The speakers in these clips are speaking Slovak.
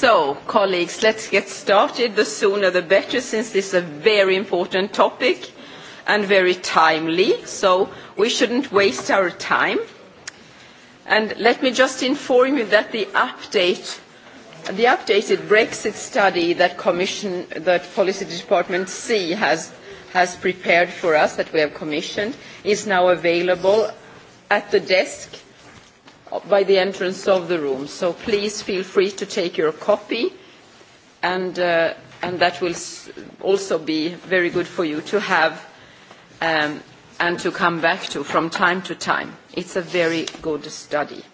So, colleagues, let's get started. The sooner the better, since this is a very important topic and very timely. So we shouldn't waste our time. And let me just inform you that the update, the updated Brexit study that Commission, that Policy Department C has has prepared for us, that we have commissioned, is now available at the desk by the entrance of the room. So please feel free to take your copy, and, uh, and that will also be very good for you to have um, and to come back to from time to time. It's a very good study.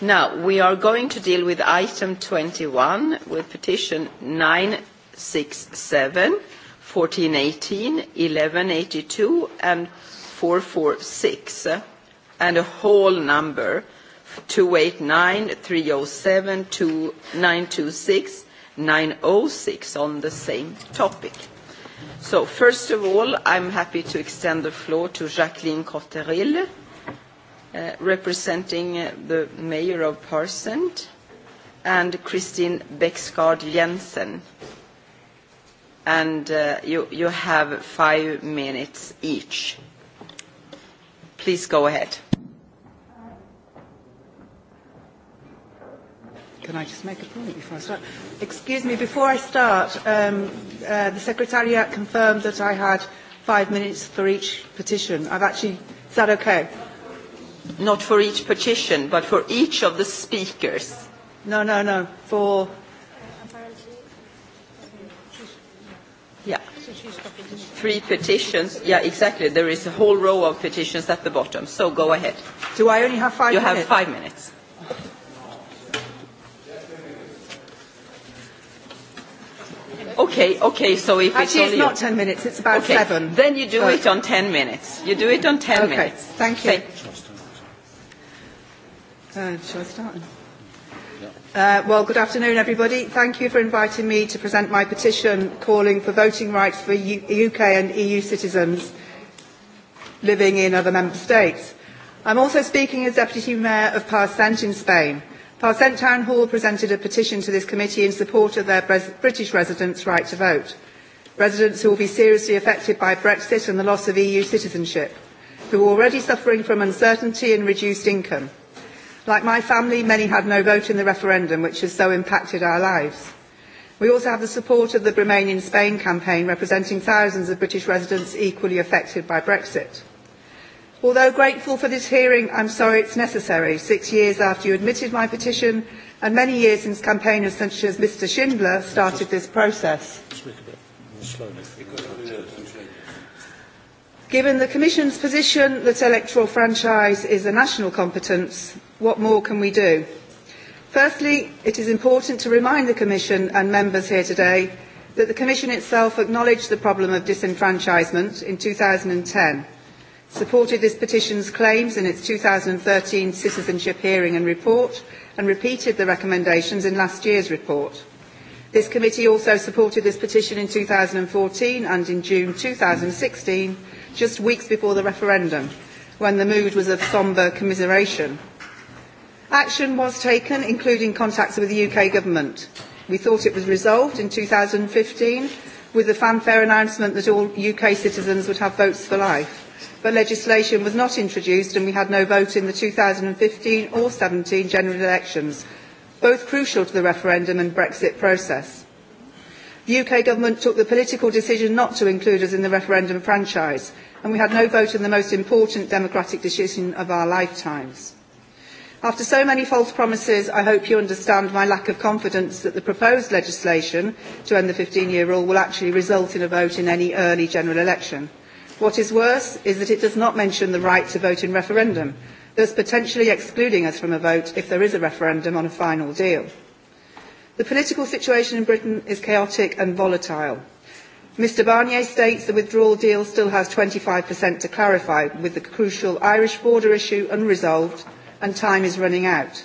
Now, we are going to deal with item 21, with petition 967, 1418, 1182, and 446 and a whole number two eight nine three oh seven two nine two six nine oh six on the same topic. So first of all, I'm happy to extend the floor to Jacqueline Cotteril, uh, representing uh, the mayor of Parsent, and Christine Bexgard Jensen. And uh, you, you have five minutes each. Please go ahead. Can I just make a point before I start? Excuse me, before I start, um, uh, the Secretariat confirmed that I had five minutes for each petition. I've actually, is that okay? Not for each petition, but for each of the speakers. No, no, no, for... Yeah. Three petitions. Yeah, exactly. There is a whole row of petitions at the bottom. So go ahead. Do I only have five you minutes? You have five minutes. Okay, okay, so if Actually, it's, only it's not 10 minutes, it's about okay, 7. Then you do so. it on 10 minutes. You do it on 10 okay, minutes. Okay, Thank you. Thank uh, shall I start? Uh, well, good afternoon, everybody. Thank you for inviting me to present my petition calling for voting rights for U UK and EU citizens living in other member states. I'm also speaking as Deputy Mayor of Parcent in Spain. Town Hall presented a petition to this committee in support of their British residents' right to vote, residents who will be seriously affected by Brexit and the loss of EU citizenship, who are already suffering from uncertainty and reduced income. Like my family, many had no vote in the referendum, which has so impacted our lives. We also have the support of the Remain in Spain campaign, representing thousands of British residents equally affected by Brexit. Although grateful for this hearing, I'm sorry it's necessary, six years after you admitted my petition and many years since campaigners such as Mr Schindler started this process. Given the Commission's position that electoral franchise is a national competence, what more can we do? Firstly, it is important to remind the Commission and members here today that the Commission itself acknowledged the problem of disenfranchisement in 2010 supported this petition's claims in its 2013 citizenship hearing and report, and repeated the recommendations in last year's report. This committee also supported this petition in 2014 and in June 2016, just weeks before the referendum, when the mood was of sombre commiseration. Action was taken, including contacts with the UK government. We thought it was resolved in 2015 with the fanfare announcement that all UK citizens would have votes for life but legislation was not introduced and we had no vote in the 2015 or 17 general elections, both crucial to the referendum and Brexit process. The UK government took the political decision not to include us in the referendum franchise, and we had no vote in the most important democratic decision of our lifetimes. After so many false promises, I hope you understand my lack of confidence that the proposed legislation to end the 15-year rule will actually result in a vote in any early general election. What is worse is that it does not mention the right to vote in referendum, thus potentially excluding us from a vote if there is a referendum on a final deal. The political situation in Britain is chaotic and volatile. Mr Barnier states the withdrawal deal still has 25% to clarify, with the crucial Irish border issue unresolved and time is running out.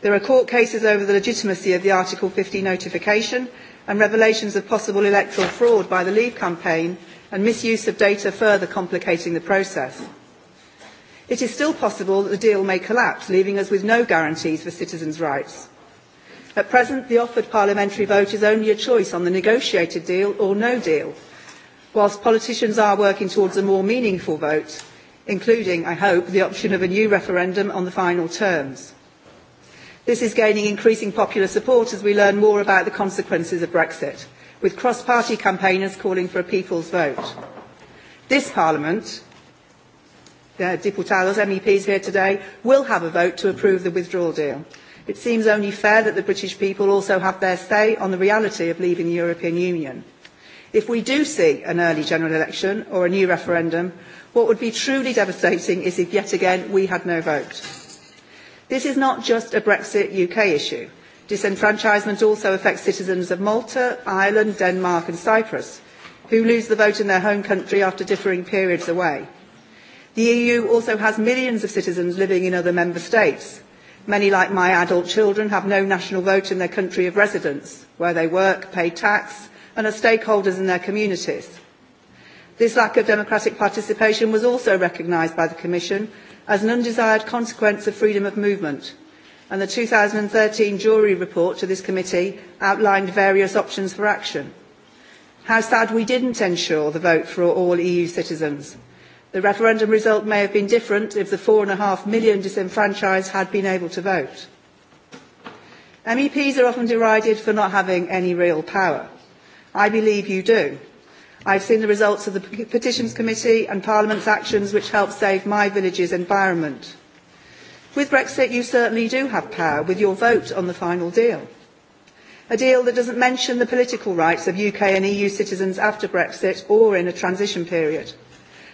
There are court cases over the legitimacy of the Article 50 notification and revelations of possible electoral fraud by the Leave campaign and misuse of data further complicating the process. It is still possible that the deal may collapse, leaving us with no guarantees for citizens' rights. At present, the offered parliamentary vote is only a choice on the negotiated deal or no deal, whilst politicians are working towards a more meaningful vote, including, I hope, the option of a new referendum on the final terms. This is gaining increasing popular support as we learn more about the consequences of Brexit with cross-party campaigners calling for a people's vote. This Parliament, the Diputados, MEPs here today, will have a vote to approve the withdrawal deal. It seems only fair that the British people also have their say on the reality of leaving the European Union. If we do see an early general election or a new referendum, what would be truly devastating is if yet again we had no vote. This is not just a Brexit UK issue. Disenfranchisement also affects citizens of Malta, Ireland, Denmark and Cyprus, who lose the vote in their home country after differing periods away. The EU also has millions of citizens living in other member states. Many, like my adult children, have no national vote in their country of residence, where they work, pay tax, and are stakeholders in their communities. This lack of democratic participation was also recognised by the Commission as an undesired consequence of freedom of movement and the 2013 jury report to this committee outlined various options for action. How sad we didn't ensure the vote for all EU citizens. The referendum result may have been different if the four and a half million disenfranchised had been able to vote. MEPs are often derided for not having any real power. I believe you do. I have seen the results of the Petitions Committee and Parliament's actions which helped save my village's environment. With Brexit, you certainly do have power with your vote on the final deal. A deal that doesn't mention the political rights of UK and EU citizens after Brexit or in a transition period.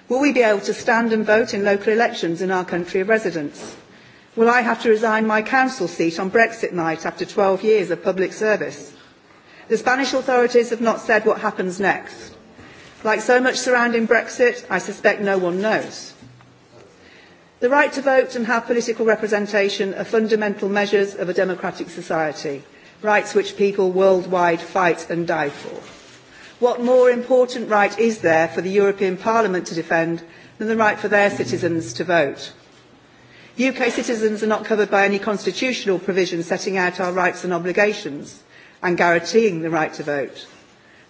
Will we be able to stand and vote in local elections in our country of residence? Will I have to resign my council seat on Brexit night after 12 years of public service? The Spanish authorities have not said what happens next. Like so much surrounding Brexit, I suspect no one knows. The right to vote and have political representation are fundamental measures of a democratic society, rights which people worldwide fight and die for. What more important right is there for the European Parliament to defend than the right for their citizens to vote? UK citizens are not covered by any constitutional provision setting out our rights and obligations and guaranteeing the right to vote.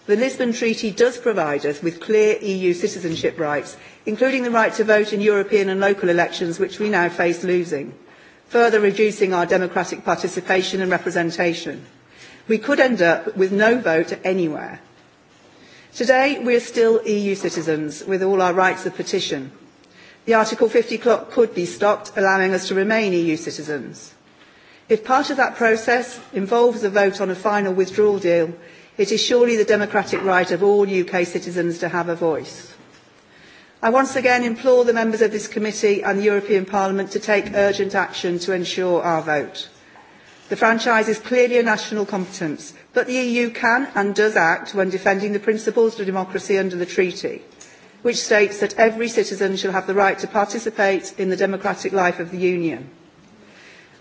The Lisbon Treaty does provide us with clear EU citizenship rights, including the right to vote in European and local elections, which we now face losing, further reducing our democratic participation and representation. We could end up with no vote anywhere. Today, we are still EU citizens with all our rights of petition. The Article 50 clock could be stopped, allowing us to remain EU citizens. If part of that process involves a vote on a final withdrawal deal, It is surely the democratic right of all UK citizens to have a voice. I once again implore the members of this committee and the European Parliament to take urgent action to ensure our vote. The franchise is clearly a national competence, but the EU can and does act when defending the principles of democracy under the treaty, which states that every citizen shall have the right to participate in the democratic life of the Union.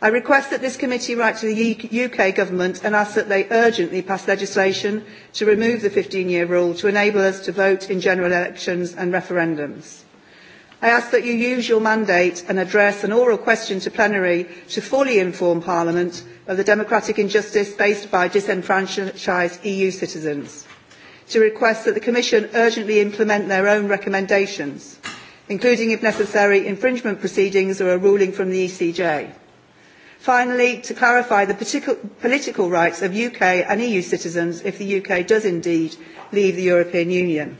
I request that this committee write to the UK Government and ask that they urgently pass legislation to remove the 15-year rule to enable us to vote in general elections and referendums. I ask that you use your mandate and address an oral question to plenary to fully inform Parliament of the democratic injustice faced by disenfranchised EU citizens, to request that the Commission urgently implement their own recommendations, including, if necessary, infringement proceedings or a ruling from the ECJ Finally, to clarify the political rights of UK and EU citizens if the UK does indeed leave the European Union.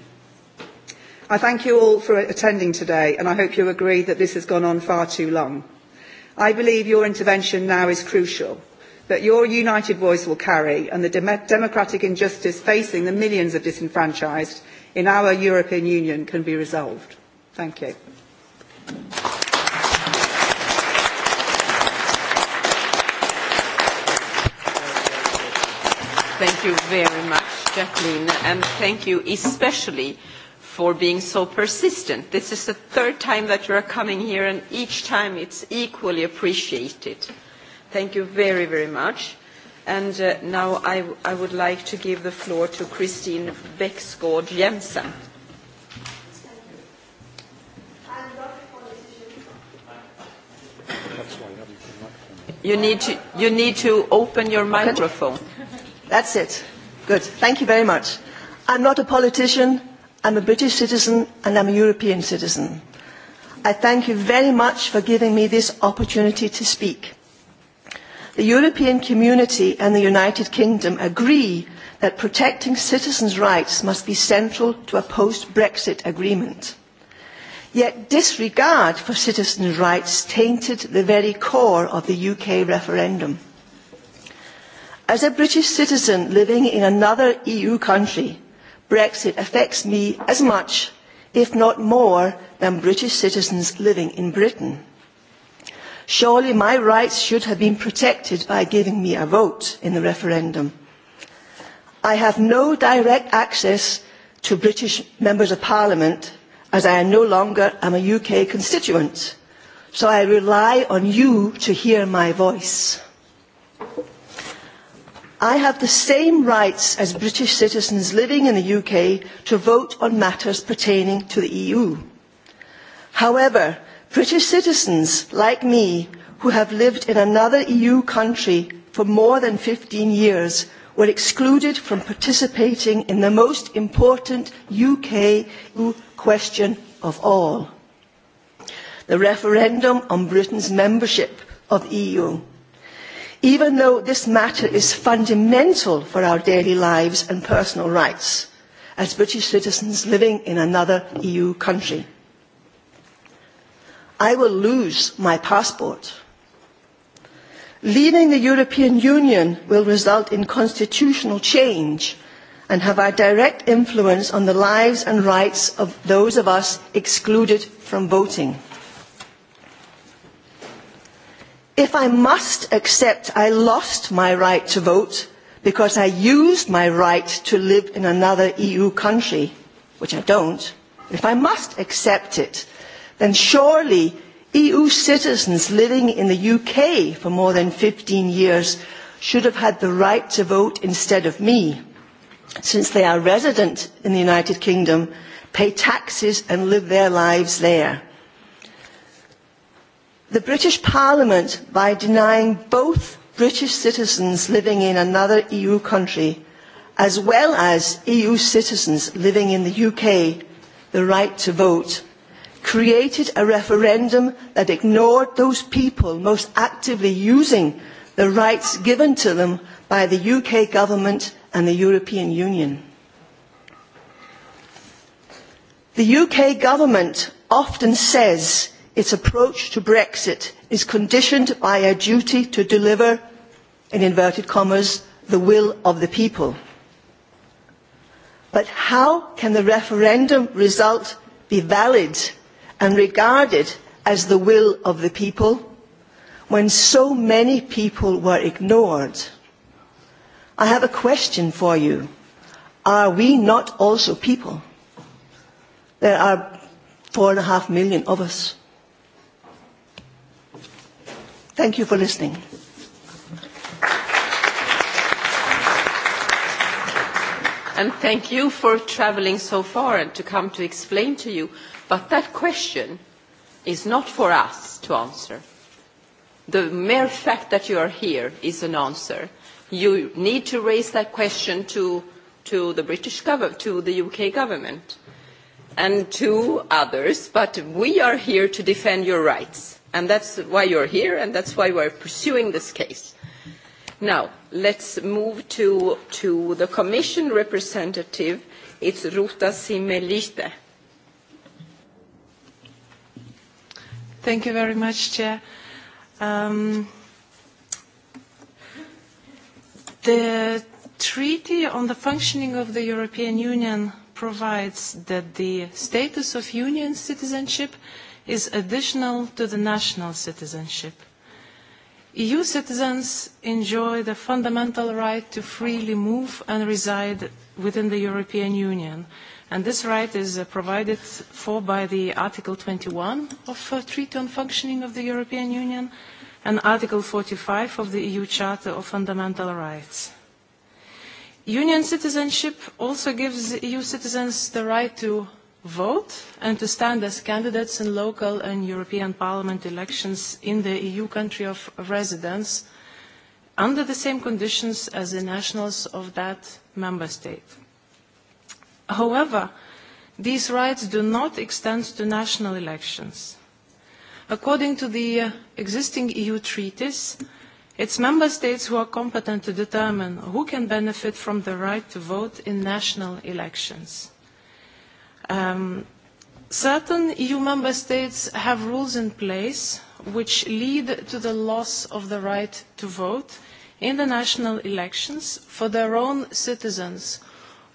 I thank you all for attending today and I hope you agree that this has gone on far too long. I believe your intervention now is crucial, that your united voice will carry and the democratic injustice facing the millions of disenfranchised in our European Union can be resolved. Thank you. Thank you very much, Jacqueline, and thank you especially for being so persistent. This is the third time that you are coming here, and each time it's equally appreciated. Thank you very, very much. And uh, now I, I would like to give the floor to Christine Bexgaard Jensen. You need to, you need to open your microphone. That's it. Good. Thank you very much. I'm not a politician. I'm a British citizen and I'm a European citizen. I thank you very much for giving me this opportunity to speak. The European Community and the United Kingdom agree that protecting citizens' rights must be central to a post-Brexit agreement. Yet disregard for citizens' rights tainted the very core of the UK referendum. As a British citizen living in another EU country, Brexit affects me as much, if not more, than British citizens living in Britain. Surely my rights should have been protected by giving me a vote in the referendum. I have no direct access to British Members of Parliament as I no longer am a UK constituent, so I rely on you to hear my voice. I have the same rights as British citizens living in the UK to vote on matters pertaining to the EU. However, British citizens like me who have lived in another EU country for more than fifteen years were excluded from participating in the most important UK EU question of all, the referendum on Britain's membership of the EU even though this matter is fundamental for our daily lives and personal rights as British citizens living in another EU country. I will lose my passport. Leaving the European Union will result in constitutional change and have a direct influence on the lives and rights of those of us excluded from voting if I must accept I lost my right to vote because I used my right to live in another EU country, which I don't, if I must accept it, then surely EU citizens living in the UK for more than fifteen years should have had the right to vote instead of me, since they are resident in the United Kingdom, pay taxes and live their lives there. The British Parliament, by denying both British citizens living in another EU country as well as EU citizens living in the UK the right to vote, created a referendum that ignored those people most actively using the rights given to them by the UK government and the European Union. The UK government often says its approach to Brexit is conditioned by a duty to deliver, in inverted commas, the will of the people. But how can the referendum result be valid and regarded as the will of the people when so many people were ignored? I have a question for you. Are we not also people? There are four and a half million of us. Thank you for listening. And thank you for travelling so far and to come to explain to you. But that question is not for us to answer. The mere fact that you are here is an answer. You need to raise that question to, to the British government, to the UK government and to others, but we are here to defend your rights and that's why you're here and that's why we're pursuing this case. Now, let's move to, to the Commission representative. It's Ruta Simeliste. Thank you very much, Chair. Um, the Treaty on the Functioning of the European Union provides that the status of union citizenship is additional to the national citizenship. EU citizens enjoy the fundamental right to freely move and reside within the European Union, and this right is uh, provided for by the Article 21 of the uh, Treaty on Functioning of the European Union and Article 45 of the EU Charter of Fundamental Rights. Union citizenship also gives EU citizens the right to vote and to stand as candidates in local and European Parliament elections in the EU country of residence under the same conditions as the nationals of that member state. However, these rights do not extend to national elections. According to the existing EU treaties, it's member states who are competent to determine who can benefit from the right to vote in national elections. Um, certain EU member states have rules in place which lead to the loss of the right to vote in the national elections for their own citizens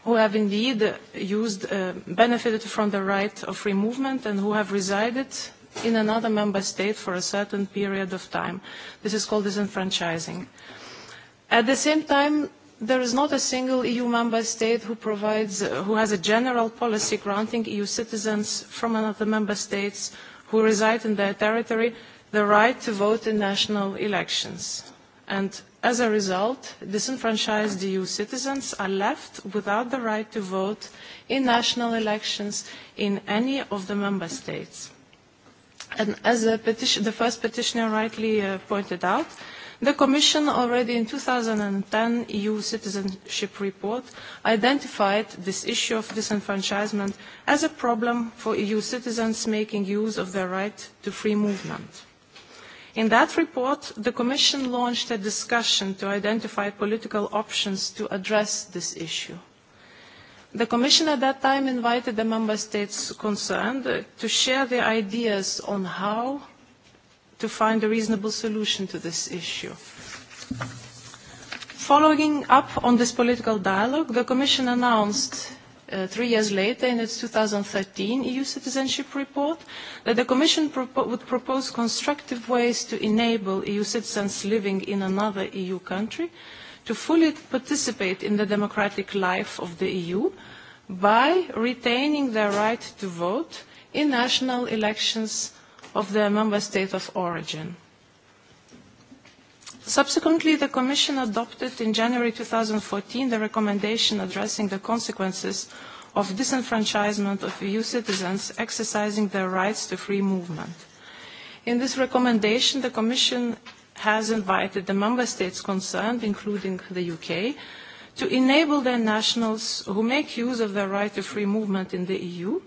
who have indeed used, uh, benefited from the right of free movement and who have resided in another member state for a certain period of time. This is called disenfranchising. At the same time, there is not a single EU member state who provides, uh, who has a general policy granting EU citizens from another member states who reside in their territory the right to vote in national elections. And as a result, disenfranchised EU citizens are left without the right to vote in national elections in any of the member states. And as the, petition, the first petitioner rightly uh, pointed out, The Commission already in 2010 EU citizenship report identified this issue of disenfranchisement as a problem for EU citizens making use of their right to free movement. In that report, the Commission launched a discussion to identify political options to address this issue. The Commission at that time invited the Member States concerned to share their ideas on how to find a reasonable solution to this issue. Following up on this political dialogue, the Commission announced uh, three years later in its 2013 EU citizenship report that the Commission propo would propose constructive ways to enable EU citizens living in another EU country to fully participate in the democratic life of the EU by retaining their right to vote in national elections of their member state of origin. Subsequently, the Commission adopted in January 2014 the recommendation addressing the consequences of disenfranchisement of EU citizens exercising their rights to free movement. In this recommendation, the Commission has invited the member states concerned, including the UK, to enable their nationals who make use of their right to free movement in the EU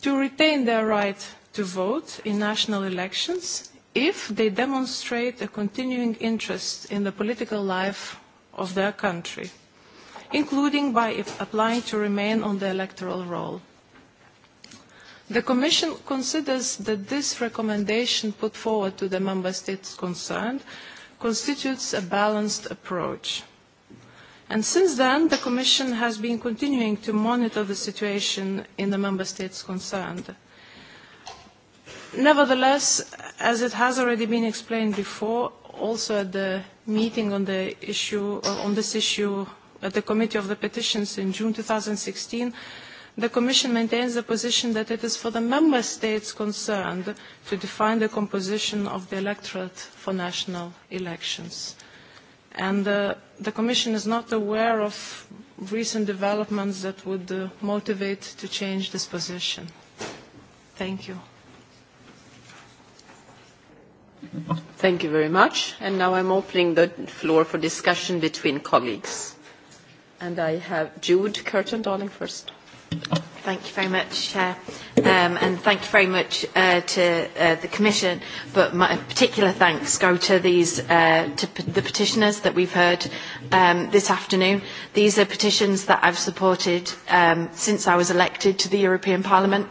to retain their right to vote in national elections if they demonstrate a continuing interest in the political life of their country, including by applying to remain on the electoral roll. The Commission considers that this recommendation put forward to the Member States concerned constitutes a balanced approach. And since then, the Commission has been continuing to monitor the situation in the Member States concerned Nevertheless, as it has already been explained before, also at the meeting on the issue uh, on this issue at the Committee of the Petitions in June 2016, the Commission maintains the position that it is for the member states concerned to define the composition of the electorate for national elections. And uh, the Commission is not aware of recent developments that would uh, motivate to change this position. Thank you. Thank you very much. And now I'm opening the floor for discussion between colleagues. And I have Jude Curtin, darling, first. Thank you very much, Chair, um, and thank you very much uh, to uh, the Commission. But my particular thanks go to these uh, to p- the petitioners that we've heard um, this afternoon. These are petitions that I've supported um, since I was elected to the European Parliament.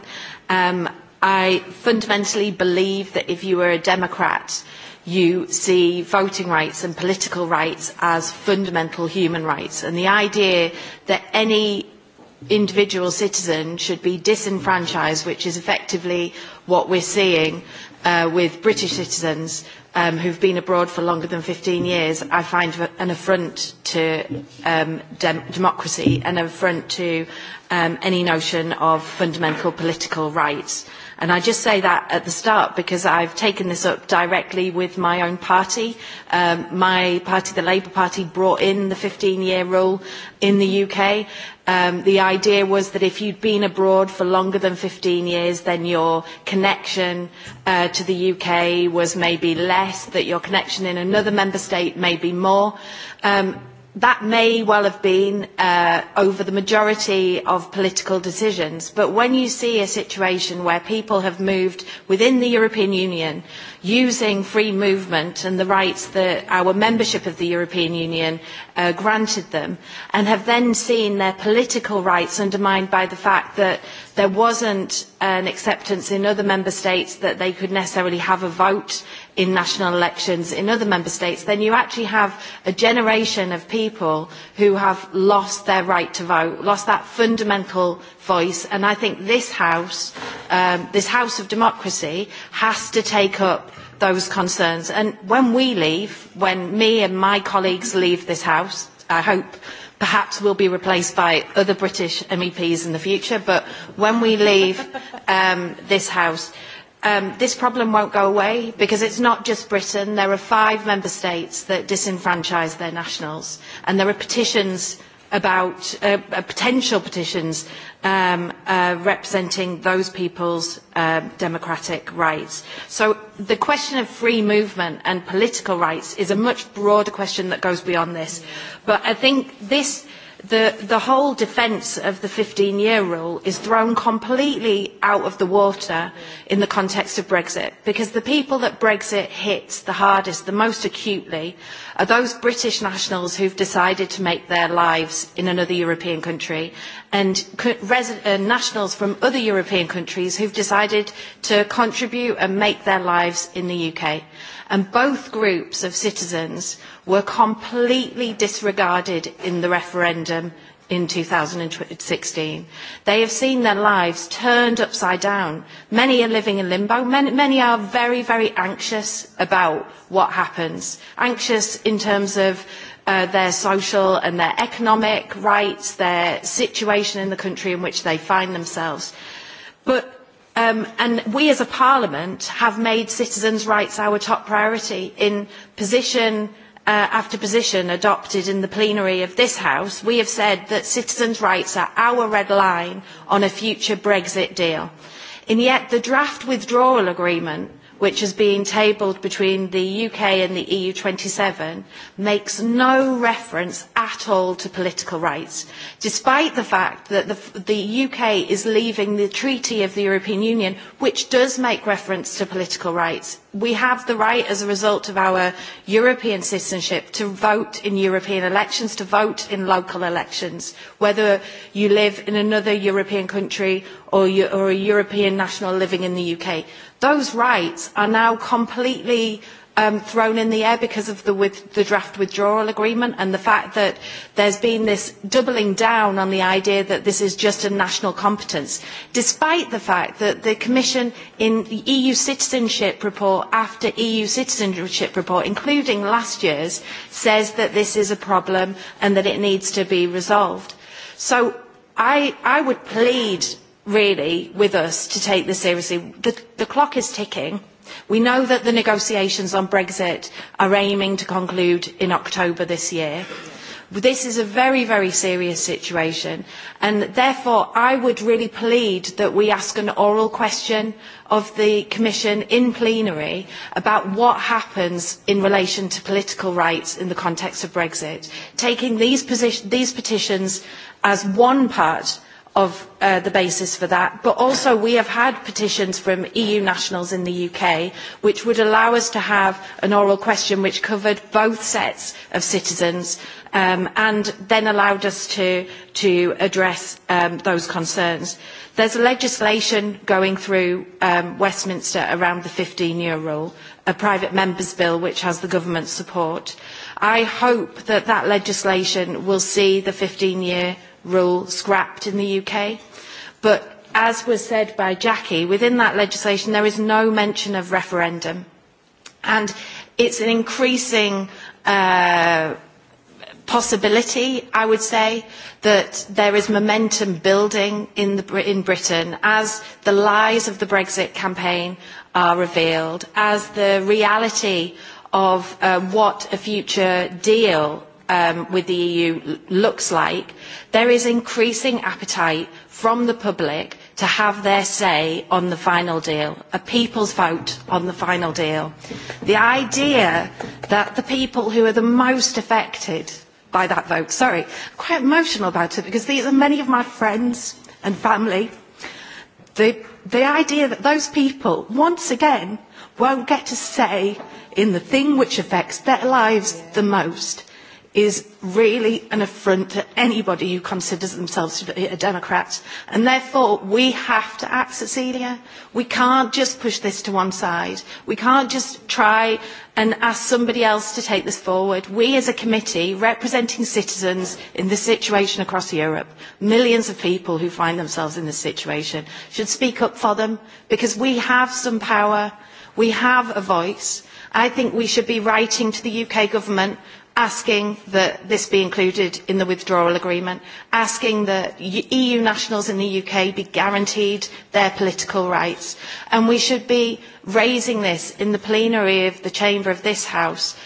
Um, i fundamentally believe that if you are a Democrat, you see voting rights and political rights as fundamental human rights. And the idea that any individual citizen should be disenfranchised, which is effectively what we're seeing uh, with British citizens um, who've been abroad for longer than 15 years, I find an affront to um, dem democracy and an affront to um, any notion of fundamental political rights. And I just say that at the start because I've taken this up directly with my own party. Um, my party, the Labour Party, brought in the 15-year rule in the UK. Um, the idea was that if you'd been abroad for longer than 15 years, then your connection uh, to the UK was maybe less, that your connection in another member state may be more. Um, that may well have been uh, over the majority of political decisions, but when you see a situation where people have moved within the European Union using free movement and the rights that our membership of the European Union uh, granted them, and have then seen their political rights undermined by the fact that there wasn't an acceptance in other member states that they could necessarily have a vote in national elections in other member states, then you actually have a generation of people who have lost their right to vote, lost that fundamental voice. And I think this House, um, this House of Democracy, has to take up those concerns. And when we leave, when me and my colleagues leave this House, I hope perhaps will be replaced by other British MEPs in the future, but when we leave um, this House, Um, this problem won't go away because it's not just Britain. There are five member states that disenfranchise their nationals, and there are petitions about uh, uh potential petitions um, uh, representing those people's uh, democratic rights. So the question of free movement and political rights is a much broader question that goes beyond this. But I think this the, the whole defence of the 15-year rule is thrown completely out of the water in the context of Brexit, because the people that Brexit hits the hardest, the most acutely, are those British nationals who've decided to make their lives in another European country, and uh, nationals from other European countries who've decided to contribute and make their lives in the UK. And both groups of citizens were completely disregarded in the referendum in 2016. They have seen their lives turned upside down. Many are living in limbo. Many, many are very, very anxious about what happens. Anxious in terms of uh, their social and their economic rights, their situation in the country in which they find themselves. But Um, and we as a parliament have made citizens' rights our top priority in position uh, after position adopted in the plenary of this House, we have said that citizens' rights are our red line on a future Brexit deal. And yet the draft withdrawal agreement which is being tabled between the UK and the EU twenty seven makes no reference at all to political rights, despite the fact that the, the UK is leaving the Treaty of the European Union, which does make reference to political rights. We have the right, as a result of our European citizenship, to vote in European elections, to vote in local elections, whether you live in another European country or, or a European national living in the UK. Those rights are now completely um, thrown in the air because of the, with, the draft withdrawal agreement and the fact that there's been this doubling down on the idea that this is just a national competence, despite the fact that the Commission in the EU citizenship report after EU citizenship report, including last year's, says that this is a problem and that it needs to be resolved. So I, I would plead really with us to take this seriously. The, the clock is ticking. We know that the negotiations on Brexit are aiming to conclude in October this year. This is a very, very serious situation, and therefore I would really plead that we ask an oral question of the Commission in plenary about what happens in relation to political rights in the context of Brexit, taking these, these petitions as one part of uh, the basis for that. But also we have had petitions from EU nationals in the UK which would allow us to have an oral question which covered both sets of citizens um, and then allowed us to, to address um, those concerns. There is legislation going through um, Westminster around the 15-year rule, a private member's bill which has the government's support. I hope that that legislation will see the 15-year rule scrapped in the UK. But as was said by Jackie, within that legislation there is no mention of referendum. And it's an increasing uh, possibility, I would say, that there is momentum building in, the, in Britain as the lies of the Brexit campaign are revealed, as the reality of uh, what a future deal Um, with the EU looks like, there is increasing appetite from the public to have their say on the final deal, a people's vote on the final deal. The idea that the people who are the most affected by that vote, sorry, I'm quite emotional about it because these are many of my friends and family. The, the idea that those people, once again, won't get a say in the thing which affects their lives the most is really an affront to anybody who considers themselves to be a Democrat. And therefore, we have to act, Cecilia. We can't just push this to one side. We can't just try and ask somebody else to take this forward. We as a committee representing citizens in this situation across Europe, millions of people who find themselves in this situation, should speak up for them because we have some power. We have a voice. I think we should be writing to the UK government asking that this be included in the withdrawal agreement, asking that EU nationals in the UK be guaranteed their political rights. And we should be raising this in the plenary of the chamber of this House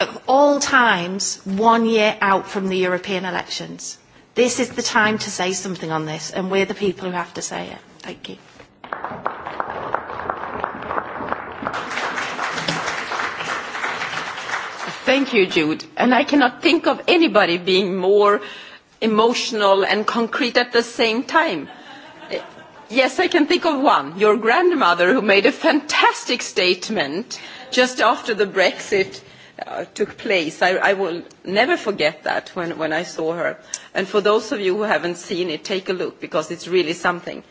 at all times, one year out from the European elections. This is the time to say something on this, and we're the people who have to say it. Thank you. Thank you, Jude. And I cannot think of anybody being more emotional and concrete at the same time. Eh, yes, I can think of one, your grandmother, who made a fantastic statement just after the Brexit uh, took place. I, I will never forget that when, when I saw her. And for those of you who haven't seen it, take a look because it's really something.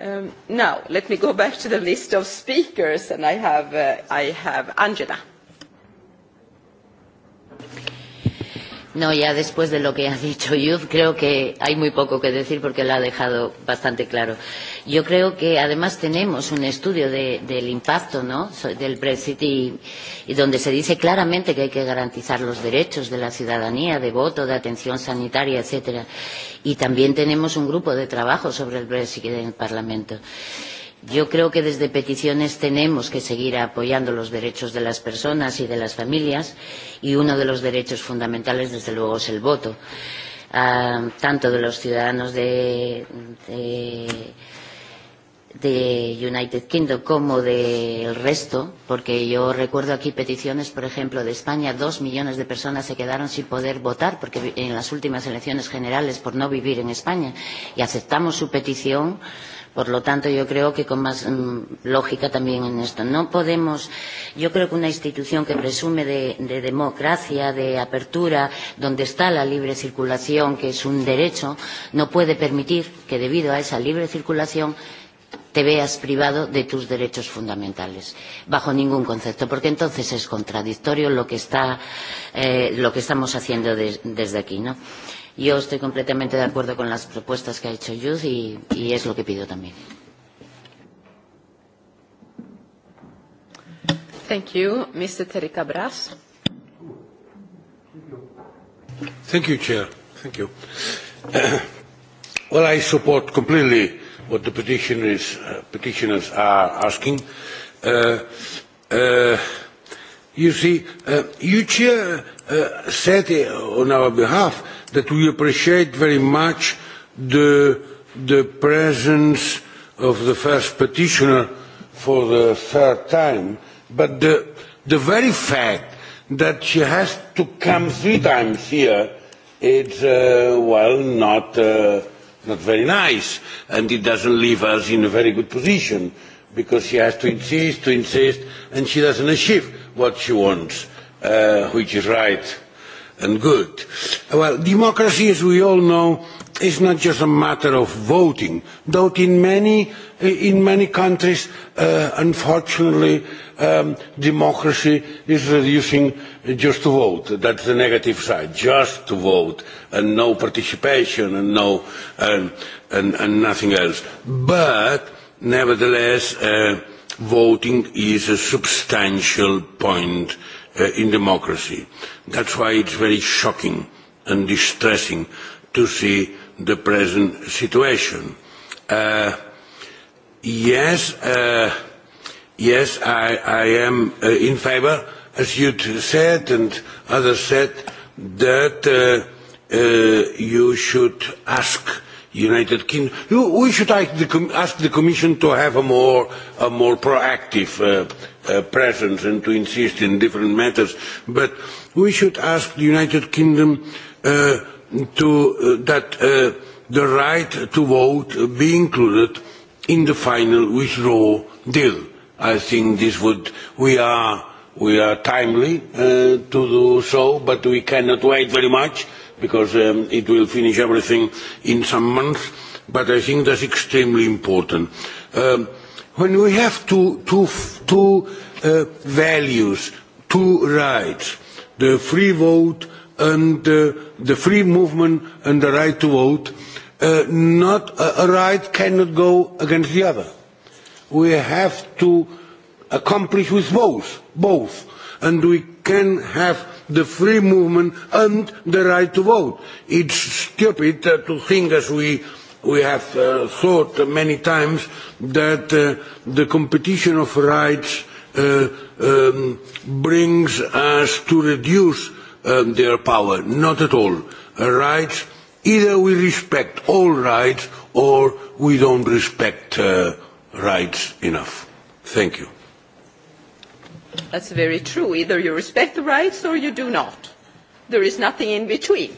Um, now, let me go back to the list of speakers, and I have, uh, I have Angela. No, ya después de lo que ha dicho Yud, creo que hay muy poco que decir porque lo ha dejado bastante claro. Yo creo que además tenemos un estudio de, del impacto ¿no? del Brexit y, y donde se dice claramente que hay que garantizar los derechos de la ciudadanía, de voto, de atención sanitaria, etcétera. Y también tenemos un grupo de trabajo sobre el Brexit en el Parlamento. Yo creo que desde peticiones tenemos que seguir apoyando los derechos de las personas y de las familias y uno de los derechos fundamentales, desde luego, es el voto, ah, tanto de los ciudadanos de, de, de United Kingdom como del de resto, porque yo recuerdo aquí peticiones, por ejemplo, de España, dos millones de personas se quedaron sin poder votar porque en las últimas elecciones generales por no vivir en España y aceptamos su petición Por lo tanto, yo creo que con más mmm, lógica también en esto. No podemos, yo creo que una institución que presume de, de democracia, de apertura, donde está la libre circulación, que es un derecho, no puede permitir que debido a esa libre circulación te veas privado de tus derechos fundamentales, bajo ningún concepto, porque entonces es contradictorio lo que, está, eh, lo que estamos haciendo de, desde aquí. ¿no? Eh, Yo estoy completamente de acuerdo con las propuestas que ha hecho Yuz y, y es lo que pido también. Thank you. Mr. Terika Bras. Thank you, Chair. Thank you. well, I support completely what the petitioners, uh, petitioners are asking. Uh, uh, you see, uh, you, Chair, uh, said on our behalf that we appreciate very much the, the presence of the first petitioner for the third time, but the, the very fact that she has to come three times here, it's, uh, well, not, uh, not very nice, and it doesn't leave us in a very good position, because she has to insist, to insist, and she doesn't achieve what she wants, uh, which is right and good. Well, democracy, as we all know, is not just a matter of voting, though in many, in many countries, uh, unfortunately, um, democracy is reducing just to vote. That's the negative side, just to vote, and no participation, and, no, um, and, and nothing else. But, nevertheless, uh, voting is a substantial point uh, in democracy. That's why it's very shocking and distressing to see the present situation. Uh, yes, uh, yes, I, I am uh, in favour, as you said and others said, that uh, uh, you should ask United Kingdom. We should ask the, ask the Commission to have a more, a more proactive uh, Uh, presence and to insist in different matters, but we should ask the United Kingdom uh, to, uh, that uh, the right to vote be included in the final withdrawal deal. I think this would, we are, we are timely uh, to do so, but we cannot wait very much because um, it will finish everything in some months, but I think that's extremely important. Um, when we have two, two, two uh, values, two rights, the free vote and uh, the free movement and the right to vote, uh, not a, a right cannot go against the other. We have to accomplish with both, both, and we can have the free movement and the right to vote. It's stupid uh, to think as we we have uh, thought many times that uh, the competition of rights uh, um, brings us to reduce um, their power. Not at all. Uh, rights, either we respect all rights or we don't respect uh, rights enough. Thank you. That's very true. Either you respect the rights or you do not. There is nothing in between.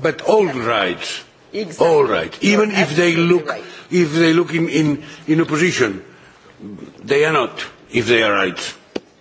But all rights Exactly. All right. Even You're if they look, right. if they look in, in, in opposition, they are not, if they are right.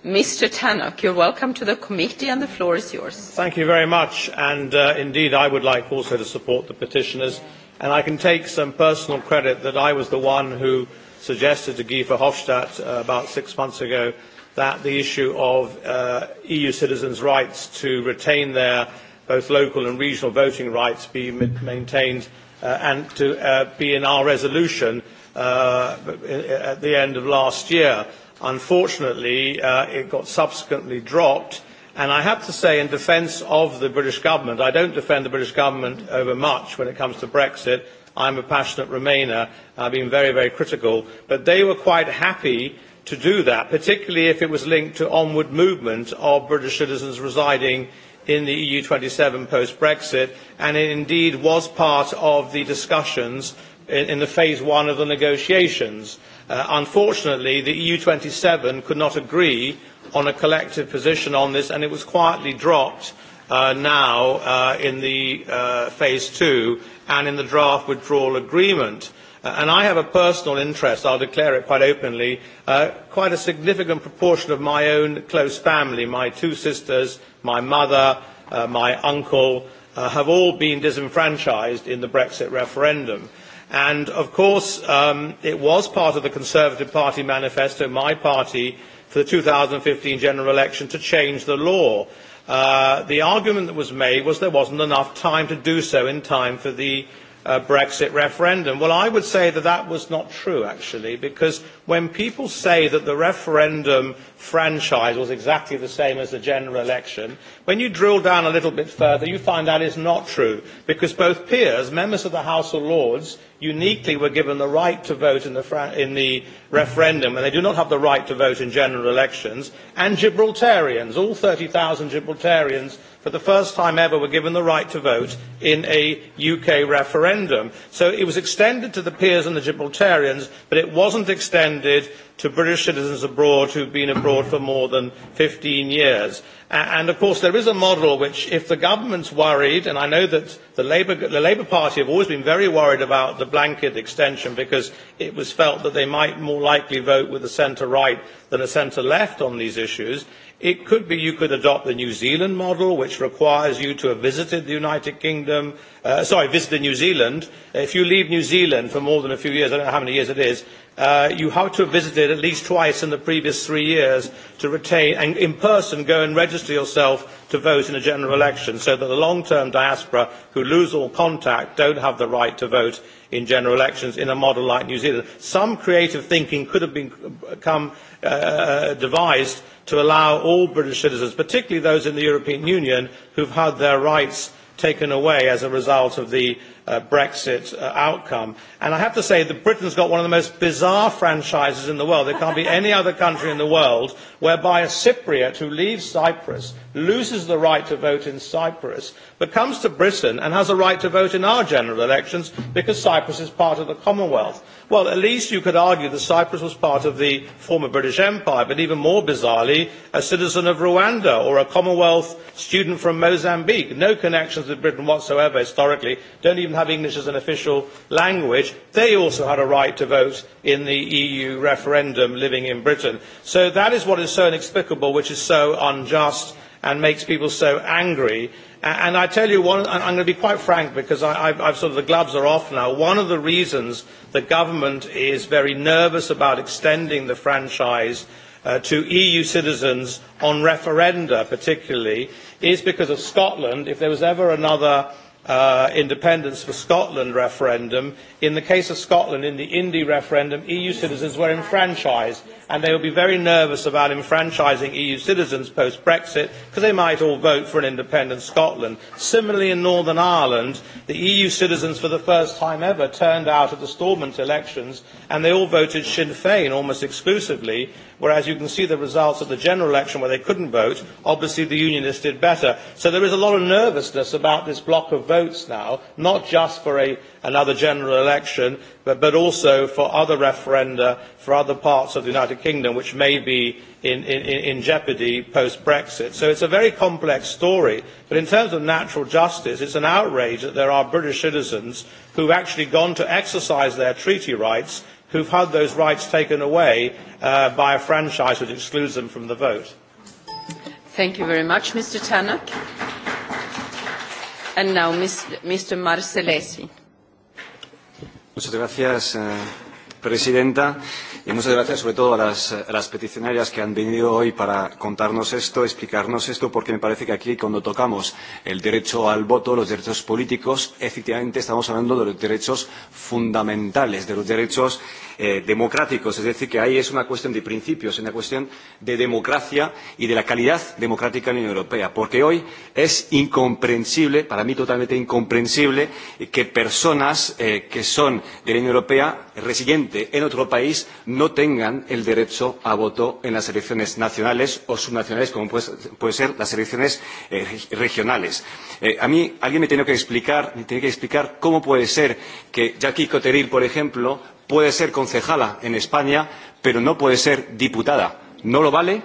Mr. Tannock, you're welcome to the committee and the floor is yours. Thank you very much and uh, indeed I would like also to support the petitioners and I can take some personal credit that I was the one who suggested to Guy Verhofstadt uh, about six months ago that the issue of uh, EU citizens' rights to retain their both local and regional voting rights be maintained uh, and to uh, be in our resolution uh, at the end of last year. Unfortunately, uh, it got subsequently dropped. And I have to say, in defence of the British government, I don't defend the British government over much when it comes to Brexit. I'm a passionate Remainer. I've been very, very critical. But they were quite happy to do that, particularly if it was linked to onward movement of British citizens residing in the EU 27 post-Brexit, and it indeed was part of the discussions in, in the phase one of the negotiations. Uh, unfortunately, the EU 27 could not agree on a collective position on this, and it was quietly dropped uh, now uh, in the uh, phase two and in the draft withdrawal agreement. Uh, and I have a personal interest, I will declare it quite openly, uh, quite a significant proportion of my own close family, my two sisters, my mother, uh, my uncle, uh, have all been disenfranchised in the Brexit referendum. And of course, um, it was part of the Conservative Party manifesto, my party, for the 2015 general election to change the law. Uh, the argument that was made was there wasn't enough time to do so in time for the uh, Brexit referendum. Well, I would say that that was not true, actually, because when people say that the referendum franchise was exactly the same as the general election. When you drill down a little bit further, you find that is not true, because both peers, members of the House of Lords, uniquely were given the right to vote in the, fra- in the referendum, and they do not have the right to vote in general elections, and Gibraltarians, all 30,000 Gibraltarians, for the first time ever, were given the right to vote in a UK referendum. So it was extended to the peers and the Gibraltarians, but it wasn't extended to British citizens abroad who have been abroad for more than 15 years. And of course, there is a model which, if the government's worried, and I know that the Labour, the Labour Party have always been very worried about the blanket extension because it was felt that they might more likely vote with the centre right than a centre left on these issues. It could be you could adopt the New Zealand model, which requires you to have visited the United Kingdom, uh, sorry, visited New Zealand. If you leave New Zealand for more than a few years, I don't know how many years it is, uh, you have to have visited at least twice in the previous three years to retain, and in person go and register yourself to vote in a general election so that the long-term diaspora who lose all contact don't have the right to vote in general elections in a model like New Zealand. Some creative thinking could have been, uh, come, uh, uh devised to allow all British citizens, particularly those in the European Union who have had their rights taken away as a result of the uh, Brexit uh, outcome. And I have to say that Britain's got one of the most bizarre franchises in the world. There can't be any other country in the world whereby a Cypriot who leaves Cyprus loses the right to vote in Cyprus, but comes to Britain and has a right to vote in our general elections because Cyprus is part of the Commonwealth. Well, at least you could argue that Cyprus was part of the former British Empire, but even more bizarrely, a citizen of Rwanda or a Commonwealth student from Mozambique. No connections with Britain whatsoever historically, don't even have English as an official language. They also had a right to vote in the EU referendum living in Britain. So that is what is so inexplicable, which is so unjust and makes people so angry. And I tell you one, I'm going to be quite frank because I, I've, I've sort of the gloves are off now. One of the reasons the government is very nervous about extending the franchise uh, to EU citizens on referenda, particularly, is because of Scotland. If there was ever another uh, independence for Scotland referendum. In the case of Scotland, in the Indy referendum, EU citizens were enfranchised, and they will be very nervous about enfranchising EU citizens post Brexit because they might all vote for an independent Scotland. Similarly, in Northern Ireland, the EU citizens for the first time ever turned out at the Stormont elections, and they all voted Sinn Féin almost exclusively whereas you can see the results of the general election where they could not vote. Obviously, the unionists did better. So there is a lot of nervousness about this block of votes now, not just for a, another general election, but, but also for other referenda for other parts of the United Kingdom, which may be in, in, in jeopardy post Brexit. So it's a very complex story. But in terms of natural justice, it's an outrage that there are British citizens who have actually gone to exercise their treaty rights who have had those rights taken away uh, by a franchise which excludes them from the vote. Thank you very much, Mr. Tannock. And now, Mr. Marcellesi. Muchas gracias, uh, Presidenta. Y muchas gracias sobre todo a las, a las peticionarias que han venido hoy para contarnos esto, explicarnos esto, porque me parece que aquí cuando tocamos el derecho al voto, los derechos políticos, efectivamente estamos hablando de los derechos fundamentales, de los derechos eh, democráticos. Es decir, que ahí es una cuestión de principios, es una cuestión de democracia y de la calidad democrática en la Unión Europea. Porque hoy es incomprensible, para mí totalmente incomprensible, que personas eh, que son de la Unión Europea, residente en otro país, no tengan el derecho a voto en las elecciones nacionales o subnacionales, como puede, puede ser las elecciones eh, regionales. Eh, a mí alguien me tiene que explicar, me tiene que explicar cómo puede ser que Jackie Coteril, por ejemplo, puede ser concejala en España, pero no puede ser diputada. ¿No lo vale?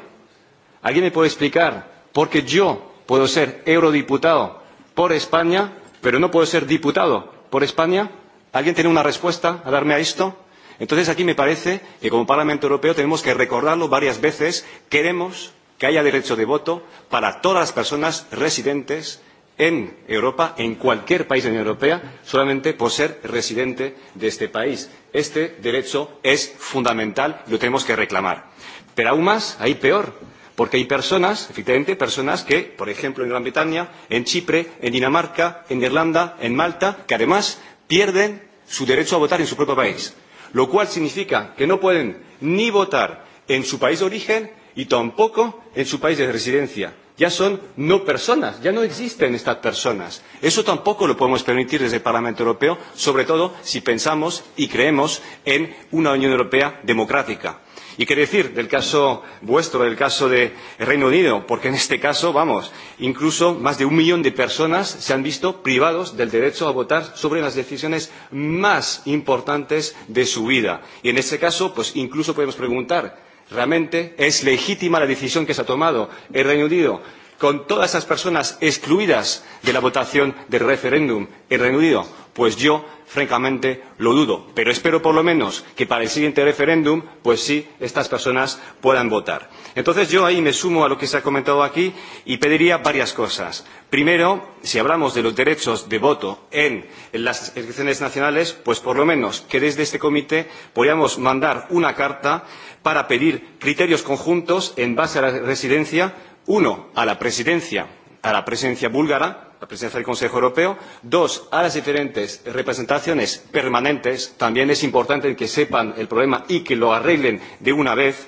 ¿Alguien me puede explicar por qué yo puedo ser eurodiputado por España, pero no puedo ser diputado por España? ¿Alguien tiene una respuesta a darme a esto? Entonces aquí me parece que como Parlamento Europeo tenemos que recordarlo varias veces. Queremos que haya derecho de voto para todas las personas residentes en Europa, en cualquier país de la Unión Europea, solamente por ser residente de este país. Este derecho es fundamental y lo tenemos que reclamar. Pero aún más, hay peor, porque hay personas, efectivamente, personas que, por ejemplo, en Gran Bretaña, en Chipre, en Dinamarca, en Irlanda, en Malta, que además pierden su derecho a votar en su propio país, lo cual significa que no pueden ni votar en su país de origen y tampoco en su país de residencia ya son no personas, ya no existen estas personas. Eso tampoco lo podemos permitir desde el Parlamento Europeo, sobre todo si pensamos y creemos en una Unión Europea democrática. ¿Y qué decir del caso vuestro, del caso del Reino Unido? Porque en este caso, vamos, incluso más de un millón de personas se han visto privados del derecho a votar sobre las decisiones más importantes de su vida. Y en este caso, pues incluso podemos preguntar, Realmente es legítima la decisión que se ha tomado el Reino Unido con todas esas personas excluidas de la votación del referéndum en Reino Unido? Pues yo, francamente, lo dudo. Pero espero, por lo menos, que para el siguiente referéndum, pues sí, estas personas puedan votar. Entonces yo ahí me sumo a lo que se ha comentado aquí y pediría varias cosas. Primero, si hablamos de los derechos de voto en las elecciones nacionales, pues por lo menos que desde este comité podamos mandar una carta para pedir criterios conjuntos en base a la residencia, uno, a la presidencia, a la presidencia búlgara, la presidencia del Consejo Europeo. Dos, a las diferentes representaciones permanentes. También es importante que sepan el problema y que lo arreglen de una vez.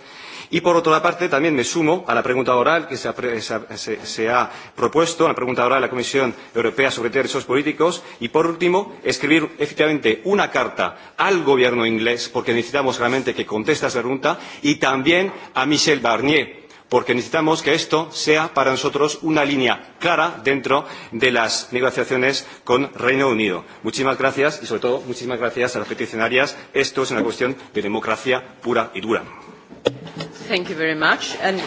Y por otra parte, también me sumo a la pregunta oral que se ha, se, se ha propuesto, a la pregunta oral de la Comisión Europea sobre derechos políticos. Y por último, escribir efectivamente una carta al gobierno inglés, porque necesitamos realmente que conteste esa pregunta, y también a Michel Barnier porque necesitamos que esto sea para nosotros una línea clara dentro de las negociaciones con el Reino Unido. Muchísimas gracias y sobre todo muchísimas gracias a las peticionarias. Esto es una cuestión de democracia pura y dura. Thank you very much. And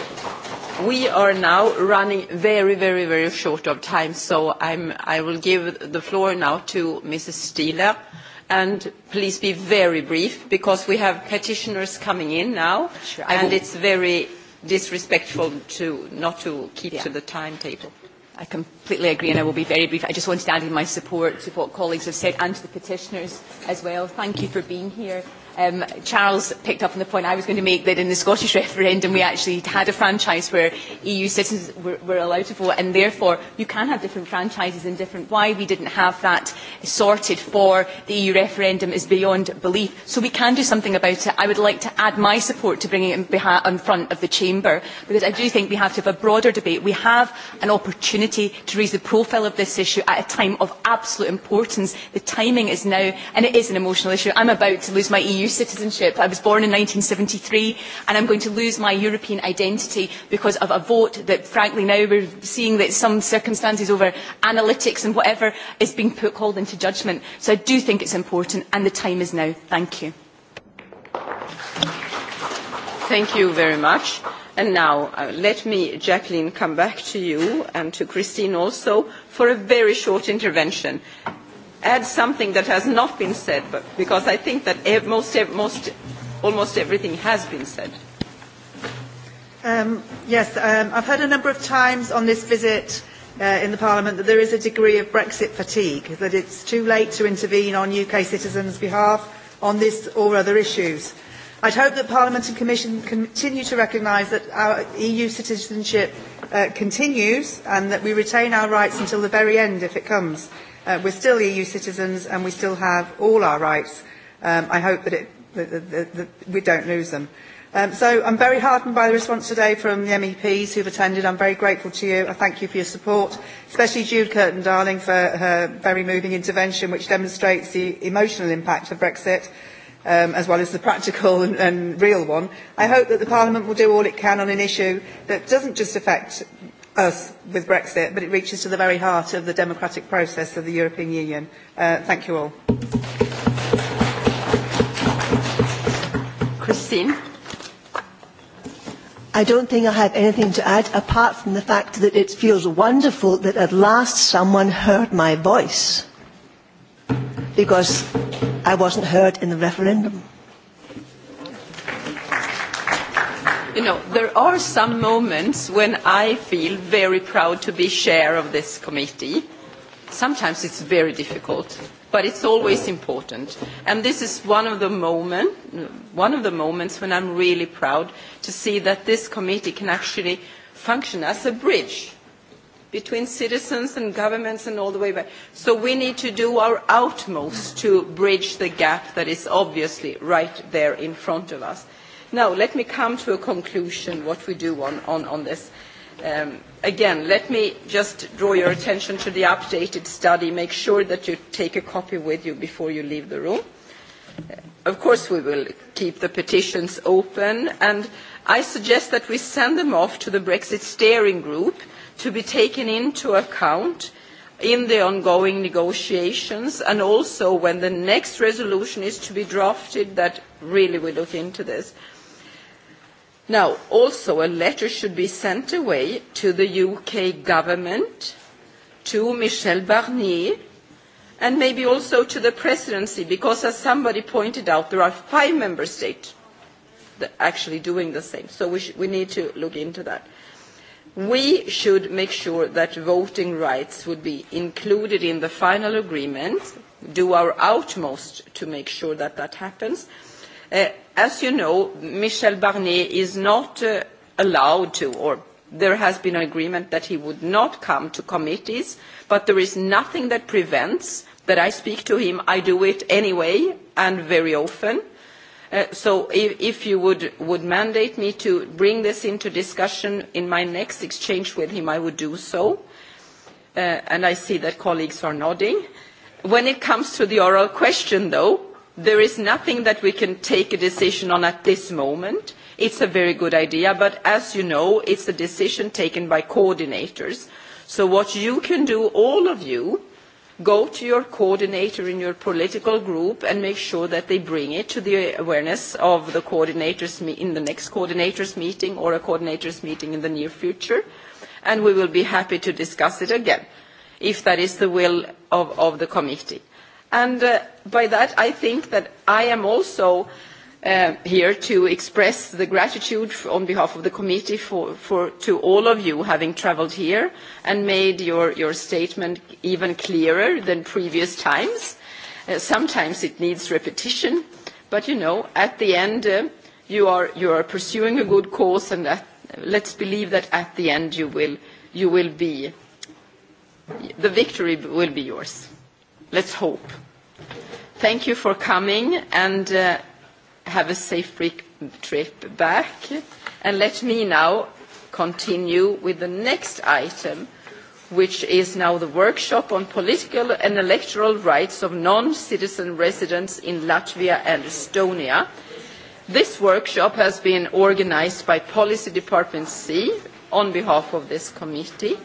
we are now running very, very, very short of time, so I'm, I will give the floor now to Mrs. Stieler. And please be very brief, because we have petitioners coming in now, sure, and it's very disrespectful to not to keep yeah. to the timetable. I completely agree and I will be very brief. I just wanted to add in my support to what colleagues have said and to the petitioners as well. Thank you for being here um, Charles picked up on the point I was going to make that in the Scottish referendum we actually had a franchise where EU citizens were, were allowed to vote and therefore you can have different franchises in different. Why we didn't have that sorted for the EU referendum is beyond belief. So we can do something about it. I would like to add my support to bringing it in, in front of the Chamber because I do think we have to have a broader debate. We have an opportunity to raise the profile of this issue at a time of absolute importance. The timing is now and it is an emotional issue. I'm about to lose my EU EU citizenship. I was born in 1973 and I'm going to lose my European identity because of a vote that frankly now we're seeing that some circumstances over analytics and whatever is being put, called into judgment. So I do think it's important and the time is now. Thank you. Thank you very much. And now uh, let me, Jacqueline, come back to you and to Christine also for a very short intervention add something that has not been said, but, because I think that most, most, almost everything has been said. Um, yes, um, I've heard a number of times on this visit uh, in the Parliament that there is a degree of Brexit fatigue, that it's too late to intervene on UK citizens' behalf on this or other issues. I'd hope that Parliament and Commission continue to recognise that our EU citizenship uh, continues and that we retain our rights until the very end if it comes Uh, we're still EU citizens and we still have all our rights. Um, I hope that, it, that, that, that, that we don't lose them. Um, so I'm very heartened by the response today from the MEPs who've attended. I'm very grateful to you. I thank you for your support, especially Jude Curtin-Darling for her very moving intervention, which demonstrates the emotional impact of Brexit um, as well as the practical and, and real one. I hope that the Parliament will do all it can on an issue that doesn't just affect us with Brexit, but it reaches to the very heart of the democratic process of the European Union. Uh, thank you all. Christine? I don't think I have anything to add apart from the fact that it feels wonderful that at last someone heard my voice because I wasn't heard in the referendum. you know, there are some moments when I feel very proud to be chair of this committee. Sometimes it's very difficult, but it's always important. And this is one of the, moment, one of the moments when I'm really proud to see that this committee can actually function as a bridge between citizens and governments and all the way back. So we need to do our utmost to bridge the gap that is obviously right there in front of us. Now, let me come to a conclusion, what we do on, on, on this. Um, again, let me just draw your attention to the updated study. Make sure that you take a copy with you before you leave the room. Uh, of course, we will keep the petitions open, and I suggest that we send them off to the Brexit steering group to be taken into account in the ongoing negotiations and also when the next resolution is to be drafted that really we look into this. Now, also a letter should be sent away to the UK government, to Michel Barnier, and maybe also to the presidency, because as somebody pointed out, there are five member states that are actually doing the same. So we, we need to look into that. We should make sure that voting rights would be included in the final agreement, do our utmost to make sure that that happens. Uh, as you know, Michel Barnier is not uh, allowed to, or there has been an agreement that he would not come to committees, but there is nothing that prevents that I speak to him. I do it anyway and very often. Uh, so if, if you would, would mandate me to bring this into discussion in my next exchange with him, I would do so. Uh, and I see that colleagues are nodding. When it comes to the oral question, though, There is nothing that we can take a decision on at this moment. It's a very good idea, but as you know, it's a decision taken by coordinators. So what you can do, all of you, go to your coordinator in your political group and make sure that they bring it to the awareness of the coordinators in the next coordinators meeting or a coordinators meeting in the near future, and we will be happy to discuss it again, if that is the will of, of the committee. And uh, by that, I think that I am also uh, here to express the gratitude for, on behalf of the committee for, for, to all of you having travelled here and made your, your statement even clearer than previous times. Uh, sometimes it needs repetition, but you know, at the end, uh, you, are, you are pursuing a good cause, and that, let's believe that at the end you will, you will be, the victory will be yours. Let's hope. Thank you for coming and uh, have a safe trip back. And let me now continue with the next item, which is now the workshop on political and electoral rights of non-citizen residents in Latvia and Estonia. This workshop has been organised by Policy Department C on behalf of this committee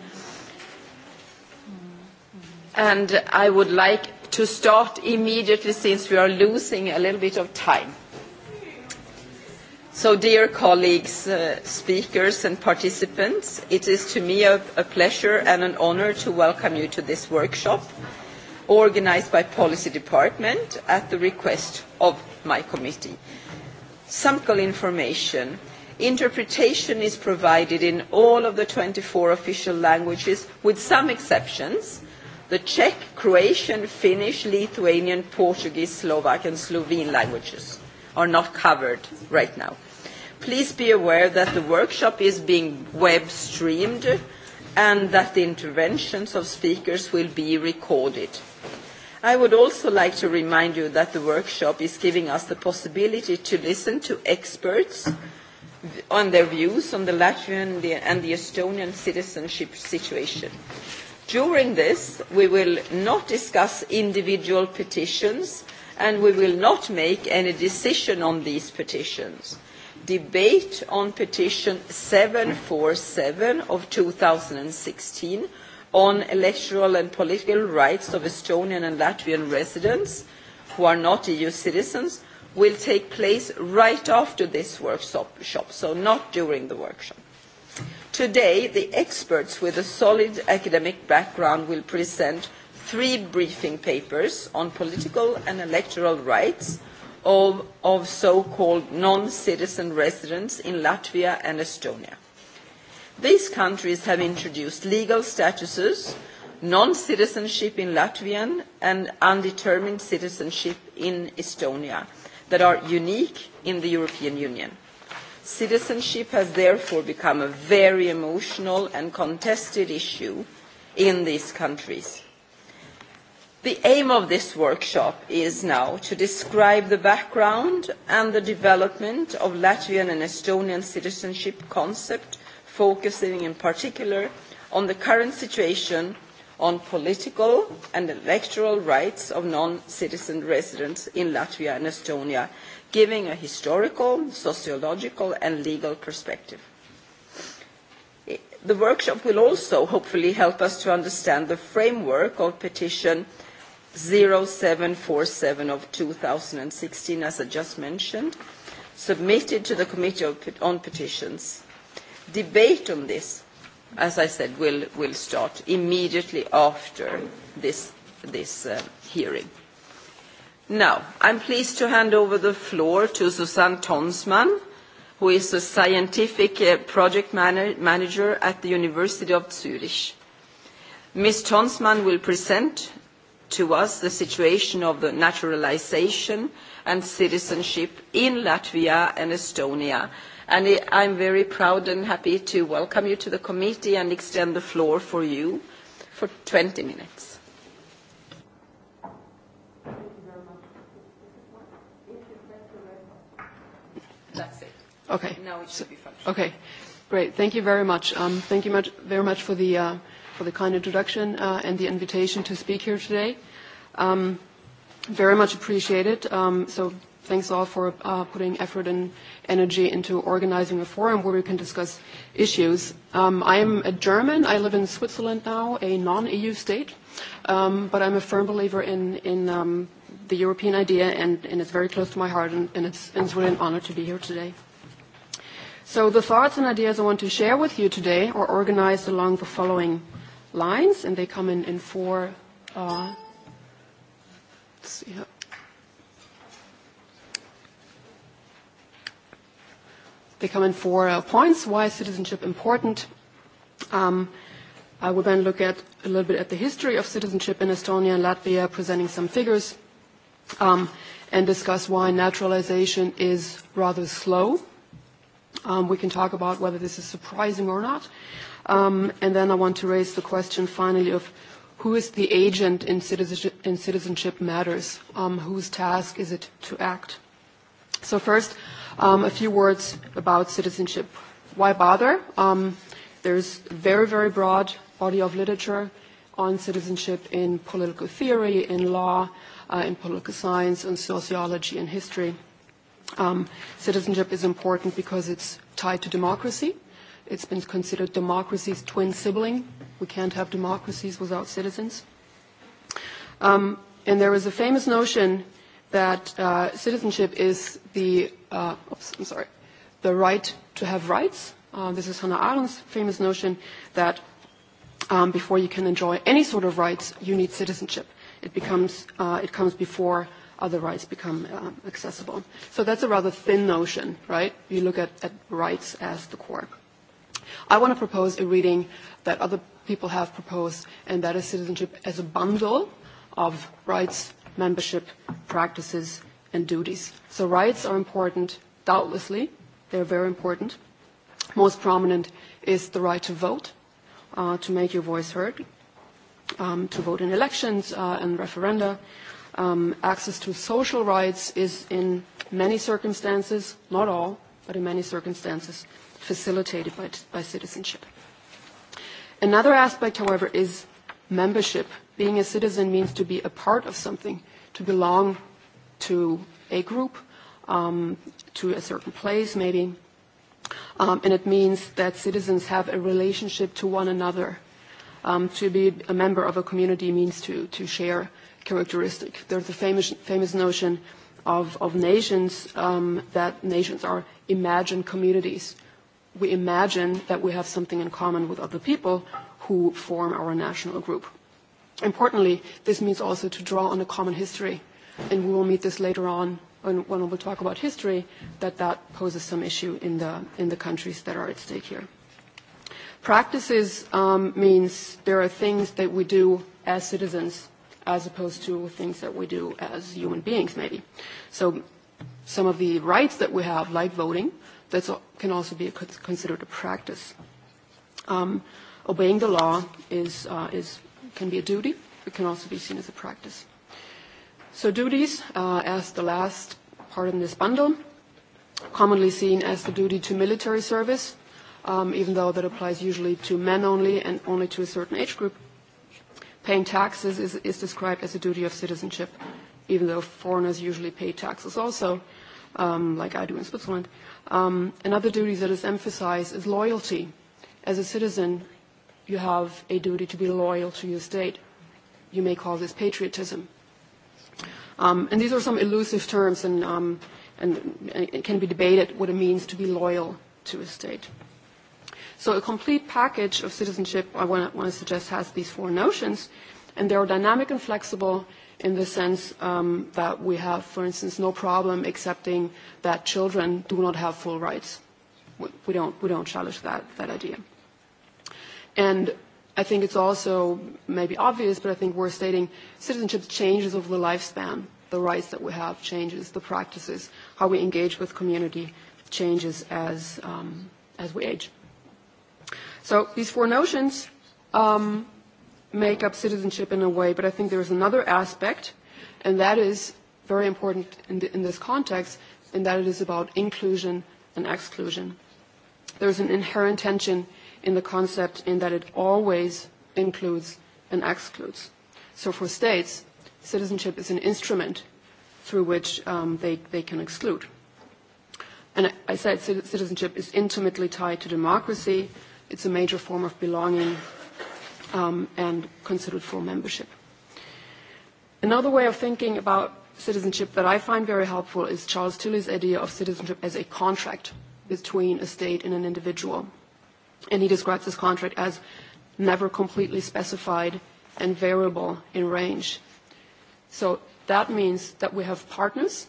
and I would like to start immediately since we are losing a little bit of time. So dear colleagues, uh, speakers and participants, it is to me a, a pleasure and an honor to welcome you to this workshop organized by Policy Department at the request of my committee. Sample information. Interpretation is provided in all of the 24 official languages with some exceptions the Czech, Croatian, Finnish, Lithuanian, Portuguese, Slovak and Slovene languages are not covered right now. Please be aware that the workshop is being web streamed and that the interventions of speakers will be recorded. I would also like to remind you that the workshop is giving us the possibility to listen to experts on their views on the Latvian and the Estonian citizenship situation. During this, we will not discuss individual petitions, and we will not make any decision on these petitions. Debate on petition seven seven of sixteen on electoral and political rights of Estonian and Latvian residents who are not EU citizens will take place right after this workshop, so not during the workshop. Today, the experts with a solid academic background will present three briefing papers on political and electoral rights of, of so-called non-citizen residents in Latvia and Estonia. These countries have introduced legal statuses, non-citizenship in Latvian and undetermined citizenship in Estonia that are unique in the European Union. Citizenship has therefore become a very emotional and contested issue in these countries. The aim of this workshop is now to describe the background and the development of Latvian and Estonian citizenship concept, focusing in particular on the current situation on political and electoral rights of non-citizen residents in Latvia and Estonia giving a historical, sociological and legal perspective. The workshop will also hopefully help us to understand the framework of petition 0747 of 2016, as I just mentioned, submitted to the Committee on Petitions. Debate on this, as I said, will, will start immediately after this, this uh, hearing. Now, I'm pleased to hand over the floor to Susanne Tonsman, who is a scientific uh, project manager at the University of Zurich. Ms. Tonsman will present to us the situation of the naturalization and citizenship in Latvia and Estonia. And I'm very proud and happy to welcome you to the committee and extend the floor for you for 20 minutes. Okay. Now it should be functional. Okay, great. Thank you very much. Um, thank you much, very much for the, uh, for the kind introduction uh, and the invitation to speak here today. Um, very much appreciated. Um, so thanks all for uh, putting effort and energy into organizing a forum where we can discuss issues. Um, I am a German. I live in Switzerland now, a non-EU state, um, but I'm a firm believer in, in um, the European idea, and, and it's very close to my heart, and, and it's, and it's really an honor to be here today. So the thoughts and ideas I want to share with you today are organized along the following lines, and they come in, in four. Uh, let's see here. They come in four uh, points. Why is citizenship important? Um, I will then look at a little bit at the history of citizenship in Estonia and Latvia, presenting some figures, um, and discuss why naturalization is rather slow Um, we can talk about whether this is surprising or not. Um, and then I want to raise the question finally of who is the agent in citizenship, in citizenship matters? Um, whose task is it to act? So first, um, a few words about citizenship. Why bother? Um, there's a very, very broad body of literature on citizenship in political theory, in law, uh, in political science, in sociology, and history. Um, citizenship is important because it's tied to democracy. It's been considered democracy's twin sibling. We can't have democracies without citizens. Um, and there is a famous notion that uh, citizenship is the, uh, oops, I'm sorry, the right to have rights. Uh, this is Hannah Arendt's famous notion that um, before you can enjoy any sort of rights, you need citizenship. It becomes, uh, it comes before other rights become uh, accessible. So that's a rather thin notion, right? You look at, at rights as the core. I want to propose a reading that other people have proposed, and that is citizenship as a bundle of rights, membership, practices, and duties. So rights are important, doubtlessly. They're very important. Most prominent is the right to vote, uh, to make your voice heard, um, to vote in elections uh, and referenda, Um, access to social rights is in many circumstances, not all, but in many circumstances, facilitated by, by citizenship. Another aspect, however, is membership. Being a citizen means to be a part of something, to belong to a group, um, to a certain place maybe. Um, and it means that citizens have a relationship to one another. Um, to be a member of a community means to, to share characteristic. There's the famous, famous notion of, of nations um, that nations are imagined communities. We imagine that we have something in common with other people who form our national group. Importantly, this means also to draw on a common history, and we will meet this later on when, when we'll talk about history, that that poses some issue in the, in the countries that are at stake here. Practices um, means there are things that we do as citizens as opposed to things that we do as human beings, maybe. So some of the rights that we have, like voting, that can also be considered a practice. Um, obeying the law is, uh, is, can be a duty. It can also be seen as a practice. So duties, uh, as the last part in this bundle, commonly seen as the duty to military service, um, even though that applies usually to men only and only to a certain age group paying taxes is, is described as a duty of citizenship, even though foreigners usually pay taxes also, um, like I do in Switzerland. Um, another duty that is emphasized is loyalty. As a citizen, you have a duty to be loyal to your state. You may call this patriotism. Um, and these are some elusive terms, and, um, and, and it can be debated what it means to be loyal to a state. So a complete package of citizenship, I want to suggest, has these four notions, and they are dynamic and flexible in the sense um, that we have, for instance, no problem accepting that children do not have full rights. We, we, don't, we don't challenge that, that idea. And I think it's also maybe obvious, but I think we're stating citizenship changes over the lifespan. The rights that we have changes, the practices, how we engage with community changes as, um, as we age. So these four notions um, make up citizenship in a way, but I think there is another aspect, and that is very important in, the, in this context, in that it is about inclusion and exclusion. There is an inherent tension in the concept in that it always includes and excludes. So for states, citizenship is an instrument through which um, they, they can exclude. And I, I said citizenship is intimately tied to democracy, it's a major form of belonging um, and considered full membership. Another way of thinking about citizenship that I find very helpful is Charles Tilley's idea of citizenship as a contract between a state and an individual. And he describes this contract as never completely specified and variable in range. So that means that we have partners,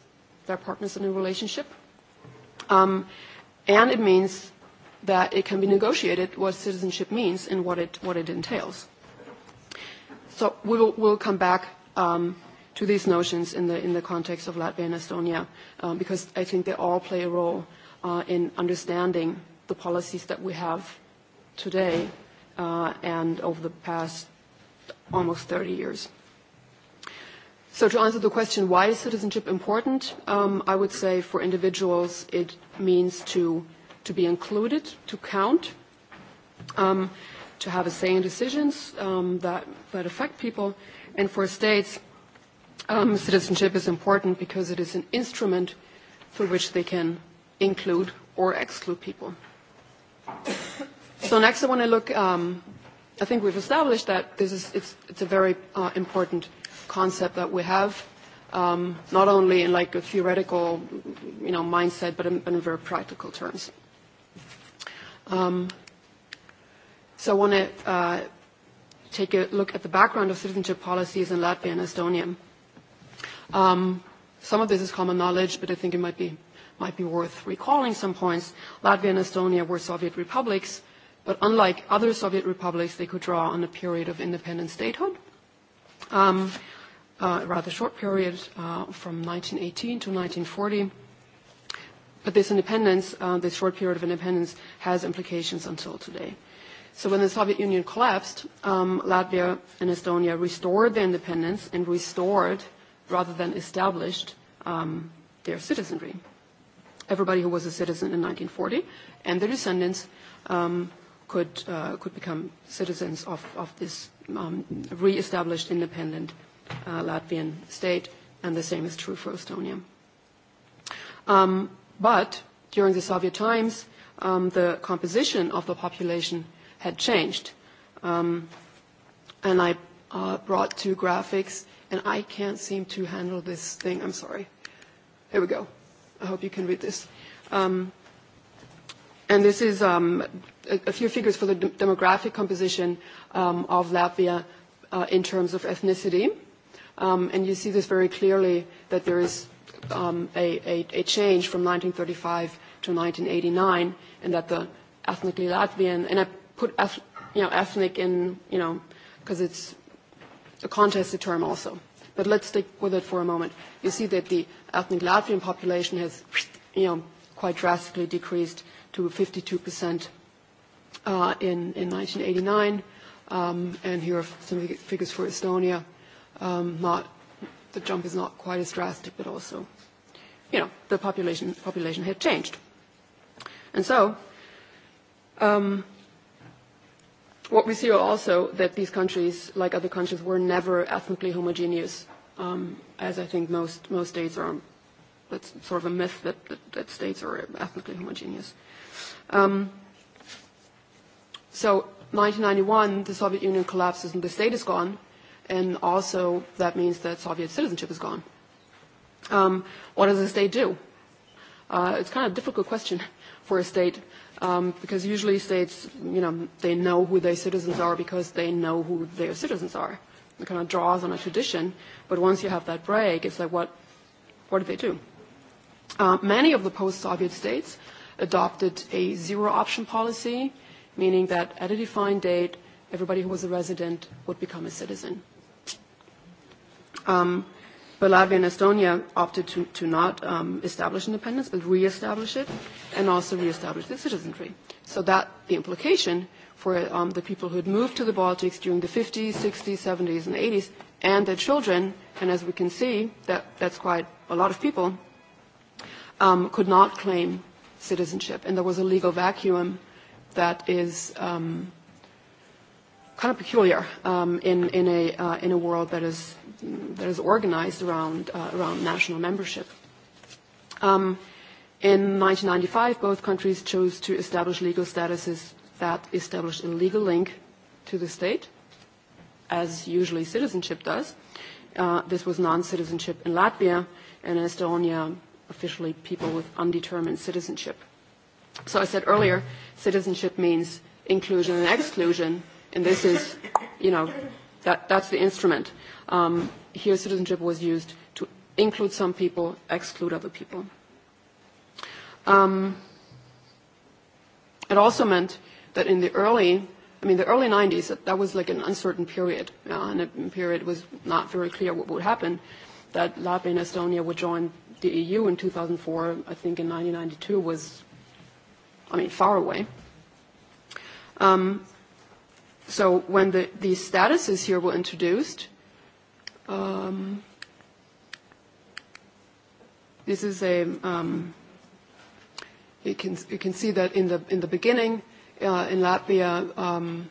they're partners in a relationship, um, and it means that it can be negotiated what citizenship means and what it, what it entails. So we will, we'll come back um, to these notions in the, in the context of Latvia and Estonia, um, because I think they all play a role uh, in understanding the policies that we have today uh, and over the past almost 30 years. So to answer the question, why is citizenship important? Um, I would say for individuals, it means to to be included, to count, um, to have a say in decisions um, that, that affect people. And for states, um, citizenship is important because it is an instrument through which they can include or exclude people. So next I want to look, um, I think we've established that this is, it's, it's a very uh, important concept that we have, um, not only in like a theoretical, you know, mindset, but in, in very practical terms. Um, so I want to uh, take a look at the background of citizenship policies in Latvia and Estonia. Um, some of this is common knowledge, but I think it might be, might be worth recalling some points. Latvia and Estonia were Soviet republics, but unlike other Soviet republics, they could draw on a period of independent statehood, um, uh, a rather short period uh, from 1918 to 1940 But this independence, uh, this short period of independence, has implications until today. So when the Soviet Union collapsed, um, Latvia and Estonia restored their independence and restored, rather than established, um, their citizenry. Everybody who was a citizen in 1940 and their descendants um, could, uh, could become citizens of, of this um, re-established independent uh, Latvian state, and the same is true for Estonia. Um, But during the Soviet times, um, the composition of the population had changed. Um, and I uh, brought two graphics, and I can't seem to handle this thing. I'm sorry. Here we go. I hope you can read this. Um, and this is um, a, a few figures for the de demographic composition um, of Latvia uh, in terms of ethnicity. Um, and you see this very clearly that there is um, a, a, a change from 1935 to 1989, and that the ethnically Latvian, and I put eth, you know, ethnic in, you know, because it's a contested term also. But let's stick with it for a moment. You see that the ethnic Latvian population has, you know, quite drastically decreased to 52% uh, in, in 1989. Um, and here are some figures for Estonia, um, not the jump is not quite as drastic, but also, you know, the population, population had changed. And so, um, what we see also that these countries, like other countries, were never ethnically homogeneous, um, as I think most, most states are. That's sort of a myth that, that, that states are ethnically homogeneous. Um, so 1991, the Soviet Union collapses and the state is gone and also that means that Soviet citizenship is gone. Um, what does a state do? Uh, it's kind of a difficult question for a state um, because usually states, you know, they know who their citizens are because they know who their citizens are. It kind of draws on a tradition, but once you have that break, it's like, what, what do they do? Uh, many of the post-Soviet states adopted a zero-option policy, meaning that at a defined date, everybody who was a resident would become a citizen. Um, but Latvia and Estonia opted to, to not um, establish independence, but reestablish it, and also reestablish the citizenry. So that the implication for um, the people who had moved to the Baltics during the 50s, 60s, 70s, and 80s, and their children, and as we can see, that, that's quite a lot of people, um, could not claim citizenship, and there was a legal vacuum that is um, kind of peculiar um, in, in, a, uh, in a world that is, that is organized around, uh, around national membership. Um, in 1995, both countries chose to establish legal statuses that established a legal link to the state, as usually citizenship does. Uh, this was non-citizenship in Latvia and in Estonia, officially people with undetermined citizenship. So I said earlier, citizenship means inclusion and exclusion And this is, you know, that, that's the instrument. Um, here citizenship was used to include some people, exclude other people. Um, it also meant that in the early, I mean, the early 90s, that, that was like an uncertain period, Uh and a period was not very clear what would happen, that Latvia and Estonia would join the EU in 2004, I think in 1992 was, I mean, far away. Um, so when the, these statuses here were introduced, um, this is a, um, you, can, you can see that in the, in the beginning uh, in Latvia, um,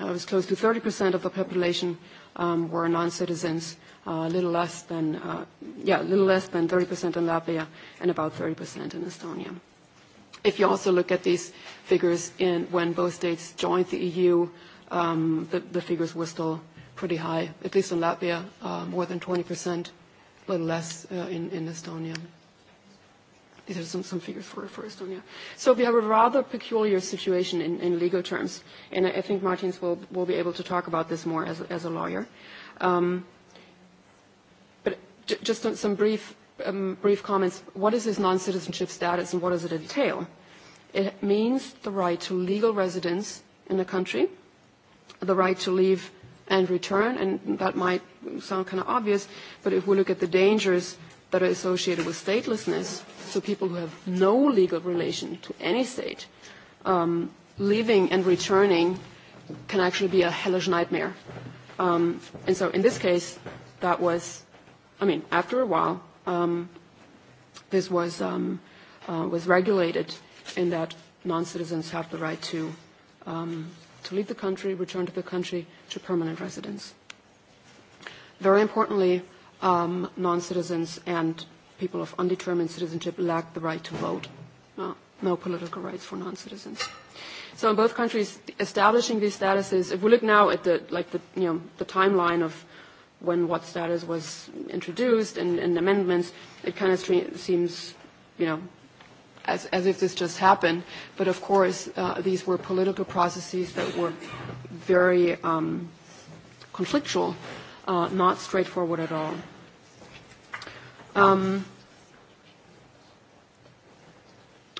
uh, it was close to 30% of the population um, were non-citizens, a uh, little less than, uh, yeah, little less than 30% in Latvia and about 30% in Estonia. If you also look at these figures in when both states joined the EU, um, the, the figures were still pretty high, at least in Latvia, uh, more than 20%, a little less uh, in, in Estonia. These are some, some figures for, for Estonia. So we have a rather peculiar situation in, in legal terms, and I, I think Martins will, will be able to talk about this more as, as a lawyer. Um, but j- just some brief um, brief comments. What is this non-citizenship status and what does it entail? It means the right to legal residence in the country, the right to leave and return, and that might sound kind of obvious, but if we look at the dangers that are associated with statelessness, so people who have no legal relation to any state, um, leaving and returning can actually be a hellish nightmare. Um, and so in this case, that was, I mean, after a while, um, this was, um, uh, was regulated in that non-citizens have the right to, um, to leave the country, return to the country to permanent residence. Very importantly, um, non-citizens and people of undetermined citizenship lack the right to vote. Uh, no political rights for non-citizens. So in both countries, establishing these statuses, if we look now at the, like the, you know, the timeline of when what status was introduced and, and amendments, it kind of seems, you know, as, as if this just happened. But of course, uh, these were political processes that were very um, conflictual, uh, not straightforward at all. Um,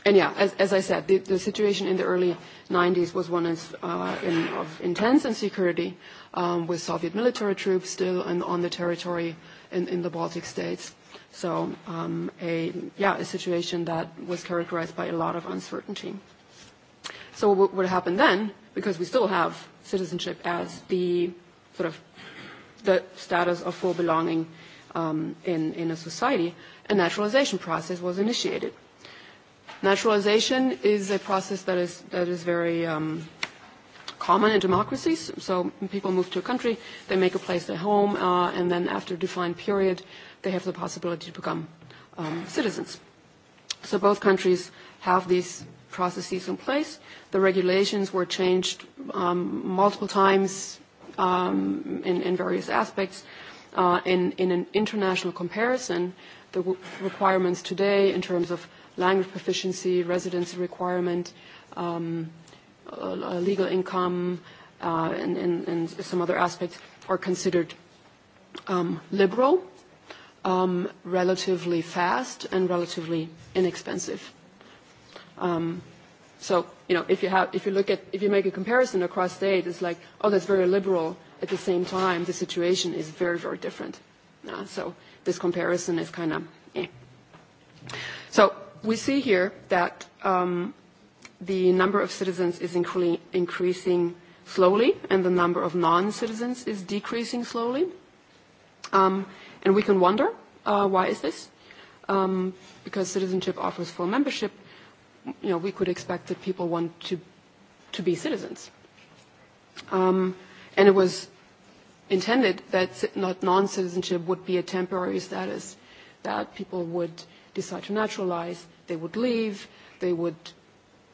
and yeah, as, as I said, the, the situation in the early 90s was one of, uh, in, of intense insecurity um, with Soviet military troops still in, on the territory in, in the Baltic states. So um, a, yeah, a situation that was characterized by a lot of uncertainty. So what would happen then, because we still have citizenship as the sort of the status of full belonging um, in, in a society, a naturalization process was initiated. Naturalization is a process that is, that is very um, common in democracies. So when people move to a country, they make a place their home, uh, and then after a defined period, they have the possibility to become um, citizens. So both countries have these processes in place. The regulations were changed um, multiple times um, in, in various aspects. Uh, in, in an international comparison, the w requirements today in terms of language proficiency, residency requirement, um, Uh, legal income, uh, and, and, and some other aspects are considered um, liberal, um, relatively fast, and relatively inexpensive. Um, so you know, if you have, if you look at, if you make a comparison across states, it's like, oh, that's very liberal. At the same time, the situation is very, very different. Uh, so this comparison is kind of. Eh. So we see here that um, the number of citizens is increasing slowly and the number of non-citizens is decreasing slowly. Um, and we can wonder uh, why is this? Um, because citizenship offers full membership, you know, we could expect that people want to, to be citizens. Um, and it was intended that not non-citizenship would be a temporary status, that people would decide to naturalize, they would leave, they would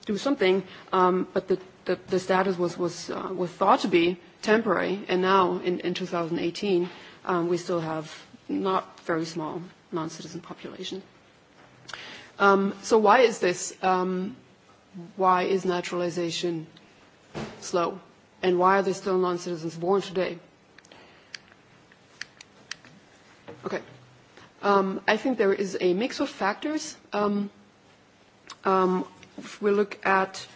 do something, um, but the, the, the status was, was, uh, was thought to be temporary, and now in, in 2018, um, we still have not very small non-citizen population. Um, so why is this? Um, why is naturalization slow? And why are there still non-citizens born today? Okay. Um, I think there is a mix of factors. Um, um, if we look at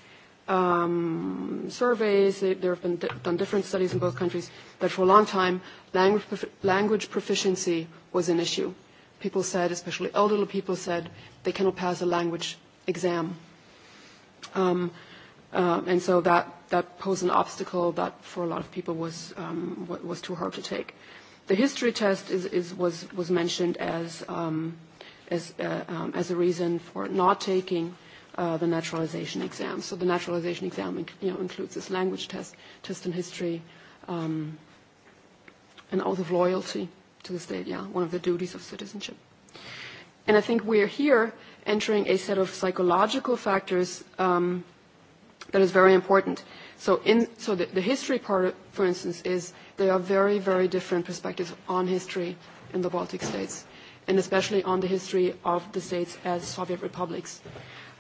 um, surveys, there have been done different studies in both countries, that for a long time, language, prof language proficiency was an issue. People said, especially elderly people said, they cannot pass a language exam. Um, uh, and so that, that posed an obstacle that for a lot of people was, um, was too hard to take. The history test is, is, was, was mentioned as, um, as, uh, um, as a reason for not taking – uh, the naturalization exam. So the naturalization exam you know, includes this language test, test in history, um, an oath of loyalty to the state, yeah, one of the duties of citizenship. And I think we're here entering a set of psychological factors um, that is very important. So, in, so the, the history part, for instance, is there are very, very different perspectives on history in the Baltic states, and especially on the history of the states as Soviet republics.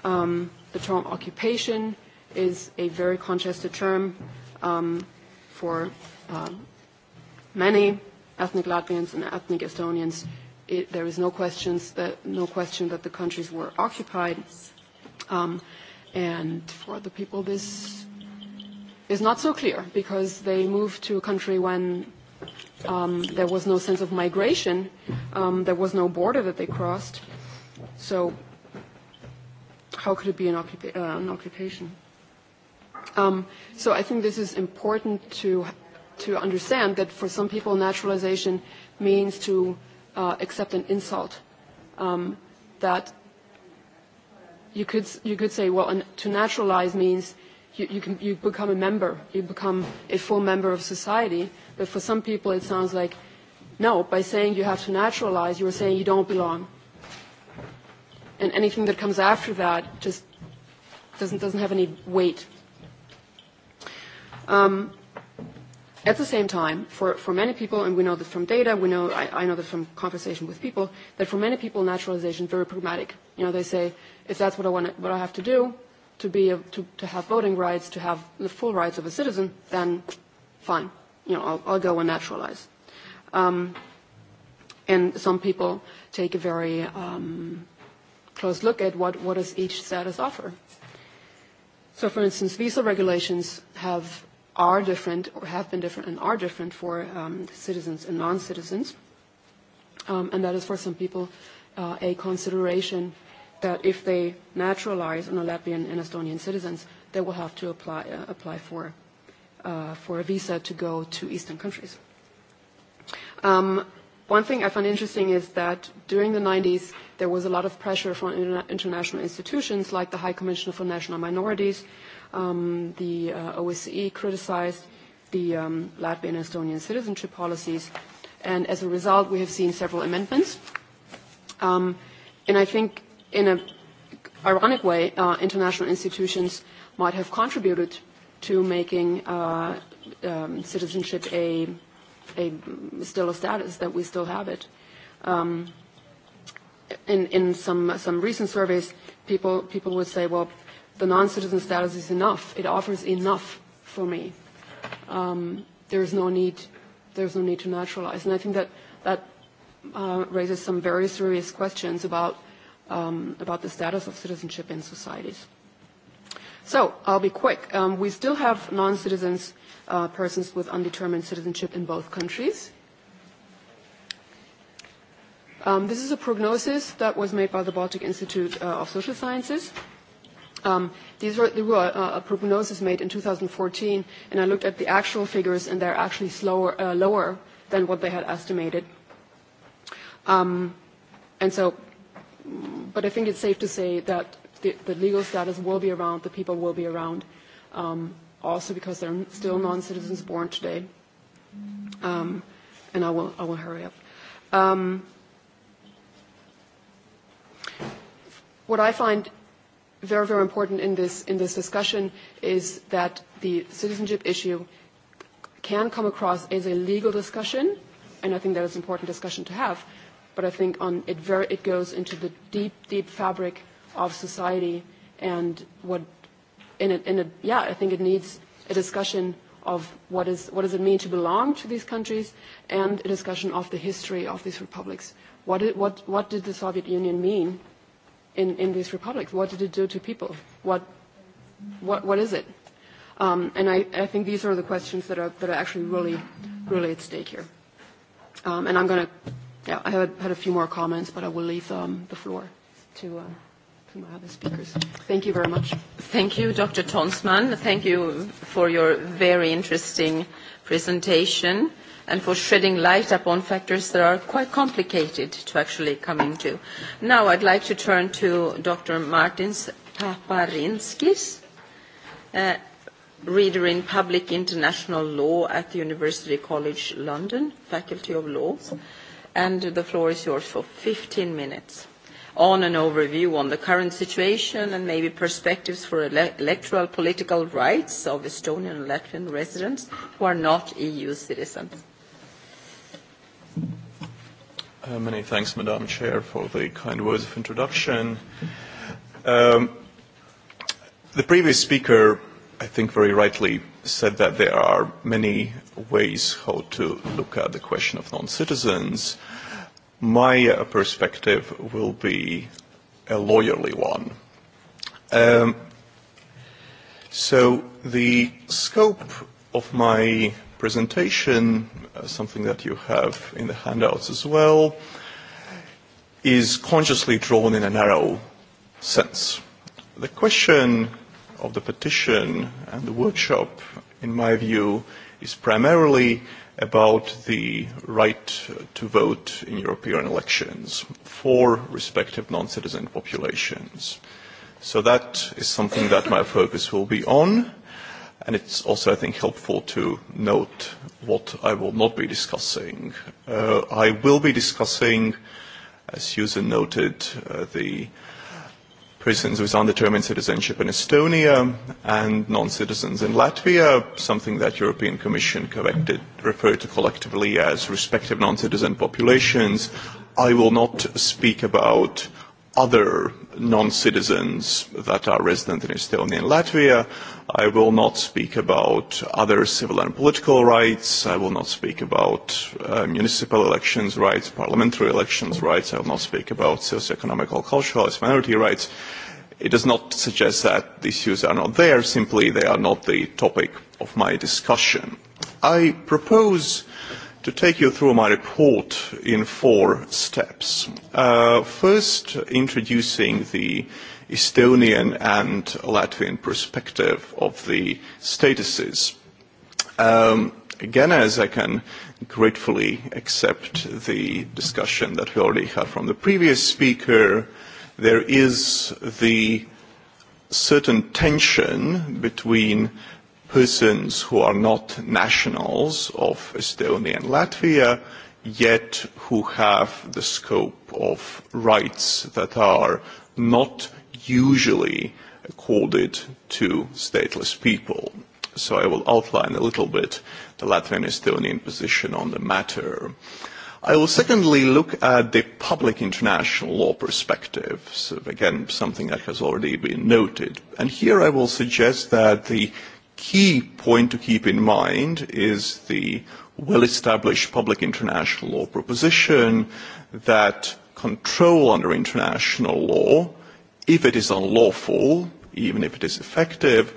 Um, the term occupation is a very contested term um, for um, many ethnic Latvians and ethnic Estonians. It, there is no, questions that, no question that the countries were occupied. Um, and for other people, this is not so clear because they moved to a country when um, there was no sense of migration, um, there was no border that they crossed. So how could it be an, occupa- uh, an occupation? Um, so I think this is important to, to understand that for some people naturalization means to uh, accept an insult um, that you could, you could say, well, an, to naturalize means you, you, can, you become a member, you become a full member of society. But for some people, it sounds like, no, by saying you have to naturalize, you're saying you don't belong and anything that comes after that just doesn't, doesn't have any weight. Um, at the same time, for, for many people, and we know this from data, we know, I, I know this from conversation with people, that for many people, naturalization is very pragmatic. You know, they say, if that's what I, want, what I have to do to, be a, to, to have voting rights, to have the full rights of a citizen, then fine, you know, I'll, I'll go and naturalize. Um, and some people take a very um, close look at what, what does each status offer. So for instance, visa regulations have, are different or have been different and are different for um, citizens and non-citizens. Um, and that is for some people uh, a consideration that if they naturalize on a Latvian and Estonian citizens, they will have to apply, uh, apply for, uh, for a visa to go to eastern countries. Um, One thing I find interesting is that during the 90s, there was a lot of pressure from international institutions like the High Commissioner for National Minorities. Um, the uh, OSCE criticized the um, Latvian and Estonian citizenship policies. And as a result, we have seen several amendments. Um, and I think in an ironic way, uh, international institutions might have contributed to making uh, um, citizenship a a, still a status that we still have it. Um, in in some, some recent surveys, people, people would say, well, the non-citizen status is enough. It offers enough for me. Um, is no need, is no need to naturalize. And I think that that uh, raises some very serious questions about um, about the status of citizenship in societies. So I'll be quick. Um, we still have non-citizens uh, persons with undetermined citizenship in both countries. Um, this is a prognosis that was made by the Baltic Institute uh, of Social Sciences. Um, these were, they were uh, a prognosis made in 2014, and I looked at the actual figures, and they're actually slower, uh, lower than what they had estimated. Um, and so, but I think it's safe to say that the, the legal status will be around, the people will be around. Um, also because there are still non-citizens born today. Um, and I will, I will hurry up. Um, what I find very, very important in this, in this discussion is that the citizenship issue can come across as a legal discussion, and I think that is an important discussion to have, but I think on it, very, it goes into the deep, deep fabric of society and what in a, in a, yeah, I think it needs a discussion of what, is, what does it mean to belong to these countries and a discussion of the history of these republics. What did, what, what did the Soviet Union mean in, in these republics? What did it do to people? What, what, what is it? Um, and I, I think these are the questions that are, that are actually really, really at stake here. Um, and I'm going to, yeah, I had, had a few more comments, but I will leave um, the floor to. Uh, other speakers. Thank you very much. Thank you, Dr. Tonsman. Thank you for your very interesting presentation and for shedding light upon factors that are quite complicated to actually come into. Now I'd like to turn to Dr. Martins Paparinskis, a reader in Public International Law at the University College London, Faculty of Law. And the floor is yours for 15 minutes on an overview on the current situation and maybe perspectives for ele electoral political rights of Estonian and Latvian residents who are not EU citizens. Uh, many thanks, Madam Chair, for the kind words of introduction. Um, the previous speaker, I think very rightly, said that there are many ways how to look at the question of non-citizens. Uh, my uh, perspective will be a lawyerly one. Um, so the scope of my presentation, uh, something that you have in the handouts as well, is consciously drawn in a narrow sense. The question of the petition and the workshop, in my view, is primarily about the right to vote in European elections for respective non-citizen populations. So that is something that my focus will be on, and it's also, I think, helpful to note what I will not be discussing. Uh, I will be discussing, as Susan noted, uh, the uh, prisons with undetermined citizenship in Estonia and non-citizens in Latvia, something that European Commission corrected, referred to collectively as respective non-citizen populations. I will not speak about other non-citizens that are resident in Estonia and Latvia. I will not speak about other civil and political rights. I will not speak about uh, municipal elections rights, parliamentary elections rights. I will not speak about socio-economic or cultural rights, minority rights. It does not suggest that these issues are not there. Simply, they are not the topic of my discussion. I propose to take you through my report in four steps. Uh, first, introducing the Estonian and Latvian perspective of the statuses. Um, again, as I can gratefully accept the discussion that we already had from the previous speaker, there is the certain tension between persons who are not nationals of Estonia and Latvia, yet who have the scope of rights that are not usually accorded to stateless people. So I will outline a little bit the Latvian-Estonian position on the matter. I will secondly look at the public international law perspective, so again, something that has already been noted. And here I will suggest that the key point to keep in mind is the well-established public international law proposition that control under international law, if it is unlawful, even if it is effective,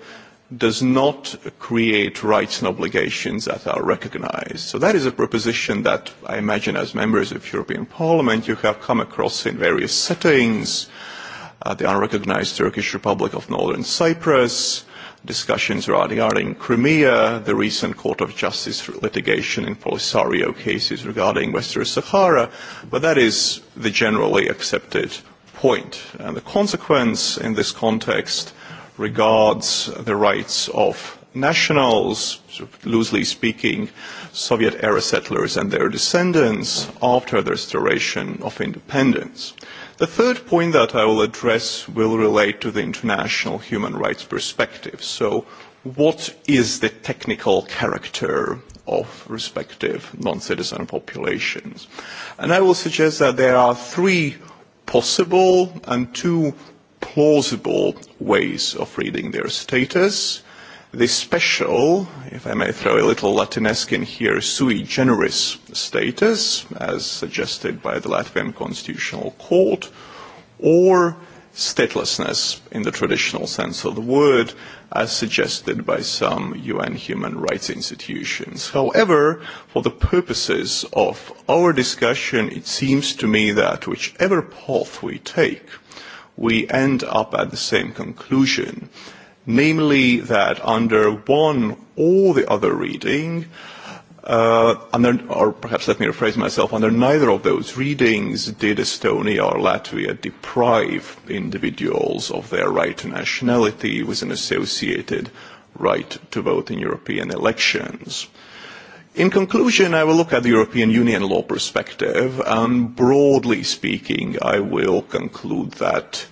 does not create rights and obligations that are recognized. So that is a proposition that I imagine as members of European Parliament you have come across in various settings, uh, the unrecognized Turkish Republic of Northern Cyprus, discussions regarding Crimea, the recent Court of Justice litigation in Polisario cases regarding Western Sahara, but that is the generally accepted point. And the consequence in this context regards the rights of nationals, loosely speaking, Soviet-era settlers and their descendants after the restoration of independence. The third point that I will address will relate to the international human rights perspective. So what is the technical character of respective non-citizen populations? And I will suggest that there are three possible and two plausible ways of reading their status this special, if I may throw a little Latinesque in here, sui generis status, as suggested by the Latvian Constitutional Court, or statelessness in the traditional sense of the word, as suggested by some UN human rights institutions. However, for the purposes of our discussion, it seems to me that whichever path we take, we end up at the same conclusion namely that under one or the other reading, uh, under, or perhaps let me rephrase myself, under neither of those readings did Estonia or Latvia deprive individuals of their right to nationality with an associated right to vote in European elections. In conclusion, I will look at the European Union law perspective, and broadly speaking, I will conclude that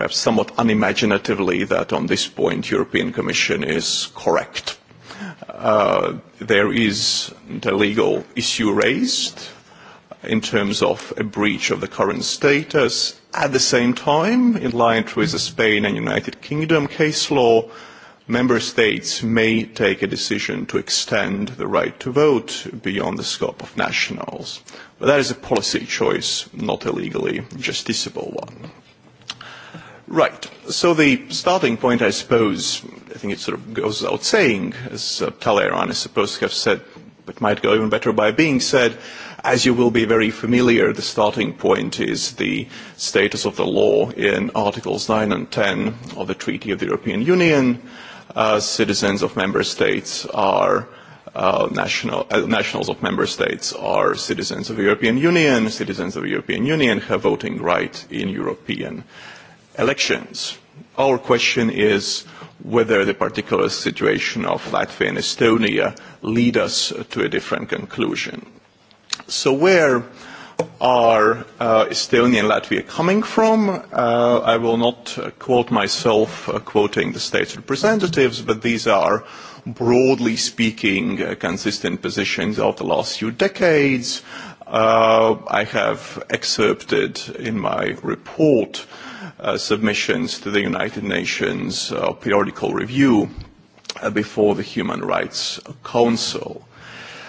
perhaps somewhat unimaginatively that on this point the European Commission is correct. Uh, there is a legal issue raised in terms of a breach of the current status. At the same time, in line with the Spain and United Kingdom case law, member states may take a decision to extend the right to vote beyond the scope of nationals. But that is a policy choice, not a legally justiciable one. Right. So the starting point, I suppose, I think it sort of goes without saying, as uh, Talleyrand is supposed to have said, but might go even better by being said, as you will be very familiar, the starting point is the status of the law in Articles 9 and 10 of the Treaty of the European Union. Uh, citizens of member states are uh, national, uh, nationals of member states are citizens of the European Union. Citizens of the European Union have voting right in European elections. Our question is whether the particular situation of Latvia and Estonia lead us to a different conclusion. So where are uh, Estonia and Latvia coming from? Uh, I will not uh, quote myself uh, quoting the state's representatives, but these are, broadly speaking, uh, consistent positions of the last few decades. Uh, I have excerpted in my report uh, Uh, submissions to the United Nations uh, periodical review uh, before the Human Rights Council.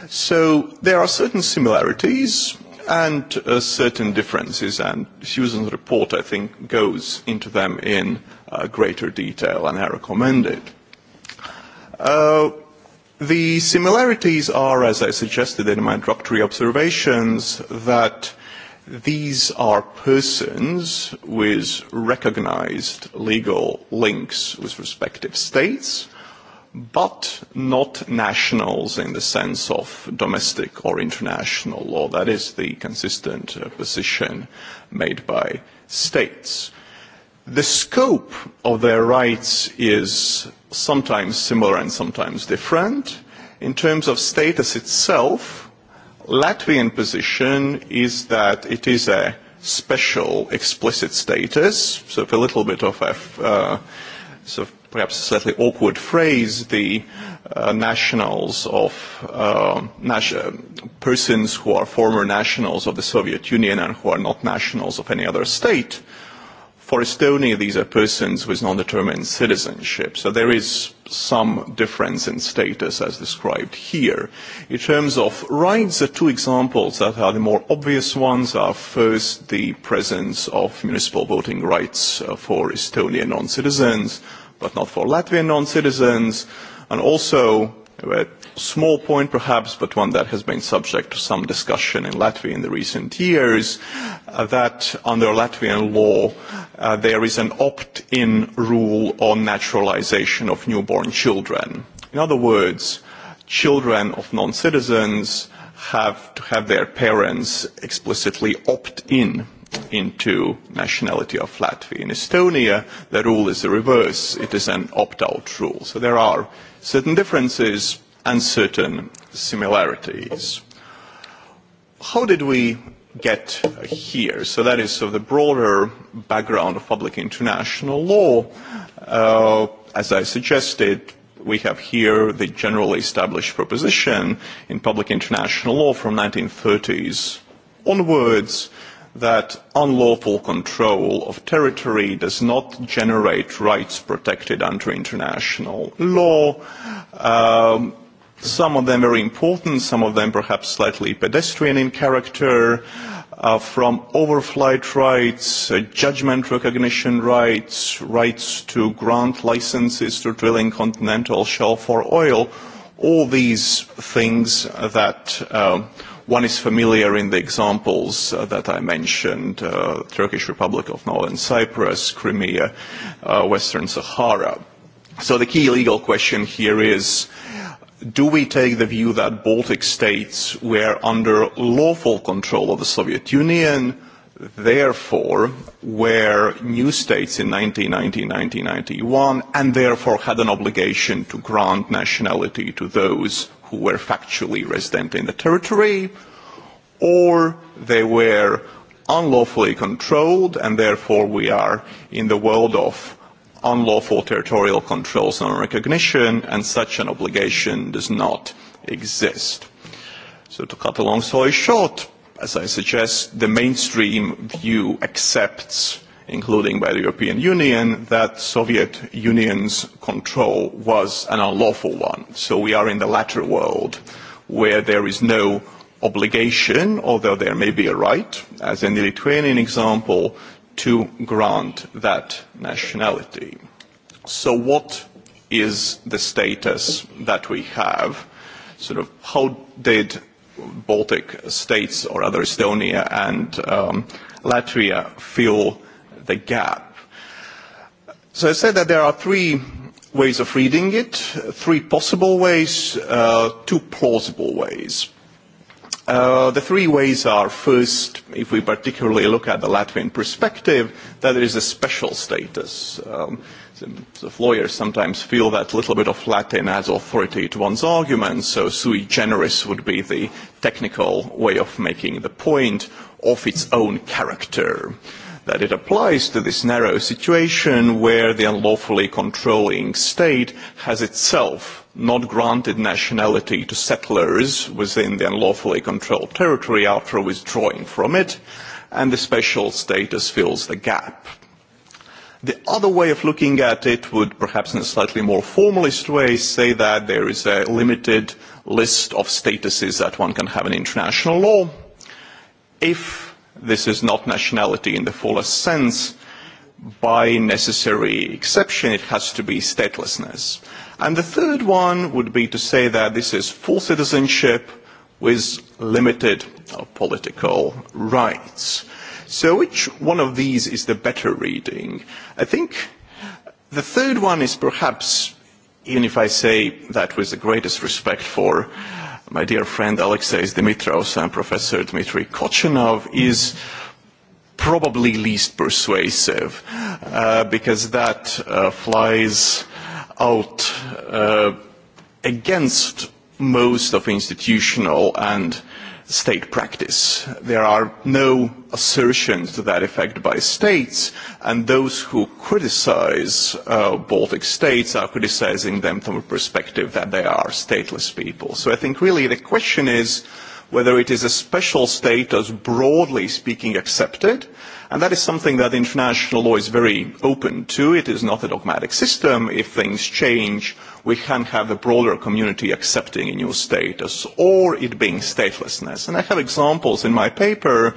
So there are certain similarities and uh, certain differences, and Susan's report, I think, goes into them in uh, greater detail, and I recommend it. Uh, the similarities are, as I suggested in my introductory observations, that These are persons with recognized legal links with respective states, but not nationals in the sense of domestic or international law. That is the consistent uh, position made by states. The scope of their rights is sometimes similar and sometimes different. In terms of status itself, Latvian position is that it is a special explicit status, so a little bit of a uh, sort of perhaps slightly awkward phrase, the uh, nationals of um, uh, nas- persons who are former nationals of the Soviet Union and who are not nationals of any other state For Estonia, these are persons with non-determined citizenship. So there is some difference in status as described here. In terms of rights, the two examples that are the more obvious ones are first the presence of municipal voting rights uh, for Estonian non-citizens, but not for Latvian non-citizens, and also a small point perhaps, but one that has been subject to some discussion in Latvia in the recent years, uh, that under Latvian law, uh, there is an opt-in rule on naturalization of newborn children. In other words, children of non-citizens have to have their parents explicitly opt in into nationality of Latvia. In Estonia, the rule is the reverse. It is an opt-out rule. So there are certain differences and certain similarities. How did we get here? So that is of the broader background of public international law. Uh, as I suggested, we have here the generally established proposition in public international law from 1930s onwards, that unlawful control of territory does not generate rights protected under international law. Um, some of them very important, some of them perhaps slightly pedestrian in character, uh, from overflight rights, uh, judgment recognition rights, rights to grant licenses to drilling continental shelf for oil, all these things that uh, One is familiar in the examples uh, that I mentioned, uh, Turkish Republic of Northern Cyprus, Crimea, uh, Western Sahara. So the key legal question here is, do we take the view that Baltic states were under lawful control of the Soviet Union therefore were new states in 1990, 1991, and therefore had an obligation to grant nationality to those who were factually resident in the territory, or they were unlawfully controlled, and therefore we are in the world of unlawful territorial controls and recognition, and such an obligation does not exist. So to cut a long story short, as I suggest, the mainstream view accepts, including by the European Union, that Soviet Union's control was an unlawful one. So we are in the latter world, where there is no obligation, although there may be a right, as in the Lithuanian example, to grant that nationality. So what is the status that we have? Sort of how did Baltic states or other Estonia and um, Latvia fill the gap. So I said that there are three ways of reading it, three possible ways, uh, two plausible ways. Uh, the three ways are first, if we particularly look at the Latvian perspective, that there is a special status. Um, the lawyers sometimes feel that a little bit of Latin adds authority to one's argument, so sui generis would be the technical way of making the point of its own character. That it applies to this narrow situation where the unlawfully controlling state has itself not granted nationality to settlers within the unlawfully controlled territory after withdrawing from it, and the special status fills the gap. The other way of looking at it would perhaps in a slightly more formalist way say that there is a limited list of statuses that one can have in international law. If this is not nationality in the fullest sense, by necessary exception, it has to be statelessness. And the third one would be to say that this is full citizenship with limited uh, political rights. So which one of these is the better reading? I think the third one is perhaps, even if I say that with the greatest respect for my dear friend Alexei Dimitrov and Professor Dmitry Kochanov, is probably least persuasive uh, because that uh, flies out uh, against most of institutional and state practice. There are no assertions to that effect by states, and those who criticise uh, Baltic states are criticising them from a perspective that they are stateless people. So I think really the question is whether it is a special status broadly speaking accepted, and that is something that international law is very open to. It is not a dogmatic system. If things change, we can have a broader community accepting a new status or it being statelessness. And I have examples in my paper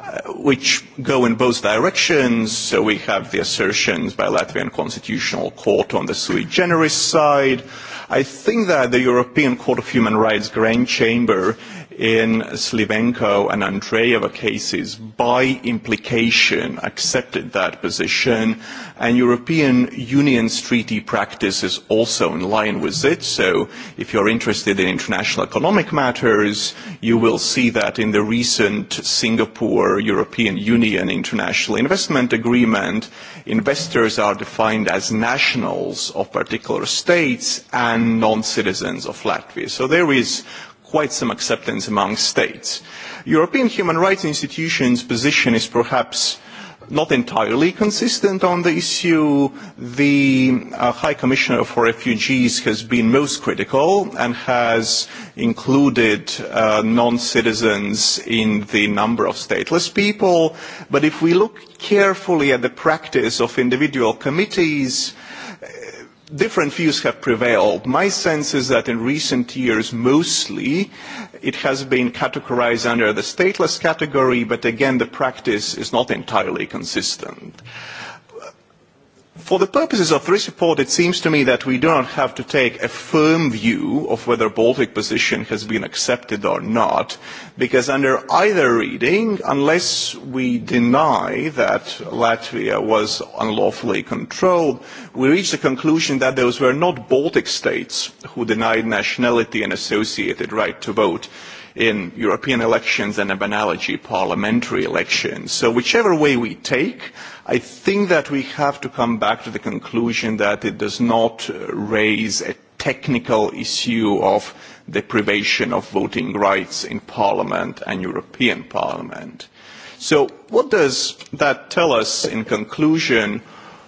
uh, which go in both directions. So we have the assertions by Latvian Constitutional Court on the sui generis side. I think that the European Court of Human Rights Grand Chamber in Slivenko and Andreeva cases by implication accepted that position and European Union's treaty practice is also in line with it. So if you're interested in international economic matters, you will see that in the recent Singapore European Union International Investment Agreement, investors are defined as nationals of particular states and non-citizens of Latvia. So there is quite some acceptance among states. European human rights institutions' position is perhaps not entirely consistent on the issue. The uh, High Commissioner for Refugees has been most critical and has included uh, non-citizens in the number of stateless people. But if we look carefully at the practice of individual committees, uh, different views have prevailed. My sense is that in recent years, mostly, it has been categorized under the stateless category, but again, the practice is not entirely consistent. Uh, For the purposes of this report, it seems to me that we do not have to take a firm view of whether the Baltic position has been accepted or not, because under either reading, unless we deny that Latvia was unlawfully controlled, we reach the conclusion that those were not Baltic states who denied nationality and associated right to vote in European elections and an analogy parliamentary elections. So whichever way we take, I think that we have to come back to the conclusion that it does not uh, raise a technical issue of deprivation of voting rights in Parliament and European Parliament. So what does that tell us in conclusion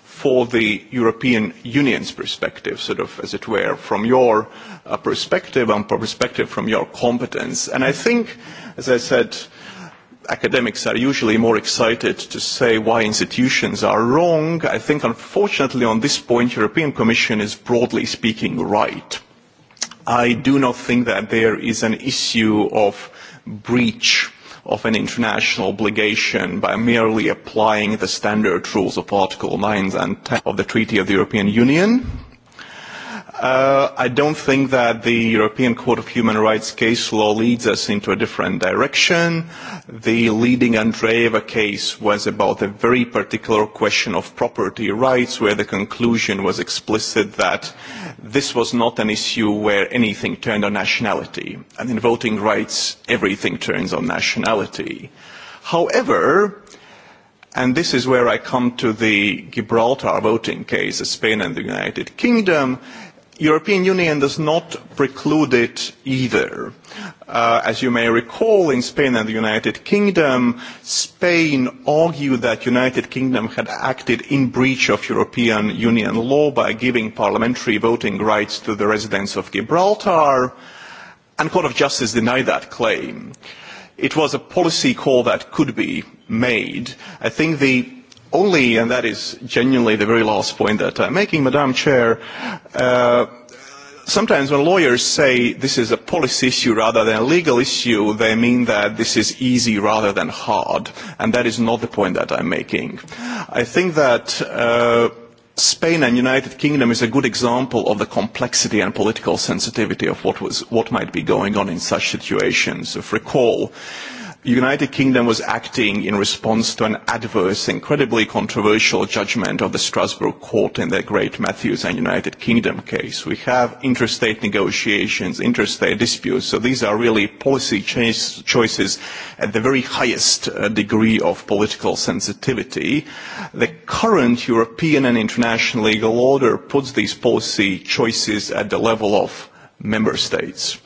for the European Union's perspective, sort of, as it were, from your uh, perspective and perspective from your competence. And I think, as I said, academics are usually more excited to say why institutions are wrong. I think, unfortunately, on this point, the European Commission is broadly speaking right. I do not think that there is an issue of breach of an international obligation by merely applying the standard rules of Article 9 and 10 of the Treaty of the European Union Uh, I don't think that the European Court of Human Rights case law leads us into a different direction. The leading Andreeva case was about a very particular question of property rights where the conclusion was explicit that this was not an issue where anything turned on nationality. And in voting rights, everything turns on nationality. However, And this is where I come to the Gibraltar voting case, Spain and the United Kingdom. European Union does not preclude it either. Uh, as you may recall, in Spain and the United Kingdom, Spain argued that the United Kingdom had acted in breach of European Union law by giving parliamentary voting rights to the residents of Gibraltar, and the Court of Justice denied that claim. It was a policy call that could be made. I think the only, and that is genuinely the very last point that I'm making, Madam Chair, uh, sometimes when lawyers say this is a policy issue rather than a legal issue, they mean that this is easy rather than hard, and that is not the point that I'm making. I think that uh, Spain and United Kingdom is a good example of the complexity and political sensitivity of what, was, what might be going on in such situations. If recall, uh, United Kingdom was acting in response to an adverse, incredibly controversial judgment of the Strasbourg court in the Great Matthews and United Kingdom case. We have interstate negotiations, interstate disputes, so these are really policy choices at the very highest uh, degree of political sensitivity. The current European and international legal order puts these policy choices at the level of member states.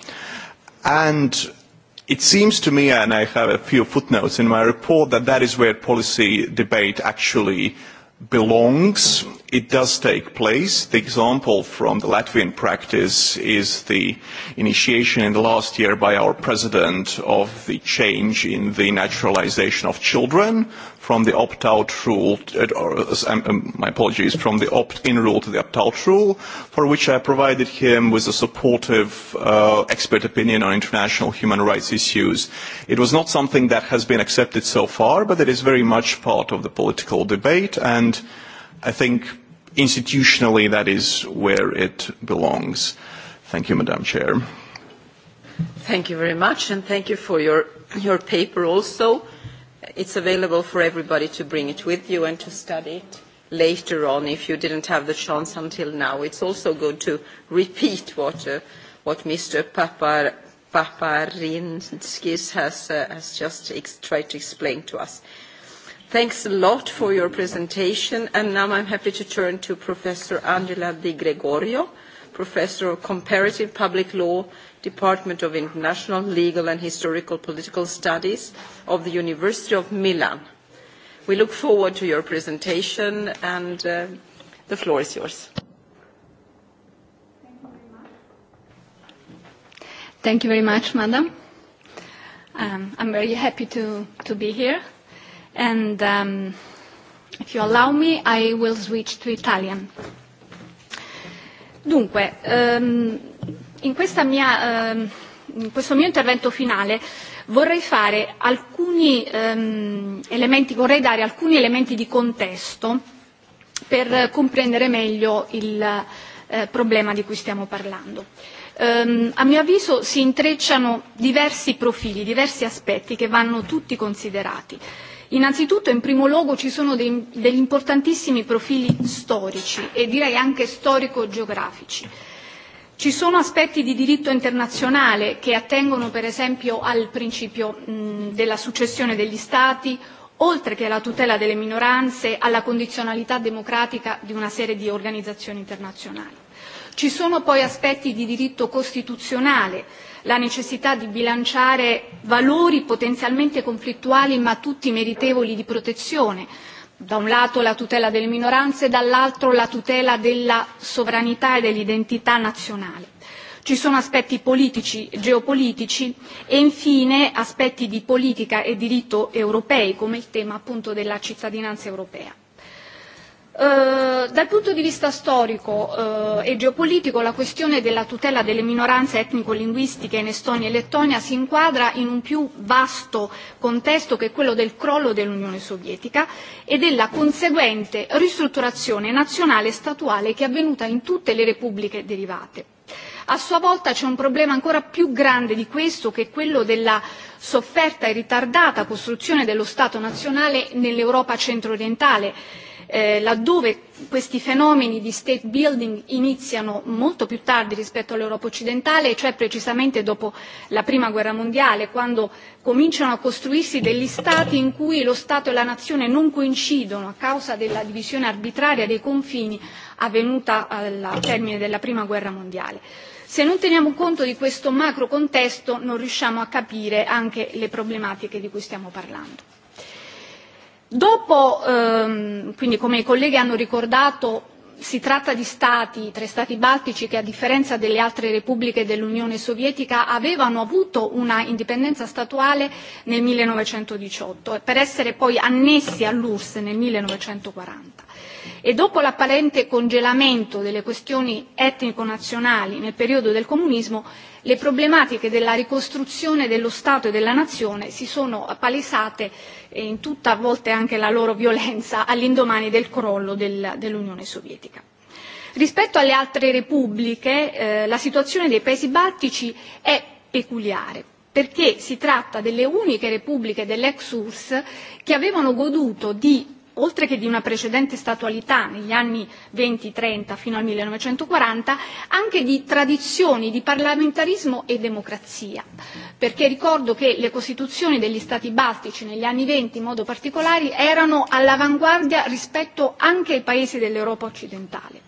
And It seems to me, and I have a few footnotes in my report, that that is where policy debate actually belongs. It does take place. The example from the Latvian practice is the initiation in the last year by our president of the change in the naturalization of children from the opt-out rule, to, uh, or, um, um, my apologies, from the opt-in rule to the opt-out rule, for which I provided him with a supportive uh, expert opinion on international human rights issues. It was not something that has been accepted so far, but it is very much part of the political debate and and I think institutionally that is where it belongs. Thank you, Madam Chair. Thank you very much, and thank you for your, your paper also. It's available for everybody to bring it with you and to study it later on if you didn't have the chance until now. It's also good to repeat what, uh, what Mr. Papar, Paparinskis has, uh, has just ex tried to explain to us. Thanks a lot for your presentation. and Now I'm happy to turn to Professor Angela Di Gregorio, Professor of Comparative Public Law, Department of International Legal and Historical Political Studies of the University of Milan. We look forward to your presentation, and uh, the floor is yours. Thank you very much, Madam. Um, I'm very happy to, to be here and um, if you allow me I will switch to Italian. Dunque, um, in, questa mia, um, in questo mio intervento finale vorrei fare alcuni um, elementi, vorrei dare alcuni elementi di contesto per comprendere meglio il uh, problema di cui stiamo parlando. Um, a mio avviso si intrecciano diversi profili, diversi aspetti che vanno tutti considerati. Innanzitutto, in primo luogo, ci sono dei, degli importantissimi profili storici e direi anche storico-geografici. Ci sono aspetti di diritto internazionale che attengono per esempio al principio mh, della successione degli Stati, oltre che alla tutela delle minoranze, alla condizionalità democratica di una serie di organizzazioni internazionali. Ci sono poi aspetti di diritto costituzionale la necessità di bilanciare valori potenzialmente conflittuali ma tutti meritevoli di protezione da un lato la tutela delle minoranze e dall'altro la tutela della sovranità e dell'identità nazionale. Ci sono aspetti politici, e geopolitici e infine aspetti di politica e diritto europei come il tema appunto della cittadinanza europea Eh, dal punto di vista storico eh, e geopolitico la questione della tutela delle minoranze etnico-linguistiche in Estonia e Lettonia si inquadra in un più vasto contesto che è quello del crollo dell'Unione Sovietica e della conseguente ristrutturazione nazionale e statuale che è avvenuta in tutte le repubbliche derivate. A sua volta c'è un problema ancora più grande di questo che è quello della sofferta e ritardata costruzione dello Stato nazionale nell'Europa centro-orientale eh, laddove questi fenomeni di state building iniziano molto più tardi rispetto all'Europa occidentale, cioè precisamente dopo la Prima Guerra Mondiale, quando cominciano a costruirsi degli stati in cui lo Stato e la nazione non coincidono a causa della divisione arbitraria dei confini avvenuta al termine della Prima Guerra Mondiale. Se non teniamo conto di questo macro contesto non riusciamo a capire anche le problematiche di cui stiamo parlando. Dopo, ehm, quindi come i colleghi hanno ricordato, si tratta di stati, tre stati baltici, che a differenza delle altre repubbliche dell'Unione Sovietica avevano avuto una indipendenza statuale nel 1918, e per essere poi annessi all'URSS nel 1940. E dopo l'apparente congelamento delle questioni etnico-nazionali nel periodo del comunismo, le problematiche della ricostruzione dello Stato e della nazione si sono palesate eh, in tutta a volte anche la loro violenza all'indomani del crollo del, dell'Unione Sovietica. Rispetto alle altre repubbliche, eh, la situazione dei Paesi Baltici è peculiare perché si tratta delle uniche repubbliche dell'ex URSS che avevano goduto di oltre che di una precedente statualità negli anni venti trenta fino al millenovecentoquaranta, anche di tradizioni di parlamentarismo e democrazia. Perché ricordo che le Costituzioni degli Stati baltici negli anni venti in modo particolare erano all'avanguardia rispetto anche ai paesi dell'Europa occidentale.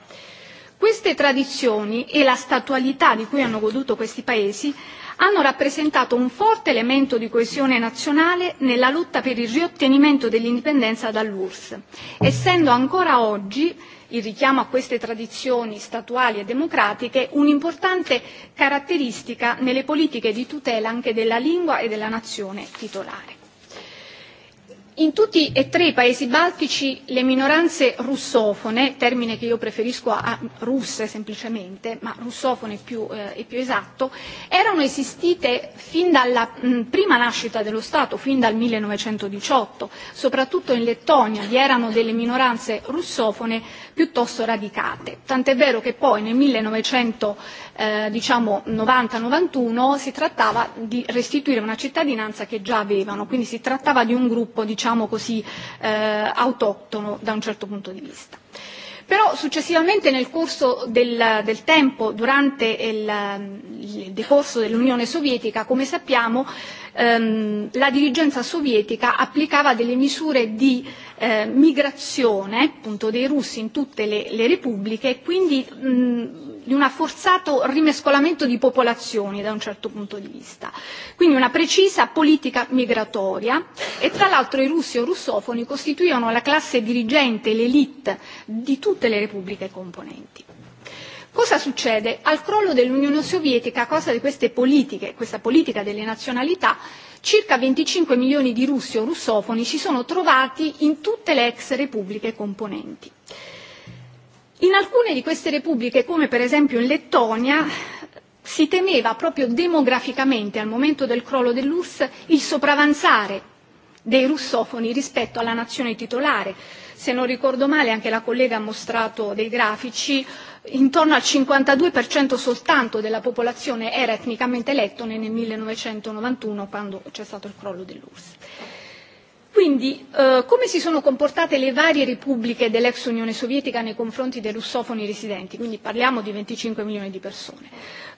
Queste tradizioni e la statualità di cui hanno goduto questi paesi hanno rappresentato un forte elemento di coesione nazionale nella lotta per il riottenimento dell'indipendenza dall'URSS, essendo ancora oggi il richiamo a queste tradizioni statuali e democratiche un'importante caratteristica nelle politiche di tutela anche della lingua e della nazione titolare. In tutti e tre i paesi baltici le minoranze russofone, termine che io preferisco a russe semplicemente, ma russofone è più, eh, è e più esatto, erano esistite fin dalla mh, mm, prima nascita dello Stato, fin dal 1918, soprattutto in Lettonia vi erano delle minoranze russofone piuttosto radicate. Tant'è vero che poi nel 1990-91 eh, diciamo, si trattava di restituire una cittadinanza che già avevano, quindi si trattava di un gruppo diciamo così, eh, autoctono da un certo punto di vista. Però successivamente nel corso del, del tempo, durante il, il decorso dell'Unione Sovietica, come sappiamo, ehm, la dirigenza sovietica applicava delle misure di eh, migrazione appunto, dei russi in tutte le, le repubbliche e quindi di un forzato rimescolamento di popolazioni da un certo punto di vista. Quindi una precisa politica migratoria e tra l'altro i russi o e russofoni costituivano la classe dirigente, l'elite di tutte le repubbliche componenti. Cosa succede? Al crollo dell'Unione Sovietica, a causa di queste politiche, questa politica delle nazionalità, circa 25 milioni di russi o russofoni si sono trovati in tutte le ex repubbliche componenti. In alcune di queste repubbliche, come per esempio in Lettonia, si temeva proprio demograficamente al momento del crollo dell'URSS il sopravanzare dei russofoni rispetto alla nazione titolare. Se non ricordo male, anche la collega ha mostrato dei grafici intorno al 52% soltanto della popolazione era etnicamente lettone nel 1991 quando c'è stato il crollo dell'URSS. Quindi eh, come si sono comportate le varie repubbliche dell'ex Unione Sovietica nei confronti dei russofoni residenti? Quindi parliamo di 25 milioni di persone.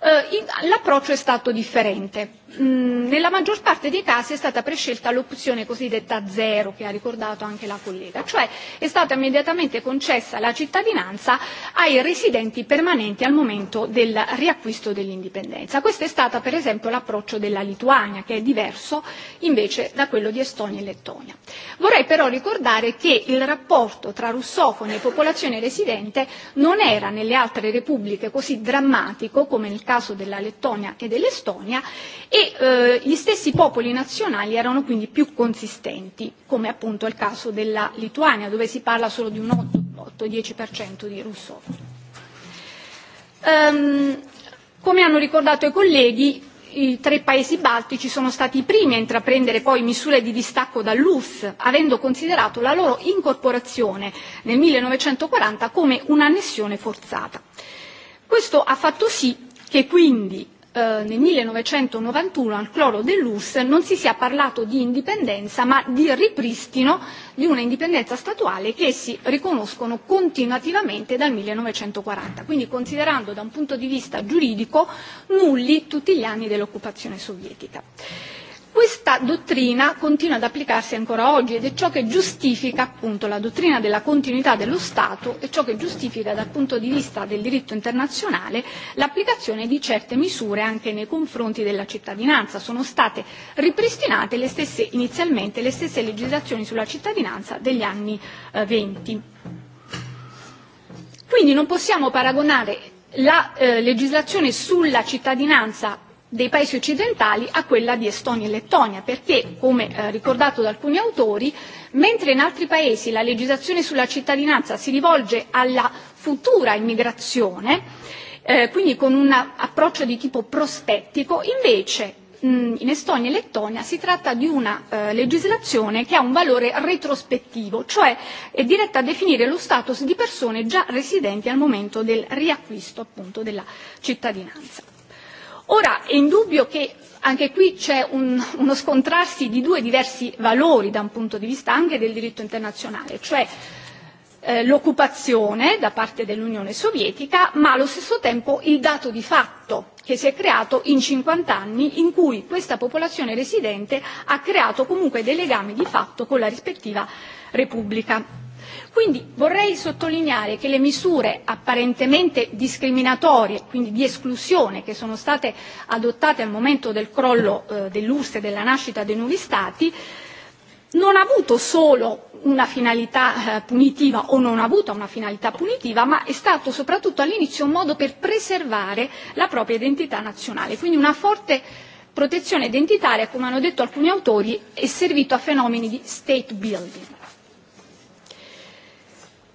Eh, l'approccio è stato differente. Mm, nella maggior parte dei casi è stata prescelta l'opzione cosiddetta zero, che ha ricordato anche la collega, cioè è stata immediatamente concessa la cittadinanza ai residenti permanenti al momento del riacquisto dell'indipendenza. Questo è stato per esempio l'approccio della Lituania, che è diverso invece da quello di Estonia e Lettonia. Polonia. Vorrei però ricordare che il rapporto tra russofoni e popolazione residente non era nelle altre repubbliche così drammatico come nel caso della Lettonia e dell'Estonia e eh, gli stessi popoli nazionali erano quindi più consistenti, come appunto il caso della Lituania dove si parla solo di un 8-10% di russofoni. Um, come hanno ricordato i colleghi, i tre paesi baltici sono stati i primi a intraprendere poi misure di distacco dall'URSS, avendo considerato la loro incorporazione nel 1940 come un'annessione forzata. Questo ha fatto sì che quindi eh, nel 1991 al cloro dell'URSS non si sia parlato di indipendenza ma di ripristino di una indipendenza statuale che si riconoscono continuativamente dal 1940, quindi considerando da un punto di vista giuridico nulli tutti gli anni dell'occupazione sovietica. Questa dottrina continua ad applicarsi ancora oggi ed è ciò che giustifica appunto la dottrina della continuità dello Stato e ciò che giustifica dal punto di vista del diritto internazionale l'applicazione di certe misure anche nei confronti della cittadinanza. Sono state ripristinate le stesse, inizialmente le stesse legislazioni sulla cittadinanza degli anni eh, venti. Quindi non possiamo paragonare la eh, legislazione sulla cittadinanza dei paesi occidentali a quella di Estonia e Lettonia, perché, come eh, ricordato da alcuni autori, mentre in altri paesi la legislazione sulla cittadinanza si rivolge alla futura immigrazione, eh, quindi con un approccio di tipo prospettico, invece mh, in Estonia e Lettonia si tratta di una eh, legislazione che ha un valore retrospettivo, cioè è diretta a definire lo status di persone già residenti al momento del riacquisto appunto della cittadinanza. Ora, è indubbio che anche qui c'è un, uno scontrarsi di due diversi valori da un punto di vista anche del diritto internazionale, cioè eh, l'occupazione da parte dell'Unione Sovietica, ma allo stesso tempo il dato di fatto che si è creato in 50 anni in cui questa popolazione residente ha creato comunque dei legami di fatto con la rispettiva Repubblica. Quindi vorrei sottolineare che le misure apparentemente discriminatorie, quindi di esclusione, che sono state adottate al momento del crollo eh, dell'URSS e della nascita dei nuovi Stati, non ha avuto solo una finalità eh, punitiva o non ha avuto una finalità punitiva, ma è stato soprattutto all'inizio un modo per preservare la propria identità nazionale. Quindi una forte protezione identitaria, come hanno detto alcuni autori, è servito a fenomeni di state building.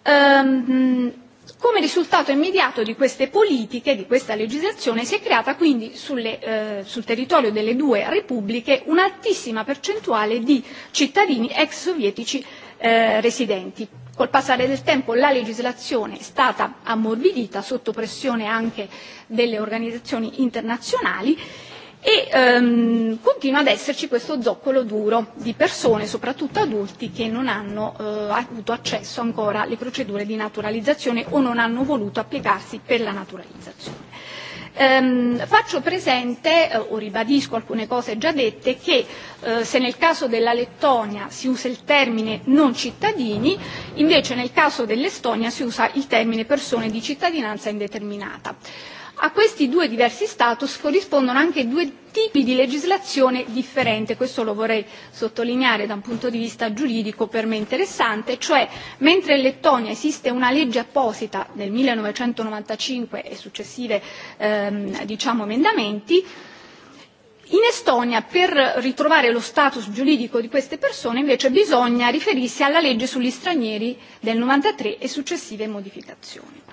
Ehm, come risultato immediato di queste politiche, di questa legislazione, si è creata quindi sulle, eh, sul territorio delle due repubbliche un'altissima percentuale di cittadini ex sovietici eh, residenti. Col passare del tempo la legislazione è stata ammorbidita sotto pressione anche delle organizzazioni internazionali e ehm, continua ad esserci questo zoccolo duro di persone, soprattutto adulti, che non hanno eh, avuto accesso ancora alle procedure di naturalizzazione o non hanno voluto applicarsi per la naturalizzazione. Ehm, faccio presente eh, o ribadisco alcune cose già dette che eh, se nel caso della Lettonia si usa il termine non cittadini, invece nel caso dell'Estonia si usa il termine persone di cittadinanza indeterminata. A questi due diversi status corrispondono anche due tipi di legislazione differente, questo lo vorrei sottolineare da un punto di vista giuridico per me interessante, cioè mentre in Lettonia esiste una legge apposita del 1995 e successive ehm, diciamo, emendamenti, In Estonia per ritrovare lo status giuridico di queste persone invece bisogna riferirsi alla legge sugli stranieri del 93 e successive modificazioni.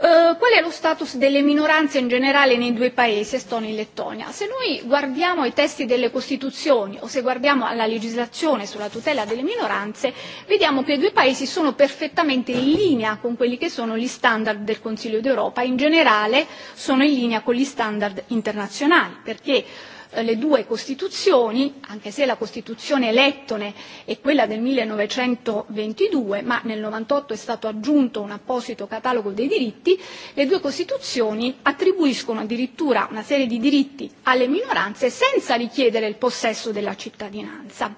Eh, qual è lo status delle minoranze in generale nei due paesi, Estonia e Lettonia? Se noi guardiamo ai testi delle Costituzioni o se guardiamo alla legislazione sulla tutela delle minoranze, vediamo che i due paesi sono perfettamente in linea con quelli che sono gli standard del Consiglio d'Europa e in generale sono in linea con gli standard internazionali, perché Eh, le due Costituzioni, anche se la Costituzione lettone è quella del 1922, ma nel 1998 è stato aggiunto un apposito catalogo dei diritti, le due Costituzioni attribuiscono addirittura una serie di diritti alle minoranze senza richiedere il possesso della cittadinanza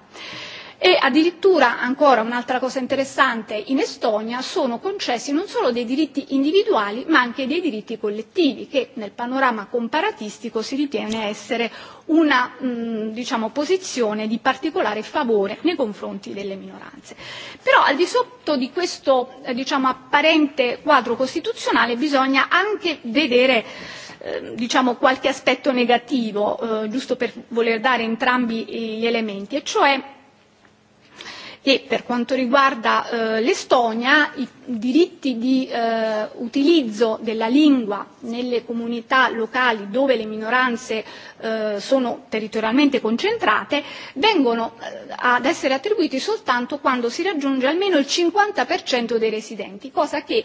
e addirittura ancora un'altra cosa interessante in Estonia sono concessi non solo dei diritti individuali ma anche dei diritti collettivi che nel panorama comparatistico si ritiene essere una mh, mm, diciamo, posizione di particolare favore nei confronti delle minoranze. Però al di sotto di questo eh, diciamo, apparente quadro costituzionale bisogna anche vedere ehm, diciamo qualche aspetto negativo, eh, giusto per voler dare entrambi eh, gli elementi, e cioè e per quanto riguarda eh, l'Estonia i diritti di eh, utilizzo della lingua nelle comunità locali dove le minoranze eh, sono territorialmente concentrate vengono eh, ad essere attribuiti soltanto quando si raggiunge almeno il 50% dei residenti, cosa che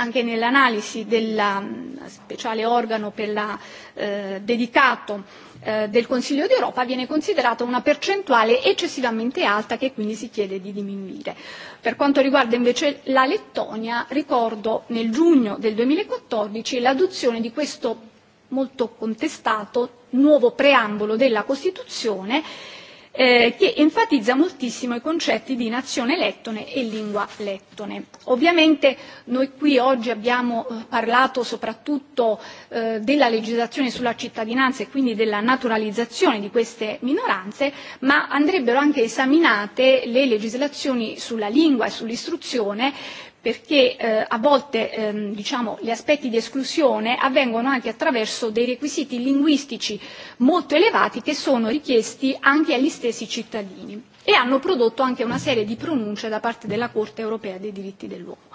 anche nell'analisi del mm, speciale organo per la, eh, dedicato eh, del Consiglio d'Europa viene considerata una percentuale eccessivamente alta che quindi si chiede di diminuire. Per quanto riguarda invece la Lettonia, ricordo nel giugno del 2014 l'adozione di questo molto contestato nuovo preambolo della Costituzione eh, che enfatizza moltissimo i concetti di nazione lettone e lingua lettone. Ovviamente noi qui oggi abbiamo eh, parlato soprattutto eh, della legislazione sulla cittadinanza e quindi della naturalizzazione di queste minoranze, ma andrebbero anche esaminate le legislazioni sulla lingua e sull'istruzione perché eh, a volte ehm, diciamo, gli aspetti di esclusione avvengono anche attraverso dei requisiti linguistici molto elevati che sono richiesti anche agli stessi cittadini e hanno prodotto anche una serie di pronunce da parte della Corte europea dei diritti dell'uomo.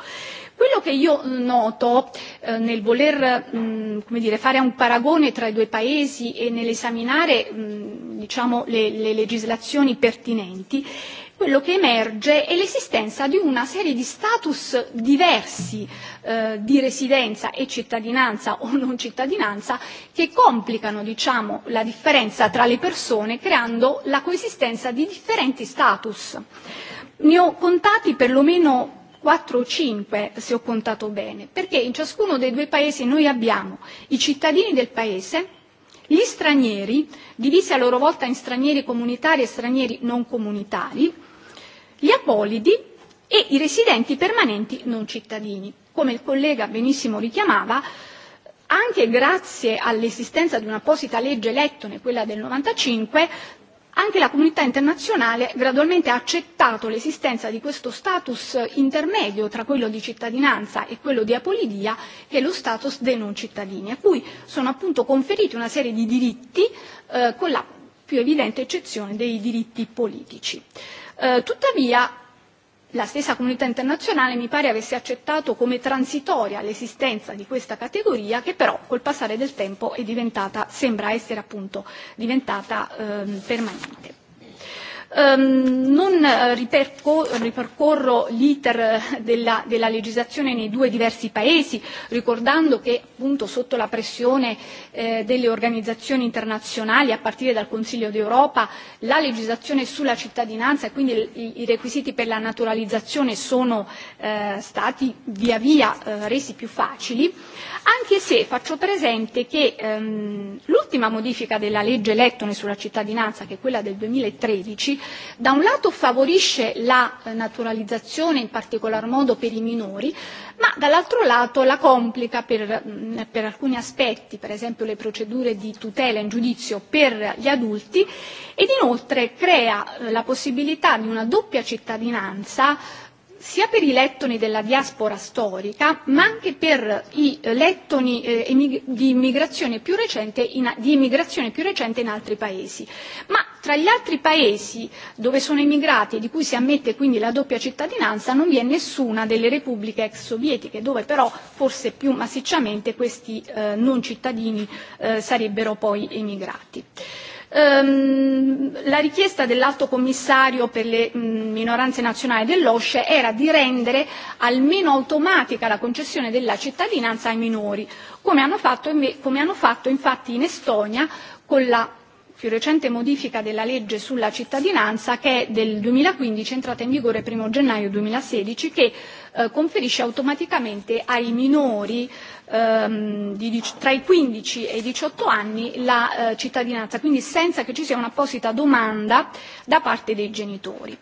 Quello che io noto eh, nel voler mh, come dire, fare un paragone tra i due paesi e nell'esaminare mh, diciamo, le, le legislazioni pertinenti quello che emerge è l'esistenza di una serie di status diversi eh, di residenza e cittadinanza o non cittadinanza che complicano diciamo, la differenza tra le persone creando la coesistenza di differenti status. Ne ho contati perlomeno 4 o 5 se ho contato bene, perché in ciascuno dei due paesi noi abbiamo i cittadini del paese, gli stranieri, divisi a loro volta in stranieri comunitari e stranieri non comunitari, gli apolidi e i residenti permanenti non cittadini. Come il collega benissimo richiamava, anche grazie all'esistenza di un'apposita legge lettone, quella del 95, anche la comunità internazionale gradualmente ha accettato l'esistenza di questo status intermedio tra quello di cittadinanza e quello di apolidia, che è lo status dei non cittadini, a cui sono appunto conferiti una serie di diritti, eh, con la più evidente eccezione dei diritti politici. Eh, Eh, tuttavia la stessa comunità internazionale mi pare avesse accettato come transitoria l'esistenza di questa categoria che però col passare del tempo è diventata, sembra essere appunto diventata ehm, permanente. Um, non riperco, ripercorro l'iter della, della legislazione nei due diversi paesi, ricordando che appunto sotto la pressione eh, delle organizzazioni internazionali, a partire dal Consiglio d'Europa, la legislazione sulla cittadinanza e quindi il, i, requisiti per la naturalizzazione sono eh, stati via via eh, resi più facili, anche se faccio presente che ehm, l'ultima modifica della legge Lettone sulla cittadinanza, che è quella del 2013, da un lato favorisce la naturalizzazione in particolar modo per i minori, ma dall'altro lato la complica per, mm, per alcuni aspetti, per esempio le procedure di tutela in giudizio per gli adulti ed inoltre crea eh, la possibilità di una doppia cittadinanza sia per i lettoni della diaspora storica, ma anche per i eh, lettoni eh, di, immigrazione più recente in, di immigrazione più recente in altri paesi. Ma tra gli altri paesi dove sono emigrati e di cui si ammette quindi la doppia cittadinanza non vi è nessuna delle repubbliche ex sovietiche, dove però forse più massicciamente questi eh, non cittadini eh, sarebbero poi emigrati ehm, la richiesta dell'alto commissario per le mh, minoranze nazionali dell'OSCE era di rendere almeno automatica la concessione della cittadinanza ai minori, come hanno fatto, e come hanno fatto infatti in Estonia con la più recente modifica della legge sulla cittadinanza che è del 2015 entrata in vigore 1 gennaio 2016 che eh, conferisce automaticamente ai minori ehm, di, tra i 15 e i 18 anni la eh, cittadinanza, quindi senza che ci sia un'apposita domanda da parte dei genitori.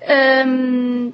Ehm,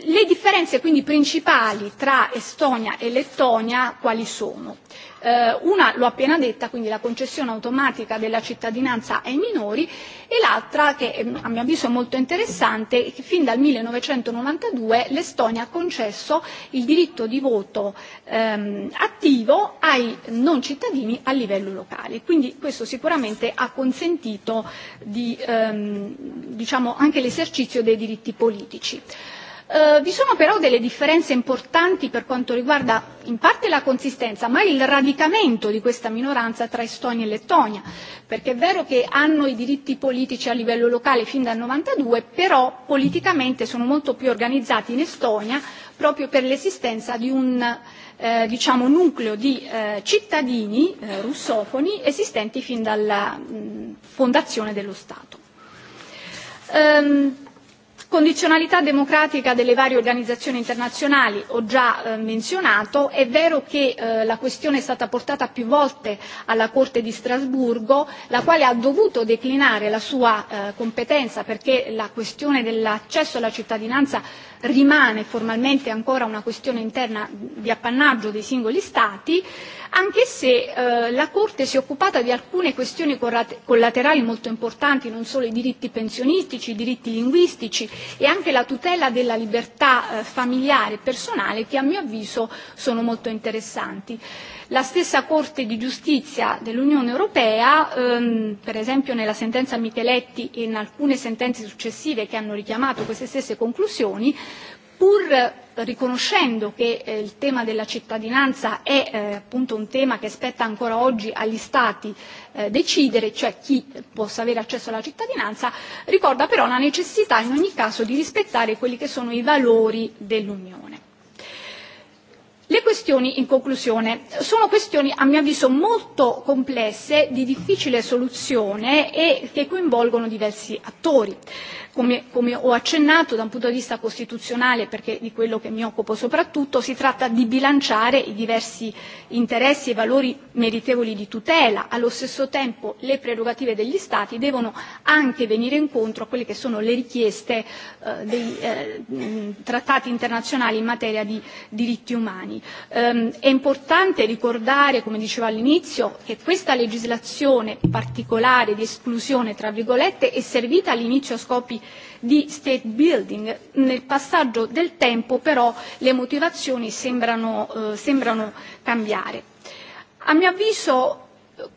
le differenze quindi principali tra Estonia e Lettonia quali sono? Eh, eh, una l'ho appena detta, quindi la concessione automatica della cittadinanza ai minori e l'altra che mm, a mio avviso è molto interessante, che fin dal 1992 l'Estonia ha concesso il diritto di voto ehm, attivo ai non cittadini a livello locale. Quindi questo sicuramente ha consentito di, ehm, diciamo, anche l'esercizio dei diritti politici. Eh, Eh, vi sono però delle differenze importanti per quanto riguarda in parte la consistenza, ma il radicamento di questa minoranza tra Estonia e Lettonia, perché è vero che hanno i diritti politici a livello locale fin dal 92, però politicamente sono molto più organizzati in Estonia proprio per l'esistenza di un eh, diciamo, nucleo di eh, cittadini eh, russofoni esistenti fin dalla mh, mm, fondazione dello Stato. Um, Condizionalità democratica delle varie organizzazioni internazionali, ho già eh, menzionato, è vero che eh, la questione è stata portata più volte alla Corte di Strasburgo, la quale ha dovuto declinare la sua eh, competenza perché la questione dell'accesso alla cittadinanza rimane formalmente ancora una questione interna di appannaggio dei singoli Stati, anche se eh, la Corte si è occupata di alcune questioni collaterali molto importanti, non solo i diritti pensionistici, i diritti linguistici e anche la tutela della libertà eh, familiare e personale, che a mio avviso sono molto interessanti. La stessa Corte di giustizia dell'Unione europea, ehm, per esempio nella sentenza Micheletti e in alcune sentenze successive che hanno richiamato queste stesse conclusioni, pur riconoscendo che eh, il tema della cittadinanza è eh, appunto un tema che spetta ancora oggi agli Stati eh, decidere, cioè chi possa avere accesso alla cittadinanza, ricorda però la necessità in ogni caso di rispettare quelli che sono i valori dell'Unione. Le questioni, in conclusione, sono questioni a mio avviso molto complesse, di difficile soluzione e che coinvolgono diversi attori come, come ho accennato da un punto di vista costituzionale, perché di quello che mi occupo soprattutto, si tratta di bilanciare i diversi interessi e valori meritevoli di tutela. Allo stesso tempo le prerogative degli Stati devono anche venire incontro a quelle che sono le richieste eh, dei eh, trattati internazionali in materia di diritti umani. Ehm, è importante ricordare, come dicevo all'inizio, che questa legislazione particolare di esclusione, tra virgolette, è servita all'inizio a scopi di state building. Nel passaggio del tempo però le motivazioni sembrano, eh, sembrano cambiare. A mio avviso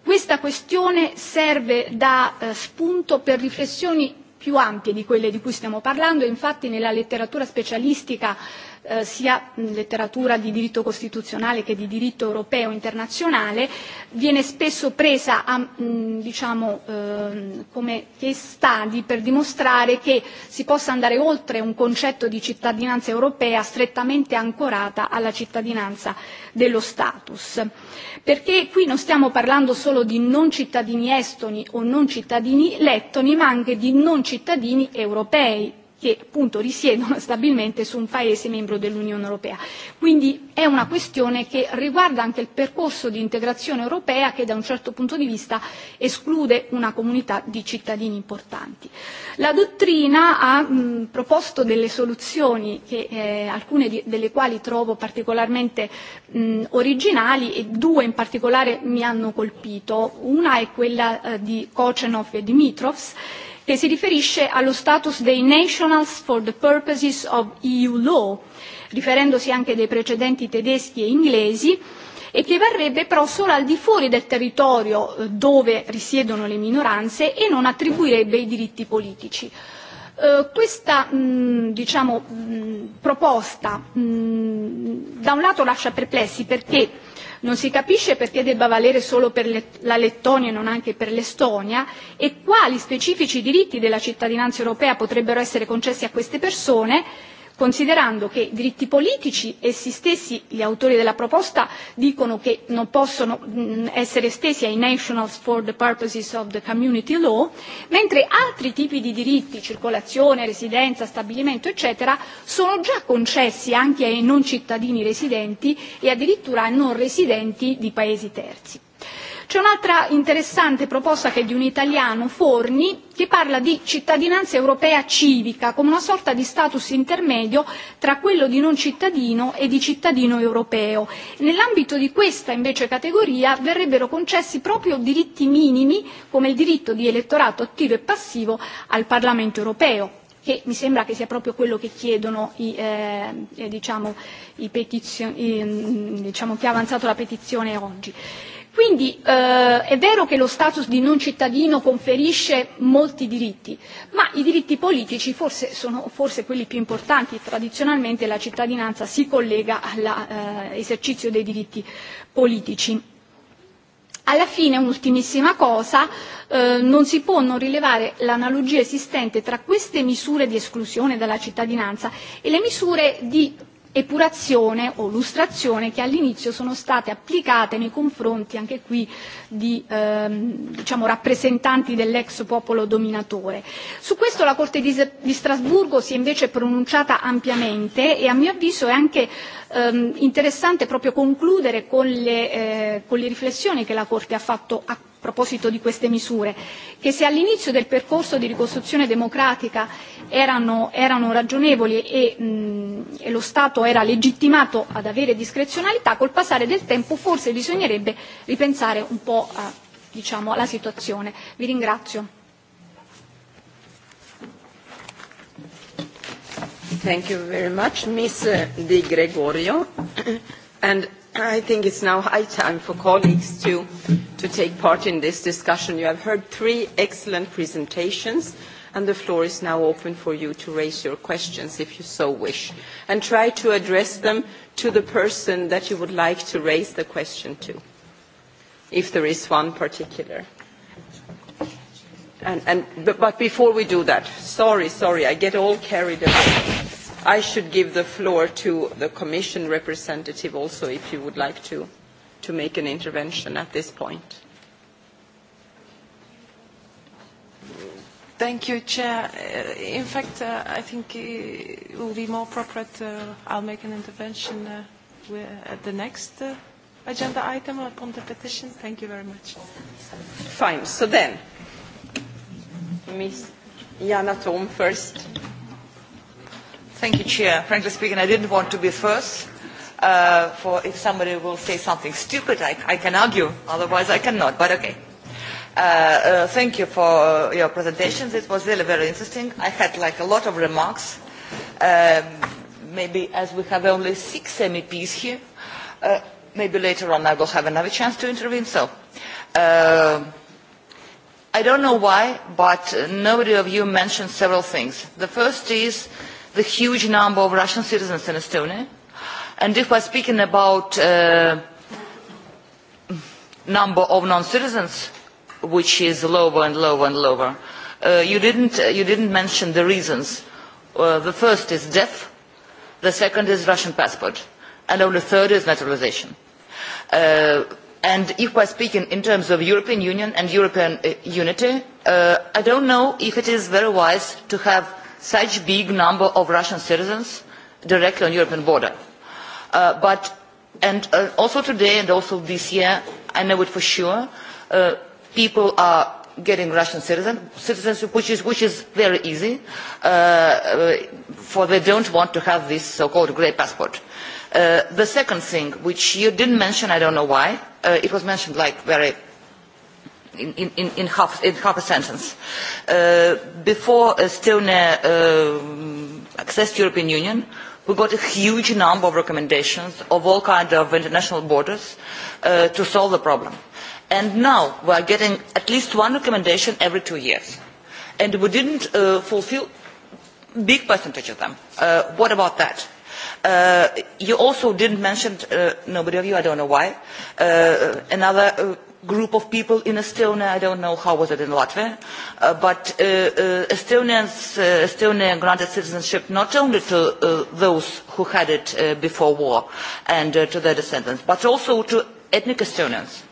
questa questione serve da eh, spunto per riflessioni più ampie di quelle di cui stiamo parlando, infatti nella letteratura specialistica Eh, sia in letteratura di diritto costituzionale che di diritto europeo internazionale, viene spesso presa a, mh, diciamo, ehm, come case study per dimostrare che si possa andare oltre un concetto di cittadinanza europea strettamente ancorata alla cittadinanza dello status. Perché qui non stiamo parlando solo di non cittadini estoni o non cittadini lettoni, ma anche di non cittadini europei che appunto risiedono stabilmente su un Paese membro dell'Unione Europea. Quindi è una questione che riguarda anche il percorso di integrazione europea che da un certo punto di vista esclude una comunità di cittadini importanti. La dottrina ha mh, proposto delle soluzioni, che, eh, alcune di, delle quali trovo particolarmente mh, originali e due in particolare mi hanno colpito. Una è quella eh, di Kochenov e Dimitrovs che si riferisce allo status dei nationals for the purposes of EU law, riferendosi anche dei precedenti tedeschi e inglesi, e che varrebbe però solo al di fuori del territorio eh, dove risiedono le minoranze e non attribuirebbe i diritti politici. Eh, questa mh, diciamo, mh, proposta mh, da un lato lascia perplessi perché non si capisce perché debba valere solo per le, la Lettonia e non anche per l'Estonia e quali specifici diritti della cittadinanza europea potrebbero essere concessi a queste persone considerando che diritti politici essi stessi gli autori della proposta dicono che non possono mm, essere estesi ai nationals for the purposes of the community law, mentre altri tipi di diritti, circolazione, residenza, stabilimento eccetera, sono già concessi anche ai non cittadini residenti e addirittura a non residenti di paesi terzi. C'è un'altra interessante proposta che è di un italiano, Forni, che parla di cittadinanza europea civica, come una sorta di status intermedio tra quello di non cittadino e di cittadino europeo. Nell'ambito di questa invece categoria verrebbero concessi proprio diritti minimi come il diritto di elettorato attivo e passivo al Parlamento europeo che mi sembra che sia proprio quello che chiedono i, eh, eh diciamo, i, i mm, diciamo, chi ha avanzato la petizione oggi. Quindi eh, è vero che lo status di non cittadino conferisce molti diritti, ma i diritti politici forse sono forse quelli più importanti. Tradizionalmente la cittadinanza si collega all'esercizio eh, dei diritti politici. Alla fine, un'ultimissima cosa, eh, non si può non rilevare l'analogia esistente tra queste misure di esclusione dalla cittadinanza e le misure di epurazione o lustrazione che all'inizio sono state applicate nei confronti anche qui di ehm, diciamo, rappresentanti dell'ex popolo dominatore. Su questo la Corte di, di Strasburgo si è invece pronunciata ampiamente e a mio avviso è anche ehm, interessante proprio concludere con le, eh, con le riflessioni che la Corte ha fatto a proposito di queste misure, che se all'inizio del percorso di ricostruzione democratica erano, erano ragionevoli e, mh, e lo Stato era legittimato ad avere discrezionalità, col passare del tempo forse bisognerebbe ripensare un po' eh, diciamo, la situazione. Vi ringrazio. Thank you very much, Ms. Di Gregorio. And I think it's now high time for colleagues to, to take part in this discussion. You have heard three excellent presentations and the floor is now open for you to raise your questions if you so wish. And try to address them to the person that you would like to raise the question to if there is one particular. And, and, but, but before we do that, sorry, sorry, I get all carried away. I should give the floor to the Commission representative also if you would like to, to make an intervention at this point. Thank you, Chair. Uh, in fact, uh, I think it will be more appropriate. Uh, I'll make an intervention uh, at the next uh, agenda item upon the petition? Thank you very much. Fine. So then, Ms. Jana Tom first. Thank you, Chair. Frankly speaking, I didn't want to be first. Uh, for if somebody will say something stupid, I, I can argue. Otherwise, I cannot. But okay. Uh, uh, thank you for uh, your presentation. It was really very interesting. I had like a lot of remarks. Um, maybe as we have only six MEPs here, uh, maybe later on I will have another chance to intervene. So, uh, I don't know why, but nobody of you mentioned several things. The first is the huge number of Russian citizens in Estonia. And if we're speaking about uh, number of non-citizens, which is lower and lower and lower, uh, you, didn't, uh, you didn't mention the reasons. Uh, the first is death, the second is Russian passport, and only third is naturalization Uh, and if we're speaking in terms of European Union and European uh, unity, uh, I don't know if it is very wise to have such big number of Russian citizens directly on European border. Uh, but and uh, also today and also this year, I know it for sure, uh, people are getting Russian citizen, citizenship, which is, which is very easy, uh, uh for they don't want to have this so-called grey passport Uh, the second thing, which you didn't mention, I don't know why, uh, it was mentioned like very in, in, in, half, in half a sentence. Uh, before Estonia uh, uh, accessed European Union, we got a huge number of recommendations of all kinds of international borders uh, to solve the problem. And now we are getting at least one recommendation every two years. And we didn't uh, fulfill big percentage of them. Uh, what about that? Uh, you also didn't mention, uh, nobody of you, I don't know why, uh, another uh, group of people in Estonia, I don't know how was it in Latvia, uh, but uh, uh, Estonians, uh, Estonia granted citizenship not only to uh, those who had it uh, before war and uh, to their descendants, but also to ethnic Estonians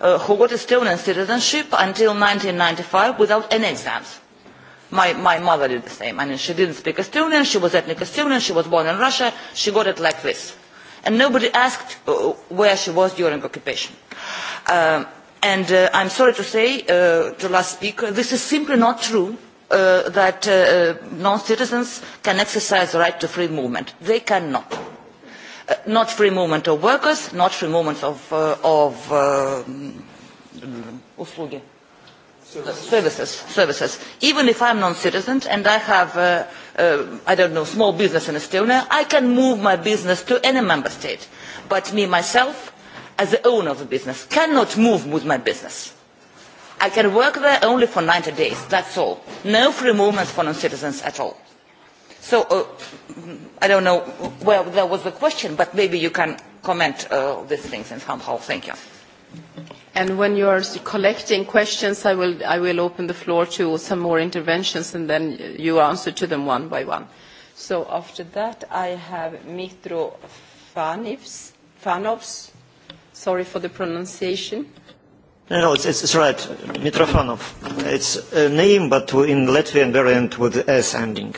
uh, who got Estonian citizenship until ninety five without any exams my, my mother did the same. I mean, she didn't speak Estonian. She was ethnic Estonian. She was born in Russia. She got it like this. And nobody asked uh, where she was during occupation. Um, and uh, I'm sorry to say, uh, to last speaker, this is simply not true. Uh, that uh, uh, non-citizens can exercise the right to free movement. They cannot. Uh, not free movement of workers, not free movement of, uh, of uh, mm-hmm services. services, services. Even if I'm non-citizen and I have, uh, uh, I don't know, small business in Estonia, I can move my business to any member state. But me, myself, as the owner of the business, cannot move with my business. I can work there only for 90 days, that's all. No free movements for non-citizens at all. So, uh, I don't know where there was the question, but maybe you can comment on uh, these things and somehow. Thank you. And when you are collecting questions, I will, I will open the floor to some more interventions, and then you answer to them one by one. So after that, I have Mitro Fanovs. sorry for the pronunciation, No, no, it's, it's right, Mitrofanov. It's a name, but in Latvian variant with S ending.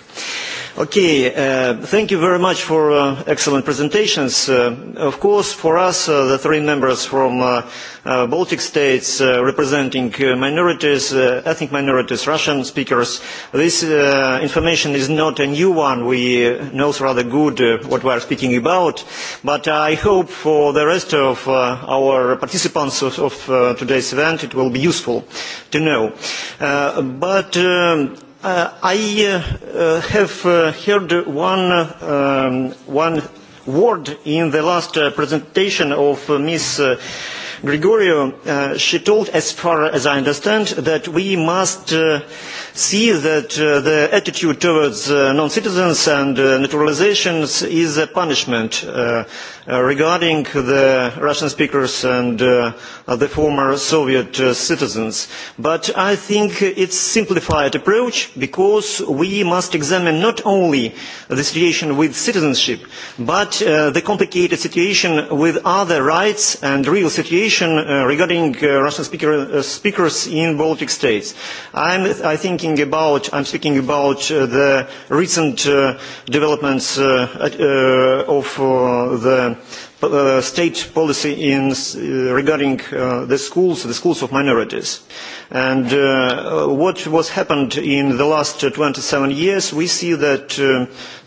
Okay, uh, thank you very much for uh, excellent presentations. Uh, of course, for us, uh, the three members from uh, uh, Baltic states uh, representing uh, minorities, uh, ethnic minorities, Russian speakers, this uh, information is not a new one. We uh, know rather good uh, what we are speaking about, but I hope for the rest of uh, our participants of, of uh, today's this event. It will be useful to know. Uh, but uh, uh I uh, uh, have uh, heard one, um, one word in the last uh, presentation of uh, Ms. Uh, Gregorio. Uh, she told, as far as I understand, that we must uh, see that uh, the attitude towards uh, non-citizens and uh, naturalizations is a punishment uh, uh, regarding the Russian speakers and uh, the former Soviet uh, citizens. But I think it's simplified approach because we must examine not only the situation with citizenship, but uh, the complicated situation with other rights and real situation uh, regarding uh, Russian speaker, uh, speakers in Baltic states. I'm, I think thinking about, I'm speaking about uh, the recent uh, developments uh, uh, of uh, the uh, state policy in, uh, regarding uh, the schools, the schools of minorities. And uh, what was happened in the last uh, 27 years, we see that uh,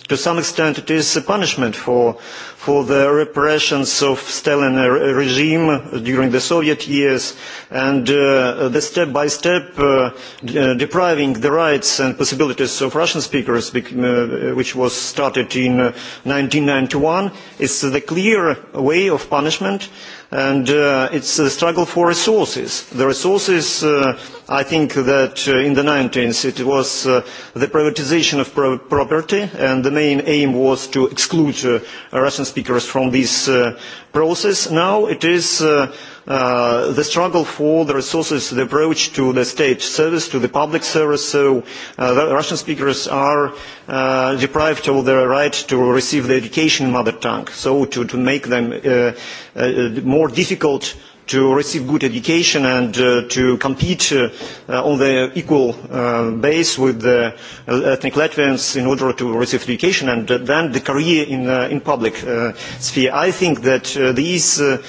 to some extent it is a punishment for, for the repressions of Stalin regime during the Soviet years and uh, the step by step uh, de uh, depriving the rights and possibilities of Russian speakers uh, which was started in uh, ninety one is the clear way of punishment and uh, it's a struggle for resources. The resources, uh, I think that uh, in the 90s it was uh, the privatization of pro property, and the main aim was to exclude uh, Russian speakers from this uh, process. Now it is uh, uh, the struggle for the resources, the approach to the state service, to the public service. So uh, the Russian speakers are uh, deprived of their right to receive the education in mother tongue. So to, to make them uh, uh, more difficult to receive good education and uh, to compete uh, on the equal uh, base with the uh, ethnic Latvians in order to receive education and uh, then the career in, uh, in public uh, sphere. I think that uh, these uh,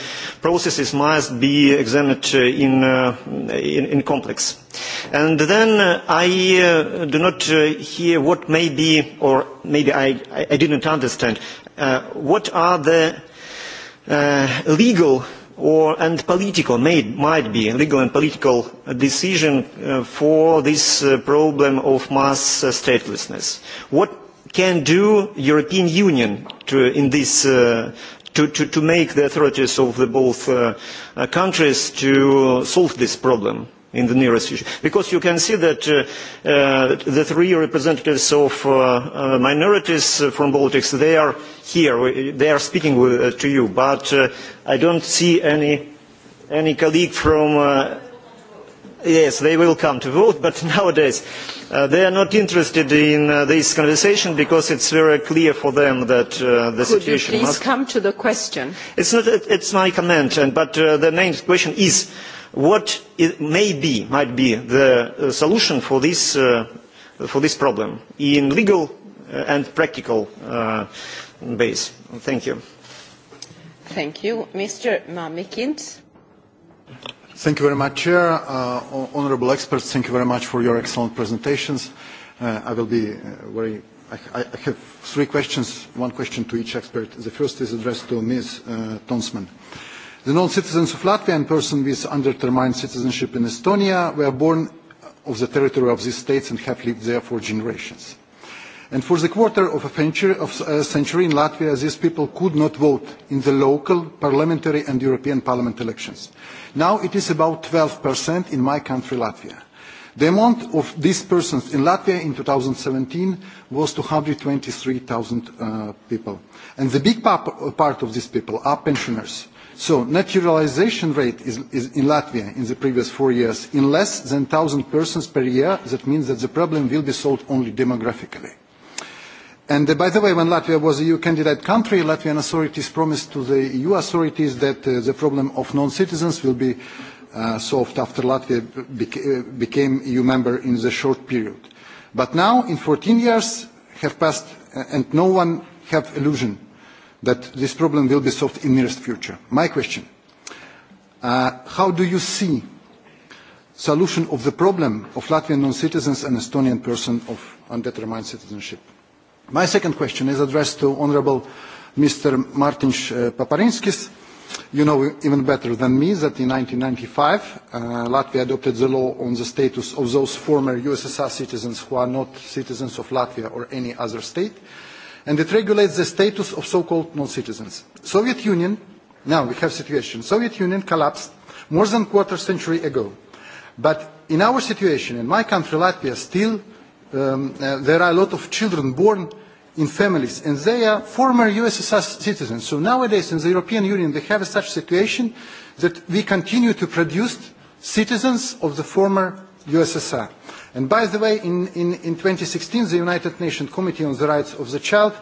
processes must be examined uh, in, uh, in, in complex. And then uh, I uh, do not uh, hear what may be, or maybe I, I didn't understand, uh, what are the uh, legal or, and political, made, might be legal and political decision uh, for this uh, problem of mass uh, statelessness. What can do European Union to, in this, uh, to, to, to make the authorities of the both uh, uh, countries to solve this problem? in the nearest future. Because you can see that uh, uh, the three representatives of uh, uh, minorities uh, from Baltics, they are here, they are speaking with, uh, to you, but uh, I don't see any, any colleague from... Uh, yes, they will come to vote, but nowadays uh, they are not interested in uh, this conversation because it's very clear for them that uh, the Could situation... Could you please must... come to the question? It's, not, it's my comment, and, but uh, the main question is... Uh, what it may be, might be the uh, solution for this, uh, for this problem in legal uh, and practical uh, base. Thank you. Thank you. Mr. Mamikins. Thank you very much, Chair. Uh, honorable experts, thank you very much for your excellent presentations. Uh, I will be uh, very I, I have three questions, one question to each expert. The first is addressed to Ms. Uh, Tonsman. Uh, The non-citizens of Latvia and persons with undetermined citizenship in Estonia were born of the territory of these states and have lived there for generations. And for the quarter of a century, of a century in Latvia, these people could not vote in the local, parliamentary and European Parliament elections. Now it is about 12% in my country, Latvia. The amount of these persons in Latvia in 2017 was 223,000 uh, people. And the big part of these people are pensioners so naturalization rate is, is in Latvia in the previous four years in less than 1,000 persons per year. That means that the problem will be solved only demographically. And uh, by the way, when Latvia was a EU candidate country, Latvian authorities promised to the EU authorities that uh, the problem of non-citizens will be uh, solved after Latvia beca uh, became EU member in the short period. But now, in 14 years, have passed, uh, and no one have illusion that this problem will be solved in the nearest future. My question, uh, how do you see solution of the problem of Latvian non-citizens and Estonian person of undetermined citizenship? My second question is addressed to Honourable Mr. Martin uh, Paparinskis. You know even better than me that in 1995 uh, Latvia adopted the law on the status of those former USSR citizens who are not citizens of Latvia or any other state. Uh, and it regulates the status of so-called non-citizens. Soviet Union, now we have situation, Soviet Union collapsed more than a quarter century ago. But in our situation, in my country, Latvia, still um, uh, there are a lot of children born in families, and they are former USSR citizens. So nowadays in the European Union, they have such situation that we continue to produce citizens of the former USSR. And by the way, in, in, in 2016, the United Nations Committee on the Rights of the Child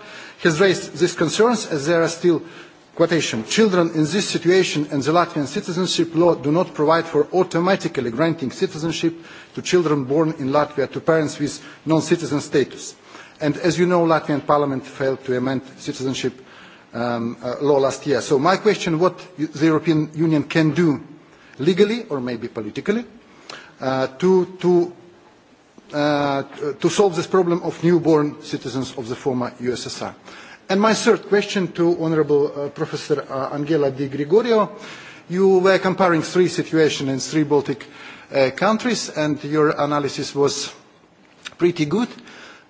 has raised these concerns as there are still quotation, children in this situation and the Latvian citizenship law do not provide for automatically granting citizenship to children born in Latvia to parents with non-citizen status. And as you know, Latvian parliament failed to amend citizenship um, uh, law last year. So my question, what the European Union can do legally or maybe politically uh, to, to uh, to solve this problem of newborn citizens of the former USSR. And my third question to Honorable uh, Professor uh, Angela Di Gregorio, you were comparing three situations in three Baltic uh, countries, and your analysis was pretty good.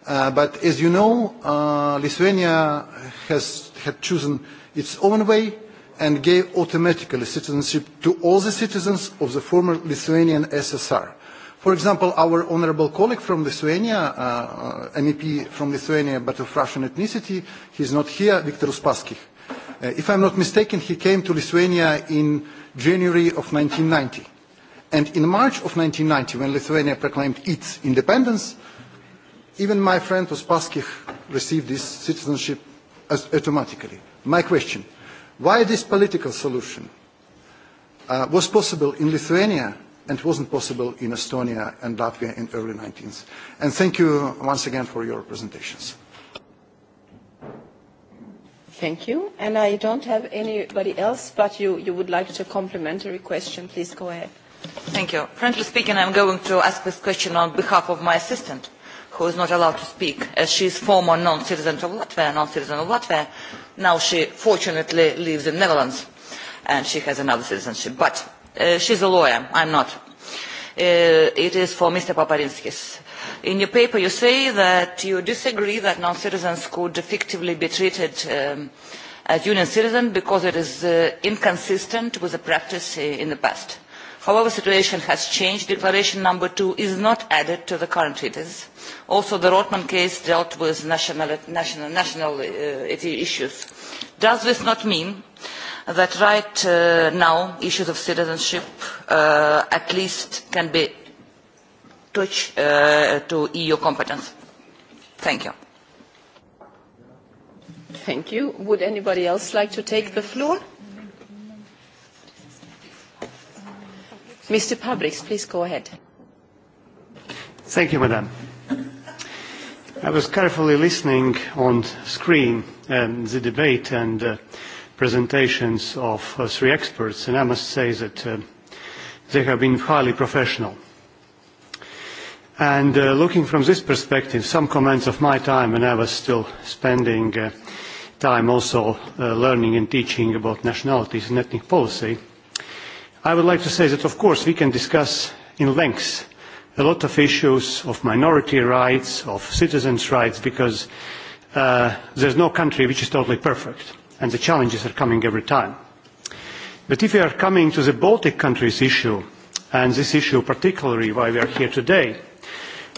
Uh, but as you know, uh, Lithuania has had chosen its own way and gave automatically citizenship to all the citizens of the former Lithuanian SSR For example, our honorable colleague from Lithuania, uh, uh MEP from Lithuania, but of Russian ethnicity, he's not here, Viktor Uspaskich. Uh, if I'm not mistaken, he came to Lithuania in January of 1990. And in March of 1990, when Lithuania proclaimed its independence, even my friend Uspaskich received this citizenship as automatically. My question, why this political solution uh, was possible in Lithuania and it wasn't possible in Estonia and Latvia in the early 19th. And thank you once again for your presentations. Thank you. And I don't have anybody else, but you, you would like to complimentary question, please go ahead. Thank you. Frankly speaking, I'm going to ask this question on behalf of my assistant, who is not allowed to speak, as she is former non-citizen of Latvia, non-citizen of Latvia. Now she fortunately lives in Netherlands, and she has another citizenship. But She uh, she's a lawyer. I'm not. Uh, it is for Mr. Paparinskis. In your paper, you say that you disagree that non-citizens could effectively be treated um, as union citizens because it is uh, inconsistent with the practice uh, in the past. However, the situation has changed. Declaration number two is not added to the current treaties. Also, the Rotman case dealt with national, national, national uh, issues. Does this not mean that right uh, now issues of citizenship uh, at least can be touch uh, to EU competence. Thank you. Thank you. Would anybody else like to take the floor? Mr. Pabriks, please go ahead. Thank you, Madam. I was carefully listening on screen um, the debate and uh, presentations of uh, three experts, and I must say that uh, they have been highly professional. And uh, looking from this perspective, some comments of my time when I was still spending uh, time also uh, learning and teaching about nationalities and ethnic policy, I would like to say that of course we can discuss in length a lot of issues of minority rights, of citizens' rights, because uh, there's no country which is totally perfect and the challenges are coming every time. But if we are coming to the Baltic countries issue, and this issue particularly why we are here today,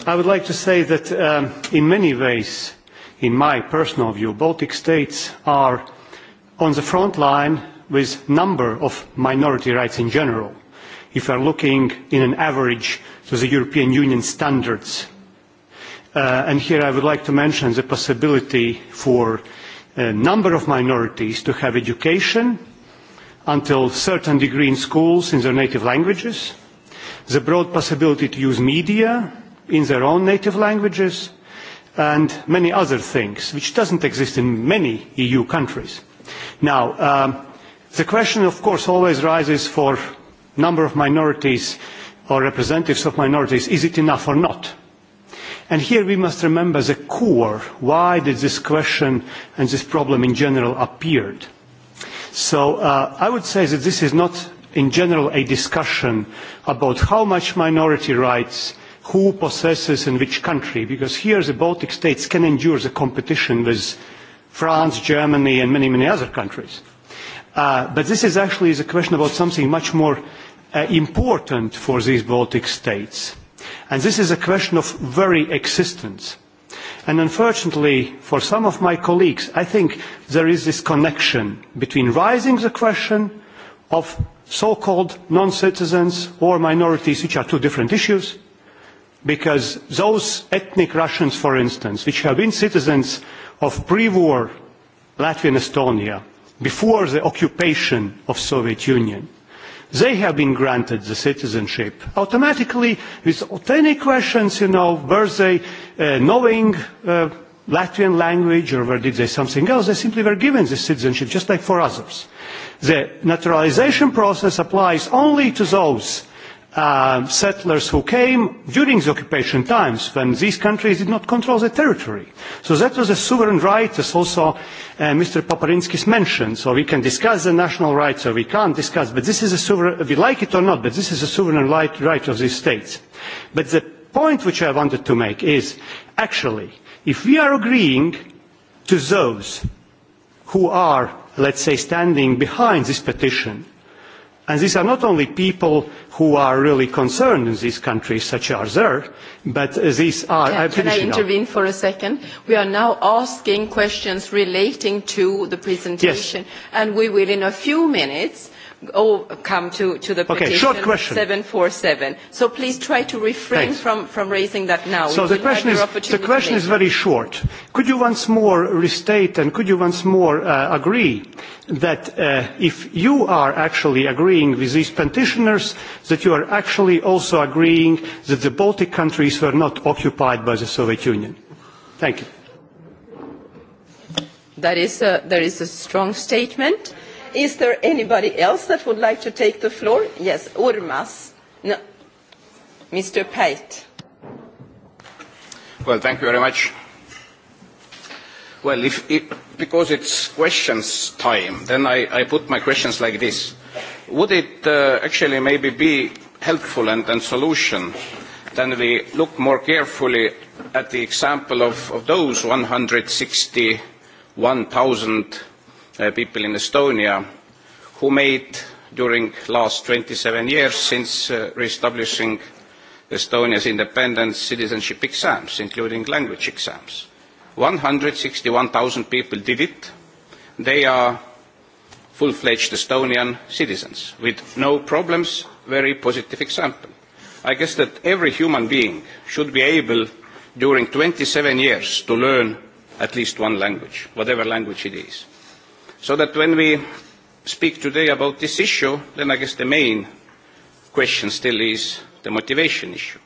I would like to say that um, in many ways, in my personal view, Baltic states are on the front line with number of minority rights in general. If we are looking in an average to the European Union standards, uh, and here I would like to mention the possibility for number of minorities to have education until a certain degree in schools in their native languages, the broad possibility to use media in their own native languages, and many other things, which doesn't exist in many EU countries. Now, um, the question, of course, always rises for number of minorities or representatives of minorities, is it enough or not? And here we must remember the core. Why did this question and this problem in general appeared? So uh, I would say that this is not in general a discussion about how much minority rights who possesses in which country, because here the Baltic states can endure the competition with France, Germany, and many, many other countries. Uh, but this is actually the question about something much more uh, important for these Baltic states. And this is a question of very existence. And unfortunately, for some of my colleagues, I think there is this connection between raising the question of so-called non-citizens or minorities, which are two different issues, because those ethnic Russians, for instance, which have been citizens of pre-war Latvia and Estonia, before the occupation of Soviet Union, they have been granted the citizenship. Automatically, with any questions, you know, were they uh, knowing uh, Latvian language or were did they something else, they simply were given the citizenship, just like for others. The naturalization process applies only to those uh, settlers who came during the occupation times when these countries did not control the territory. So that was a sovereign right, as also uh, Mr. Paparinskis mentioned. So we can discuss the national rights or we can't discuss, but this is a sovereign, we like it or not, but this is a sovereign right, right of these states. But the point which I wanted to make is, actually, if we are agreeing to those who are, let's say, standing behind this petition, And these are not only people who are really concerned in these countries, such as there, but uh, these are... Can, can I intervene for a second? We are now asking questions relating to the presentation, yes. and we will in a few minutes all oh, come to, to the okay, petition short question. 747. So please try to refrain Thanks. from, from raising that now. So we the question, is, the question is very short. Could you once more restate and could you once more uh, agree that uh, if you are actually agreeing with these petitioners, that you are actually also agreeing that the Baltic countries were not occupied by the Soviet Union? Thank you. That is a, that is a strong statement Is there anybody else that would like to take the floor? Yes, Urmas. No. Mr. Pate. Well, thank you very much. Well, if, if because it's questions time, then I, put my questions like this. Would it uh, actually maybe be helpful and, and solution then we look more carefully at the example of, of those 161,000 Uh, people in Estonia who made during the last twenty seven years since uh, re-establishing Estonia's independence citizenship exams, including language exams. One hundred and sixty 161,000 people did it. They are full-fledged Estonian citizens with no problems, very positive example. I guess that every human being should be able during twenty seven years to learn at least one language, whatever language it is. So that when we speak today about this issue, then I guess the main question still is the motivation issue.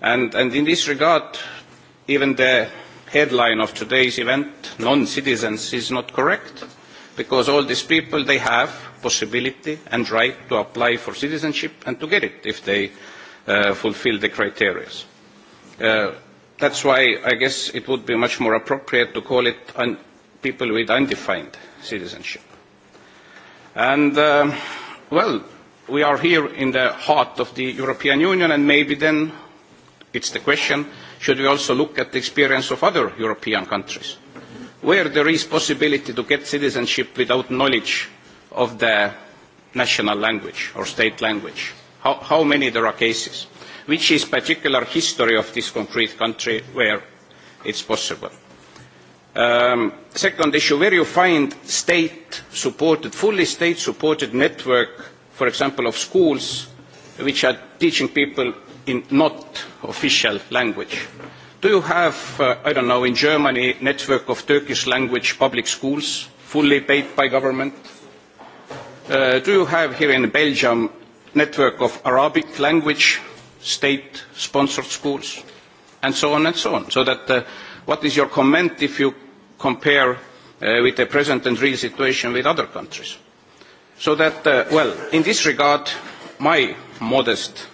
And, and in this regard, even the headline of today's event, non-citizens, is not correct, because all these people, they have possibility and right to apply for citizenship and to get it if they uh, fulfill the criteria. Uh, that's why I guess it would be much more appropriate to call it un people with undefined citizenship. And, uh, well, we are here in the heart of the European Union, and maybe then it's the question, should we also look at the experience of other European countries, where there is possibility to get citizenship without knowledge of the national language or state language? How, how many there are cases? Which is particular history of this concrete country where it's possible? Um, second issue, where you find state-supported, fully state-supported network, for example, of schools which are teaching people in not official language. Do you have, uh, I don't know, in Germany, network of Turkish language public schools fully paid by government? Uh, do you have here in Belgium network of Arabic language state-sponsored schools? And so on and so on, so that uh, What is your comment if you compare uh, with the present and real situation with other countries? So that, uh, well, in this regard, my modest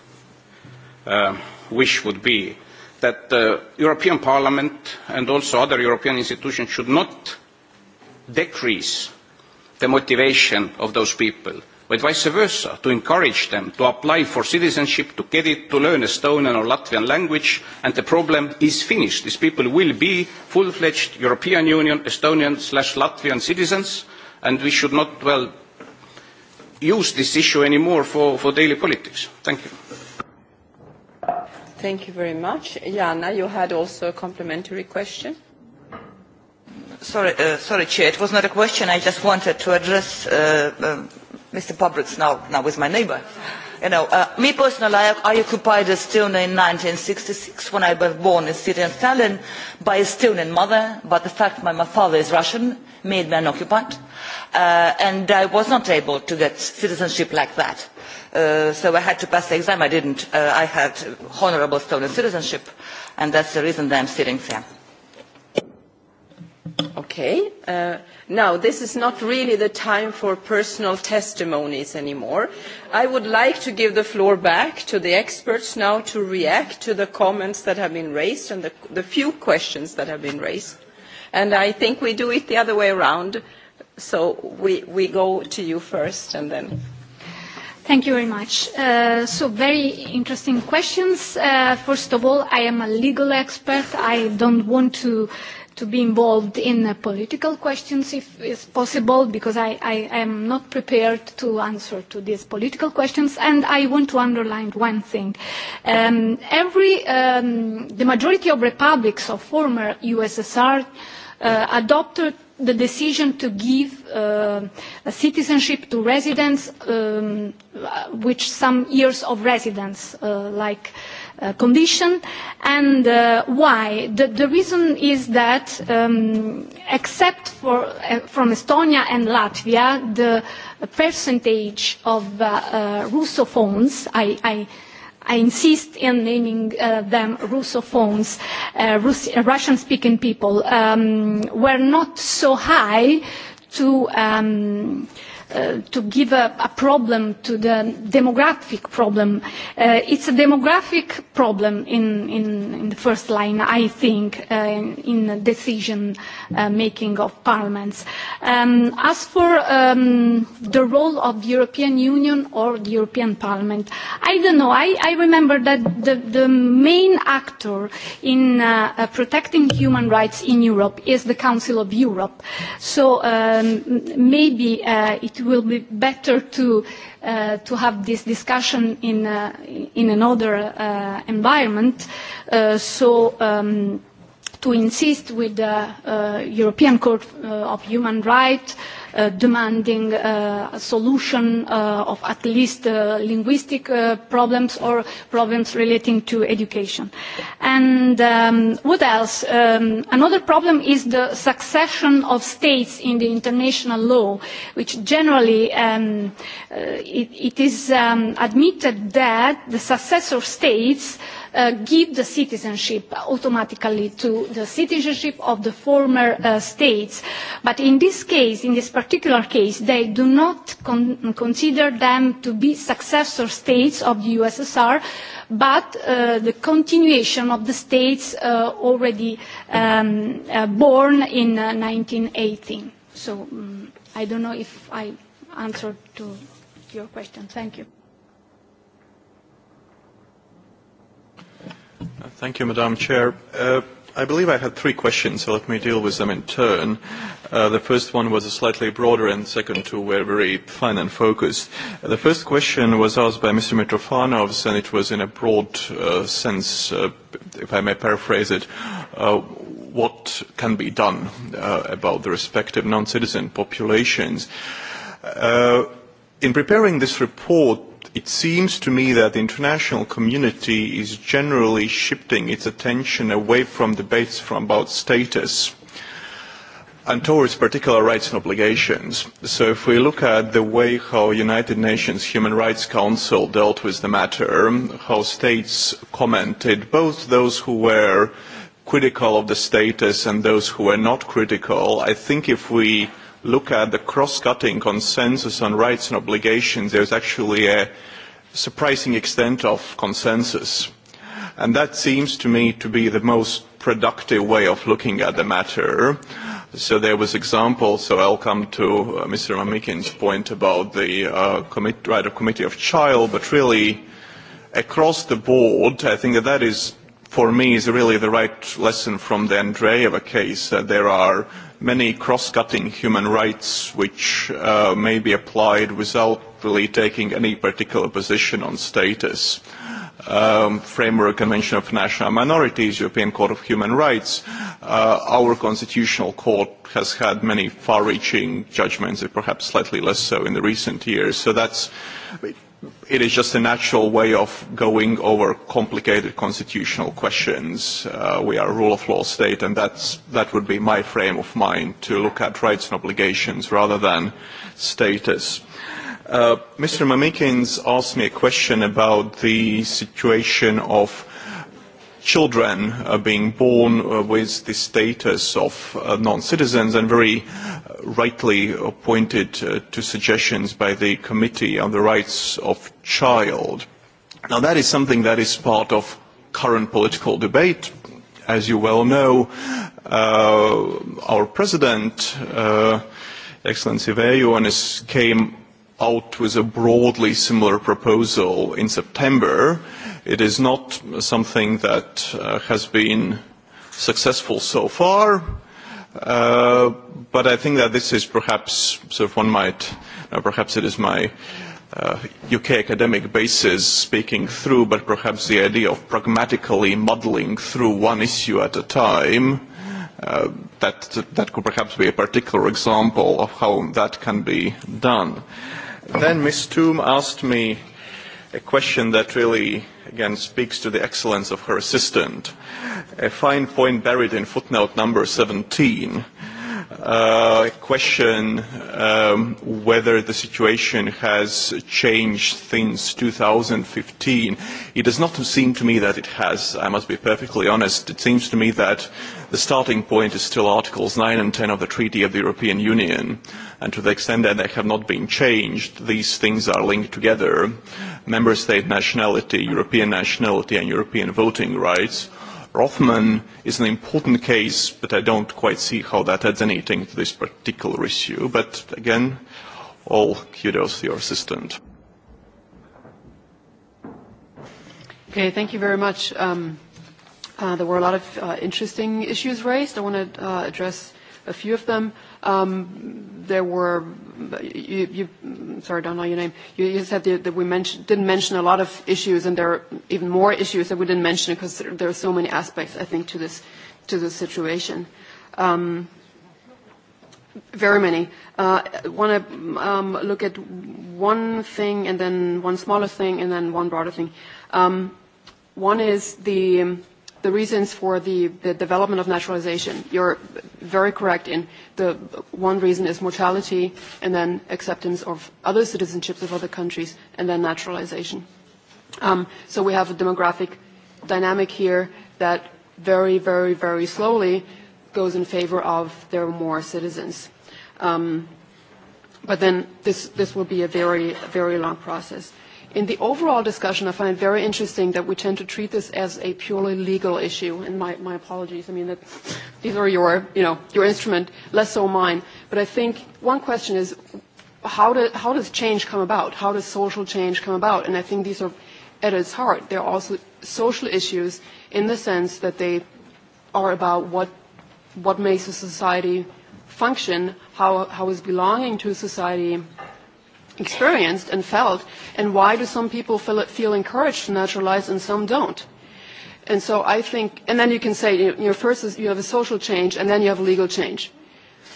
uh, wish would be that the uh, European Parliament and also other European institutions should not decrease the motivation of those people but vice versa, to encourage them to apply for citizenship, to get it, to learn Estonian or Latvian language, and the problem is finished. These people will be full-fledged European Union, Estonian slash Latvian citizens, and we should not, well, use this issue anymore for, for daily politics. Thank you. Thank you very much. Jana, you had also a complimentary question. Sorry, uh, sorry, Chair. It was not a question. I just wanted to address uh, um, Mr. Publix now, now is my neighbor. You know, uh, me personally, I, I occupied Estonia in 1966 when I was born in Syrian Stalin by Estonian mother, but the fact my, my father is Russian made me an occupant, uh, and I was not able to get citizenship like that. Uh, so I had to pass the exam. I didn't. Uh, I had honorable Estonian citizenship, and that's the reason that I'm sitting there. Okay. Uh, now, this is not really the time for personal testimonies anymore. I would like to give the floor back to the experts now to react to the comments that have been raised and the, the few questions that have been raised. And I think we do it the other way around. So we, we go to you first and then. Thank you very much. Uh, so very interesting questions. Uh, first of all, I am a legal expert. I don't want to uh, to be involved in uh, political questions if is possible, because I, I am not prepared to answer to these political questions. And I want to underline one thing. Um, every, um, the majority of republics of former USSR uh, adopted the decision to give uh, a citizenship to residents, um, which some years of residence, uh, like Uh, condition. And uh, why? The, the reason is that, um, except for, uh, from Estonia and Latvia, the percentage of uh, uh, Russophones, I, I i insist in naming uh, them Russophones, uh, Rus Russian-speaking people, um, were not so high to um, uh, to give a, a problem to the demographic problem. Uh, it's a demographic problem in, in, in the first line, I think, uh, in, in decision uh, making of parliaments. Um, as for um, the role of the European Union or the European Parliament, I don't know. I, I remember that the, the main actor in uh, uh, protecting human rights in Europe is the Council of Europe. So um, maybe uh, it will be better to, uh, to have this discussion in, uh, in another uh, environment. Uh, so um, to insist with the uh, European Court of Human Rights Uh, demanding uh, a solution uh, of at least uh, linguistic uh, problems or problems relating to education. And um, what else? Um, another problem is the succession of states in the international law, which generally um, uh, it, it is um, admitted that the successor states Uh, give the citizenship automatically to the citizenship of the former uh, states. But in this case, in this particular case, they do not con consider them to be successor states of the USSR, but uh, the continuation of the states uh, already um, uh, born in uh, 1918. So um, I don't know if I answered to your question. Thank you. Thank you, Madam Chair. Uh, I believe I had three questions, so let me deal with them in turn. Uh, the first one was a slightly broader, and the second two were very fun and focused. Uh, the first question was asked by Mr. Mitrofanov, and it was in a broad uh, sense, uh, if I may paraphrase it, uh, what can be done uh, about the respective non-citizen populations. Uh, in preparing this report, it seems to me that the international community is generally shifting its attention away from debates from about status and towards particular rights and obligations. So if we look at the way how United Nations Human Rights Council dealt with the matter, how states commented, both those who were critical of the status and those who were not critical, I think if we look at the cross-cutting consensus on rights and obligations, there's actually a surprising extent of consensus. And that seems to me to be the most productive way of looking at the matter. So there was examples, so I'll come to uh, Mr. Mamikin's point about the uh, commit, right of committee of child, but really across the board, I think that that is, for me, is really the right lesson from the Andreeva case, that there are many cross-cutting human rights which uh, may be applied without really taking any particular position on status. Um, Framework Convention of National Minorities, European Court of Human Rights, uh, our Constitutional Court has had many far-reaching judgments, perhaps slightly less so in the recent years. So that's it is just a natural way of going over complicated constitutional questions. Uh, we are a rule of law state, and that's, that would be my frame of mind to look at rights and obligations rather than status. Uh, Mr. Mamikins asked me a question about the situation of children uh, being born uh, with the status of uh, non-citizens and very uh, rightly pointed uh, to suggestions by the Committee on the Rights of Child. Now that is something that is part of current political debate. As you well know, uh, our President, Excellency Vejuanis, came out with a broadly similar proposal in September. It is not something that uh, has been successful so far, uh, but I think that this is perhaps, so if one might, uh, perhaps it is my uh, UK academic basis speaking through, but perhaps the idea of pragmatically muddling through one issue at a time Uh, that, that could perhaps be a particular example of how that can be done. Then Ms. Toom asked me a question that really, again, speaks to the excellence of her assistant. A fine point buried in footnote number 17 uh, question um, whether the situation has changed since 2015. It does not seem to me that it has, I must be perfectly honest. It seems to me that the starting point is still Articles 9 and 10 of the Treaty of the European Union, and to the extent that they have not been changed, these things are linked together. Member state nationality, European nationality, and European voting rights – Rothman is an important case, but I don't quite see how that adds anything to this particular issue. But again, all kudos to your assistant. Okay, thank you very much. Um, uh, there were a lot of uh, interesting issues raised. I want to uh, address a few of them. Um, there were you, you sorry, I don't know your name. You, you said that, we mentioned, didn't mention a lot of issues, and there are even more issues that we didn't mention because there, are so many aspects, I think, to this to this situation. Um, very many. Uh, I want to um, look at one thing, and then one smaller thing, and then one broader thing. Um, one is the um, the reasons for the, the development of naturalization. You're very correct in the one reason is mortality, and then acceptance of other citizenships of other countries, and then naturalization. Um, so we have a demographic dynamic here that very, very, very slowly goes in favor of there are more citizens. Um, but then this, this will be a very, very long process in the overall discussion, I find it very interesting that we tend to treat this as a purely legal issue. And my, my apologies. I mean, that, these are your, you know, your instrument, less so mine. But I think one question is, how, do, how does change come about? How does social change come about? And I think these are, at its heart, they're also social issues in the sense that they are about what, what makes a society function, how, how is belonging to a society experienced and felt, and why do some people feel, feel encouraged to naturalize and some don't? And so I think, and then you can say, you know, first is you have a social change, and then you have a legal change.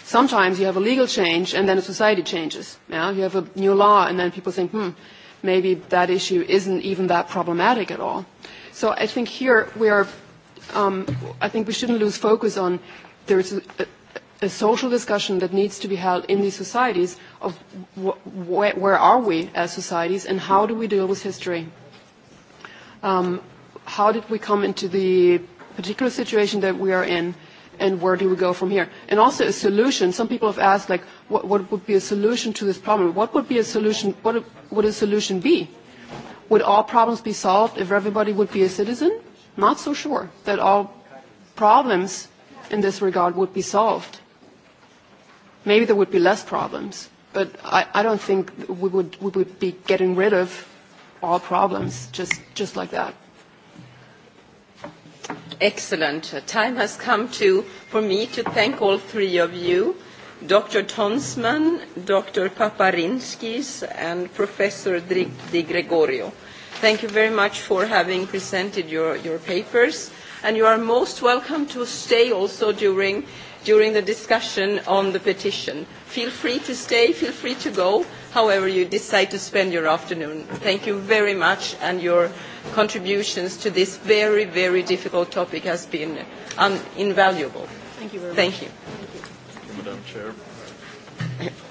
Sometimes you have a legal change, and then a society changes. Yeah? You have a new law, and then people think, hmm, maybe that issue isn't even that problematic at all. So I think here we are, um, I think we shouldn't lose focus on there's a, a social discussion that needs to be held in these societies of wh wh where are we as societies and how do we deal with history? Um, how did we come into the particular situation that we are in and where do we go from here? And also a solution. Some people have asked, like, what, what would be a solution to this problem? What would be a solution? What would a solution be? Would all problems be solved if everybody would be a citizen? Not so sure that all problems in this regard would be solved maybe there would be less problems. But I, I don't think we would, we would be getting rid of all problems just, just like that. Excellent. Time has come to, for me to thank all three of you, Dr. Tonsman, Dr. Paparinskis, and Professor Di Gregorio. Thank you very much for having presented your, your papers, and you are most welcome to stay also during during the discussion on the petition. Feel free to stay, feel free to go, however you decide to spend your afternoon. Thank you very much, and your contributions to this very, very difficult topic has been um, invaluable. Thank you very Thank much. You. Thank you. Thank you, Madam Chair.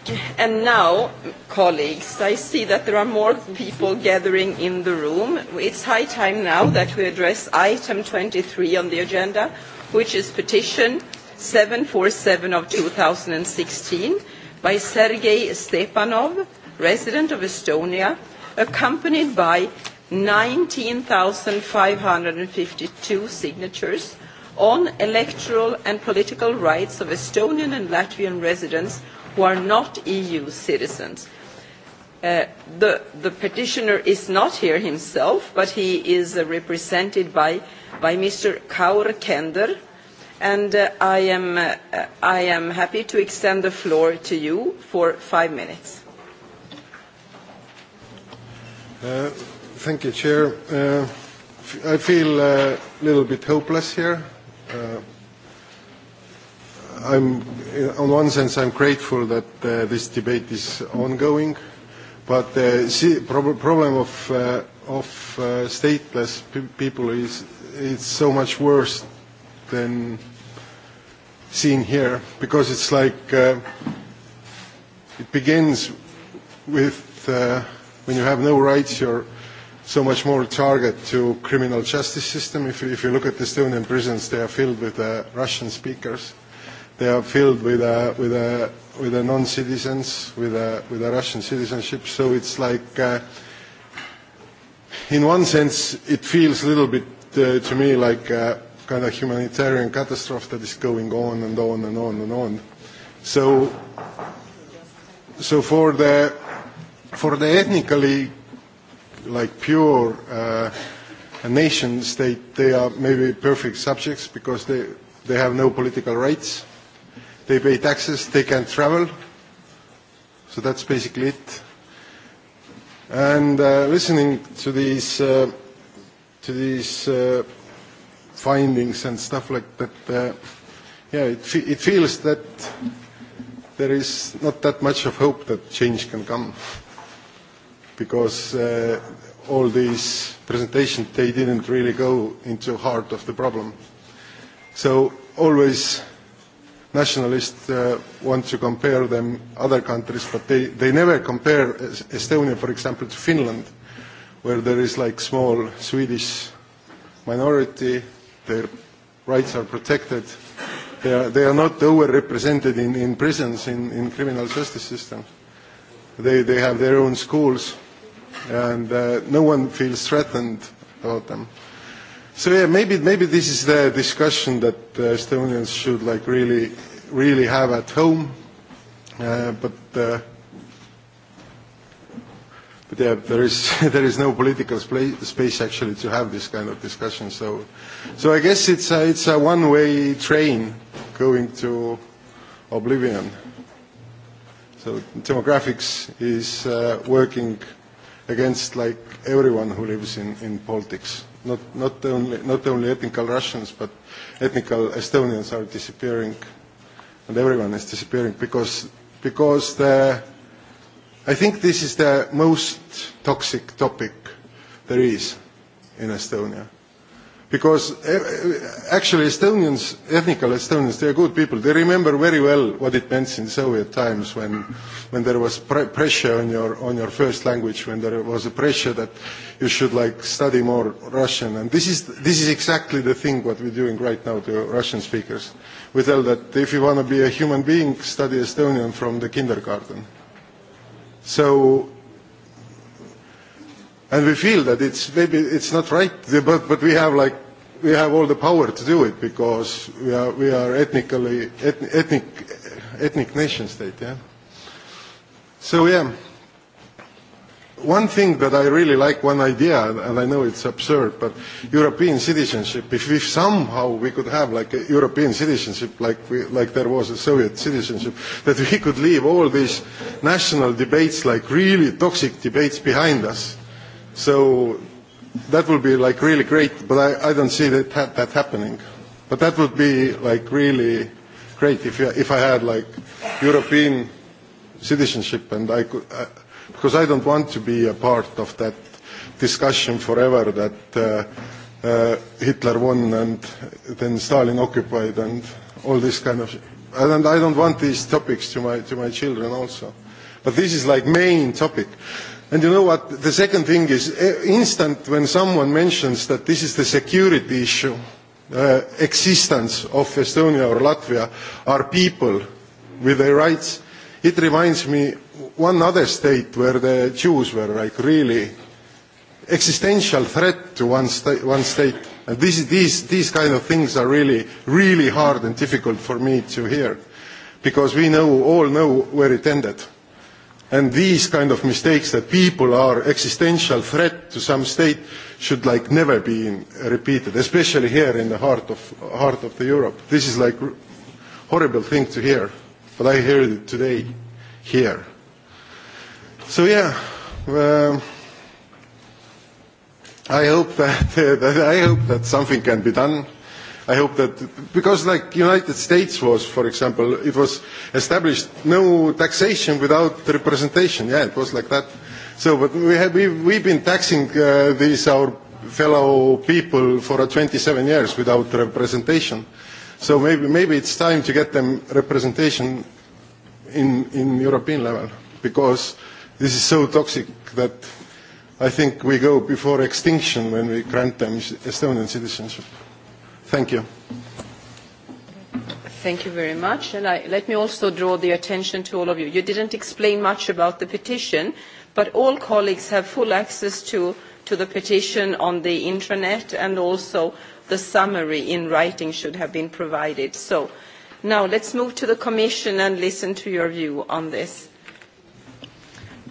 And now, colleagues, I see that there are more people gathering in the room. It's high time now that we address item 23 on the agenda, which is petition 747 of 2016 by Sergei Stepanov, resident of Estonia, accompanied by 19,552 signatures on electoral and political rights of Estonian and Latvian residents who are not EU citizens. Uh, the, the petitioner is not here himself, but he is uh, represented by, by Mr. Kaur Kender, and uh, I, am, uh, I am happy to extend the floor to you for five minutes. Uh, thank you, Chair. Uh, I feel uh, a little bit hopeless here. Uh, I'm, uh, on one sense, I'm grateful that uh, this debate is ongoing, but the uh, prob problem of, uh, of uh, stateless pe people is it's so much worse than seen here because it's like uh, it begins with uh, when you have no rights you're so much more target to criminal justice system if, if you look at the Estonian prisons they are filled with uh, Russian speakers they are filled with uh, with uh, with uh, non-citizens with uh, with a Russian citizenship so it's like uh, in one sense it feels a little bit uh, to me like uh, kind of humanitarian catastrophe that is going on and on and on and on. So, so for the for the ethnically like pure uh, a nation state, they are maybe perfect subjects because they they have no political rights, they pay taxes, they can travel. So that's basically it. And uh, listening to these uh, to these. Uh, findings and stuff like that, uh, yeah, it, fe it feels that there is not that much of hope that change can come because uh, all these presentations, they didn't really go into heart of the problem. So always nationalists uh, want to compare them other countries, but they, they never compare Estonia, for example, to Finland, where there is like small Swedish minority their rights are protected. They are, they are not overrepresented in, in prisons, in, in criminal justice systems. They, they have their own schools, and uh, no one feels threatened about them. So yeah, maybe, maybe this is the discussion that uh, Estonians should like really, really have at home. Uh, but uh, But yeah, there is there is no political sp space actually to have this kind of discussion. So, so I guess it's a, it's a one-way train going to oblivion. So demographics is uh, working against like everyone who lives in, in politics. Not, not, only, not only ethnical Russians, but ethnical Estonians are disappearing, and everyone is disappearing because, because the i think this is the most toxic topic there is in Estonia. Because eh, eh, actually Estonians, ethnical Estonians, they are good people. They remember very well what it meant in Soviet times when, when there was pre pressure on your, on your first language, when there was a pressure that you should like study more Russian. And this is, this is exactly the thing what we're doing right now to Russian speakers. We tell that if you want to be a human being, study Estonian from the kindergarten so, and we feel that it's maybe it's not right, but, but we have like we have all the power to do it because we are we are ethnically ethnic ethnic, ethnic nation state, yeah. So yeah one thing that I really like, one idea, and I know it's absurd, but European citizenship, if, if somehow we could have like a European citizenship, like, we, like there was a Soviet citizenship, that we could leave all these national debates, like really toxic debates behind us. So that would be like really great, but I, I don't see that, ha that happening. But that would be like really great if, if I had like European citizenship and I could... Uh, because I don't want to be a part of that discussion forever that uh, uh, Hitler won and then Stalin occupied and all this kind of and, and I don't want these topics to my, to my children also. But this is like main topic. And you know what? The second thing is, uh, instant when someone mentions that this is the security issue, uh, existence of Estonia or Latvia are people with their rights It reminds me one other state where the Jews were like really existential threat to one, sta- one state. And this, these, these kind of things are really, really hard and difficult for me to hear because we know, all know where it ended. And these kind of mistakes that people are existential threat to some state should like never be in, repeated, especially here in the heart of, heart of the Europe. This is like horrible thing to hear but I hear it today here. So yeah, um, I hope that, uh, that I hope that something can be done. I hope that because like United States was, for example, it was established no taxation without representation. Yeah, it was like that. So, but we have we we've, been taxing uh, these our fellow people for uh, 27 years without representation. Uh, so maybe, maybe it's time to get them representation in, in European level because this is so toxic that I think we go before extinction when we grant them Estonian citizenship. Thank you. Thank you very much. And I, let me also draw the attention to all of you. You didn't explain much about the petition, but all colleagues have full access to, to the petition on the intranet and also the summary in writing should have been provided. So now let's move to the Commission and listen to your view on this.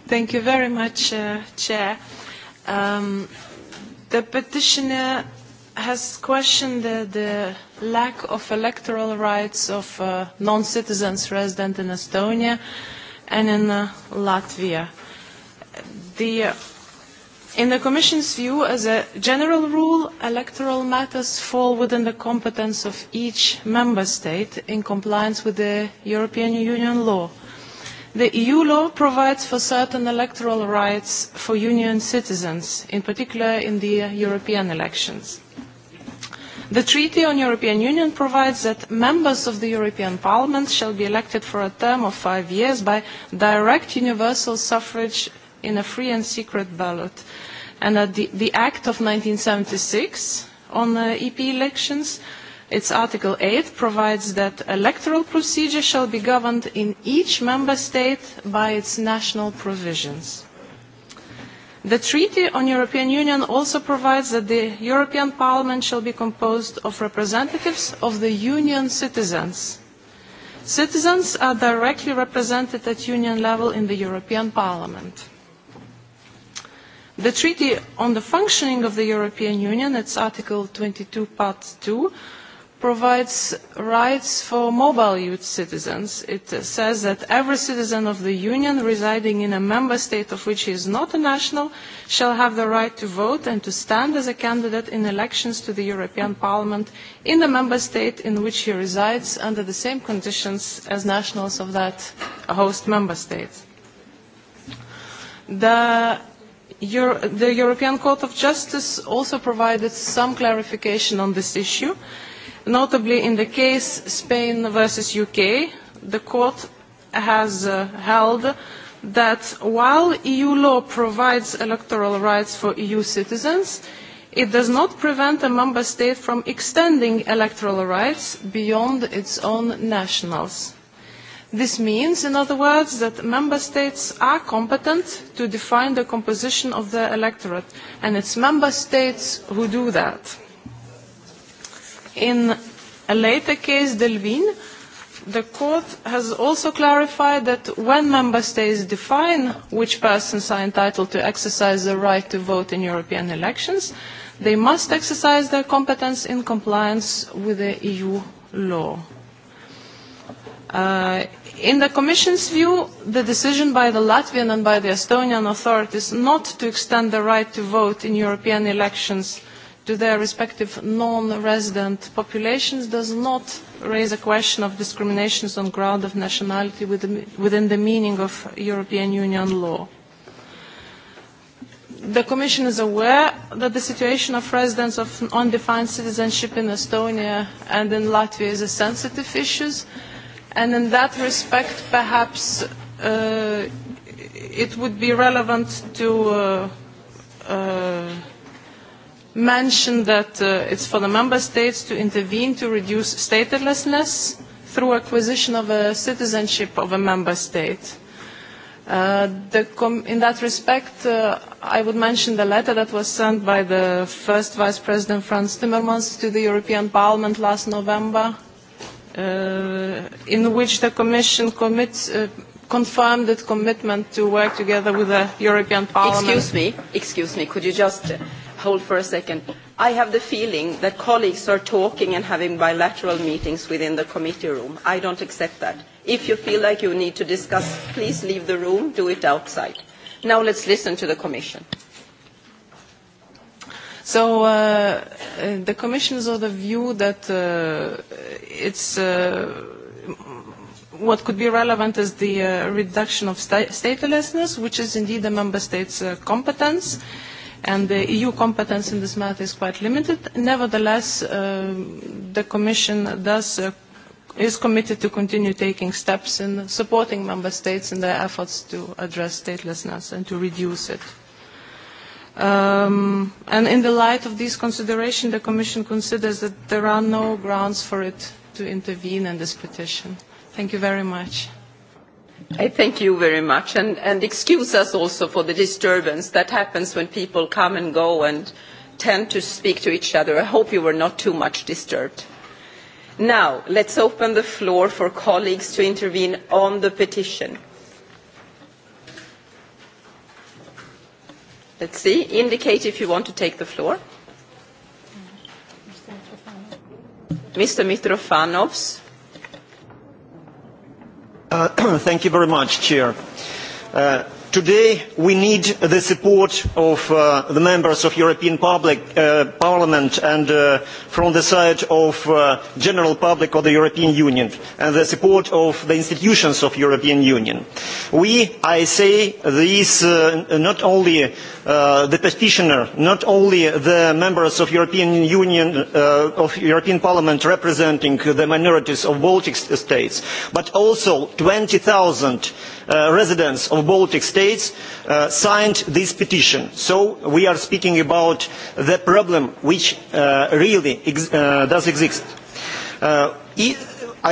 Thank you very much, uh, Chair. Um, the petitioner has questioned the, the lack of electoral rights of uh, non-citizens resident in Estonia and in uh, Latvia. The In the Commission's view, as a general rule, electoral matters fall within the competence of each Member State in compliance with the European Union law. The EU law provides for certain electoral rights for Union citizens, in particular in the European elections. The Treaty on European Union provides that members of the European Parliament shall be elected for a term of five years by direct universal suffrage in a free and secret ballot. And uh, the, the Act of 1976 on uh, EP elections, its Article 8 provides that electoral procedure shall be governed in each member state by its national provisions. The Treaty on European Union also provides that the European Parliament shall be composed of representatives of the Union citizens. Citizens are directly represented at Union level in the European Parliament. The Treaty on the Functioning of the European Union, its Article twenty two, Part two, provides rights for mobile youth citizens. It says that every citizen of the Union residing in a member state of which he is not a national shall have the right to vote and to stand as a candidate in elections to the European Parliament in the member state in which he resides under the same conditions as nationals of that host member state. The the European Court of Justice also provided some clarification on this issue. Notably, in the case Spain versus UK, the court has uh, held that while EU law provides electoral rights for EU citizens, it does not prevent a member state from extending electoral rights beyond its own nationals. This means, in other words, that member states are competent to define the composition of their electorate, and it's member states who do that. In a later case, Delvin, the court has also clarified that when member states define which persons are entitled to exercise the right to vote in European elections, they must exercise their competence in compliance with the EU law. Uh, In the Commission's view, the decision by the Latvian and by the Estonian authorities not to extend the right to vote in European elections to their respective non-resident populations does not raise a question of discrimination on ground of nationality within the meaning of European Union law. The Commission is aware that the situation of residents of undefined citizenship in Estonia and in Latvia is a sensitive issue And in that respect, perhaps uh, it would be relevant to uh, uh, mention that uh, it's for the member states to intervene to reduce statelessness through acquisition of a citizenship of a member state. Uh, the com in that respect, uh, I would mention the letter that was sent by the first Vice President Franz Timmermans to the European Parliament last November, uh, in which the Commission commits, uh, confirmed its commitment to work together with the European Parliament. Excuse me, excuse me, could you just hold for a second? I have the feeling that colleagues are talking and having bilateral meetings within the committee room. I don't accept that. If you feel like you need to discuss, please leave the room, do it outside. Now let's listen to the Commission. So uh, uh, the Commission is of the view that uh, it's uh, what could be relevant is the uh, reduction of sta statelessness, which is indeed the member state's uh, competence, and the EU competence in this matter is quite limited. Nevertheless, uh, the Commission does uh, is committed to continue taking steps in supporting member states in their efforts to address statelessness and to reduce it. Um, and in the light of these considerations, the Commission considers that there are no grounds for it to intervene in this petition. Thank you very much. I thank you very much, and, and excuse us also for the disturbance that happens when people come and go and tend to speak to each other. I hope you were not too much disturbed. Now, let's open the floor for colleagues to intervene on the petition. Let's see. Indicate if you want to take the floor. Mr. Mitrofanovs. Uh, thank you very much, Chair. Uh, Today we need the support of uh, the members of European public, uh, Parliament and uh, from the side of the uh, general public of the European Union and the support of the institutions of the European Union. We, I say, these uh, not only uh, the petitioner, not only the members of European Union, of European Parliament representing the minorities of Baltic states, but also twenty 20,000 residents of Baltic states states uh, signed this petition. So we are speaking about the problem which uh, really ex uh, does exist. Uh, e,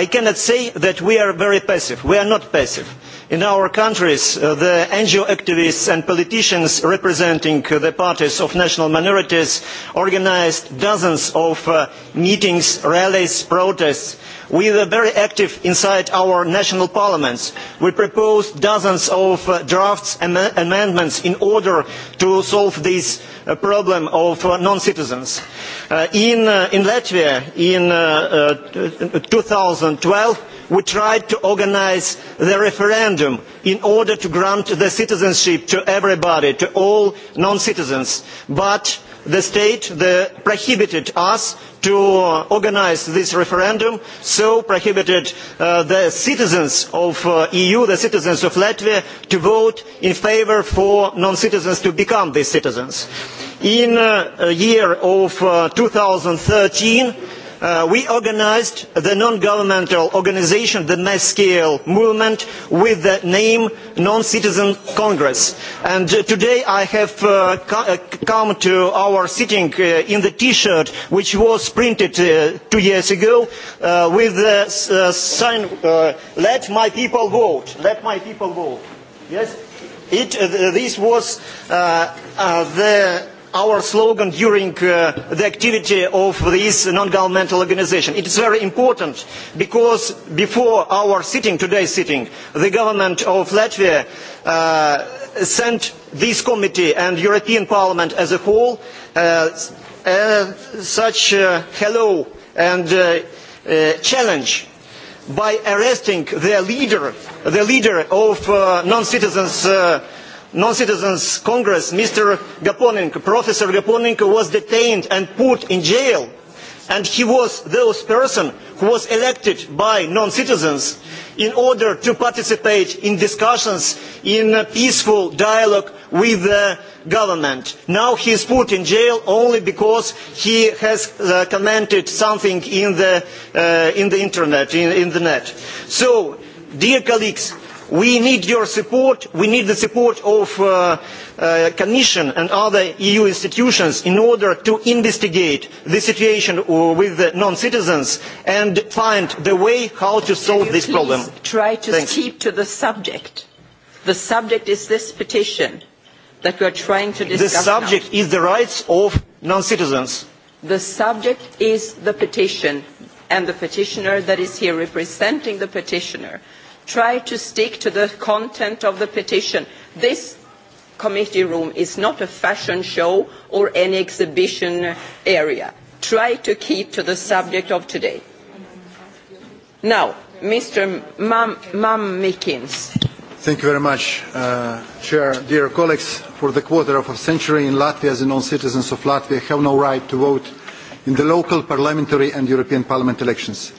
I cannot say that we are very passive. We are not passive In our countries, uh, the NGO activists and politicians representing uh, the parties of national minorities organised dozens of uh, meetings, rallies, protests. We were very active inside our national parliaments. We proposed dozens of drafts and amendments in order to solve this problem of non-citizens. in, Latvia, in uh, uh, 2012, we tried to organise the referendum in order to grant the citizenship to everybody, to all non-citizens. But the state the, prohibited us to uh, organise this referendum, so prohibited uh, the citizens of the uh, EU, the citizens of Latvia, to vote in favour for non-citizens to become these citizens. In the uh, year of uh, thirteen Uh, we organised the non-governmental organisation, the mass scale movement, with the name Non-Citizen Congress. And uh, today I have uh, uh come to our sitting uh, in the T-shirt, which was printed uh, two years ago, with the sign, let my people vote, let my people vote. Yes? It, this was the our slogan during uh, the activity of this non-governmental organization. It is very important because before our sitting, today's sitting, the government of Latvia uh, sent this committee and European Parliament as a whole uh, uh, such uh, hello and uh, uh, challenge by arresting the leader, the leader of uh, non-citizens' uh, non-citizens Congress, Mr. Gaponenko, Professor Gaponenko was detained and put in jail. And he was those person who was elected by non-citizens in order to participate in discussions, in a peaceful dialogue with the government. Now he is put in jail only because he has uh, commented something in the, uh, in the internet, in, in the net. So, dear colleagues, We need your support. We need the support of the uh, uh, Commission and other EU institutions in order to investigate the situation with non-citizens and find the way how to solve this problem. Try to Thanks. keep to the subject. The subject is this petition that we are trying to discuss. The subject now. is the rights of non-citizens. The subject is the petition and the petitioner that is here representing the petitioner try to stick to the content of the petition. This committee room is not a fashion show or an exhibition area. Try to keep to the subject of today. Now, Mr. Mam Mammikins. Thank you very much, uh, Chair. Dear colleagues, for the quarter of a century in Latvia, as non-citizens of Latvia have no right to vote in the local parliamentary and European Parliament elections.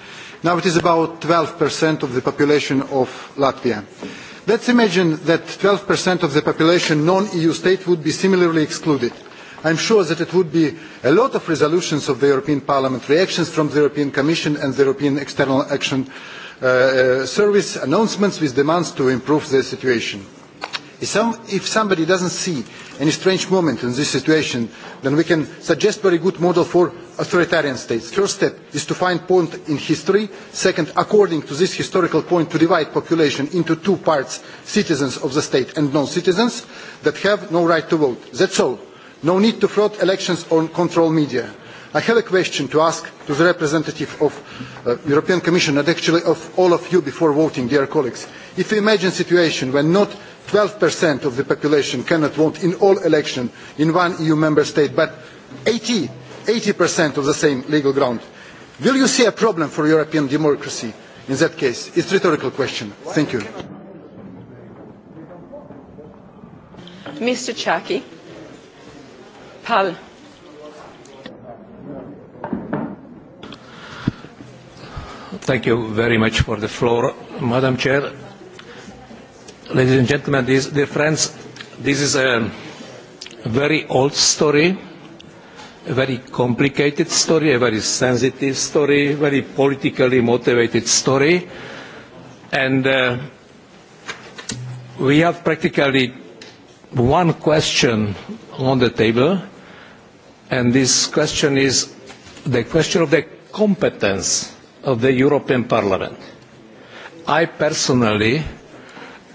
Now it is about 12% of the population of Latvia. Let's imagine that 12% of the population non-EU state would be similarly excluded. I am sure that it would be a lot of resolutions of the European Parliament, reactions from the European Commission and the European External Action uh, uh, Service, announcements with demands to improve the situation. If, some, if somebody doesn't see any strange moment in this situation, then we can suggest a very good model for authoritarian states. First step is to find point in history. Second, according to this historical point, to divide population into two parts, citizens of the state and non-citizens that have no right to vote. That's all. No need to fraud elections or control media. I have a question to ask to the representative of the uh, European Commission and actually of all of you before voting, dear colleagues. If you imagine a situation when not 12% of the population cannot vote in all elections in one EU member state, but eighty percent of the same legal ground. Will you see a problem for European democracy in that case? It's a rhetorical question. Thank you. Mr. Chaki. Thank you very much for the floor, Madam Chair. Ladies and gentlemen, dear friends, this is a very old story a very complicated story, a very sensitive story, a very politically motivated story. And uh, we have practically one question on the table, and this question is the question of the competence of the European Parliament. I personally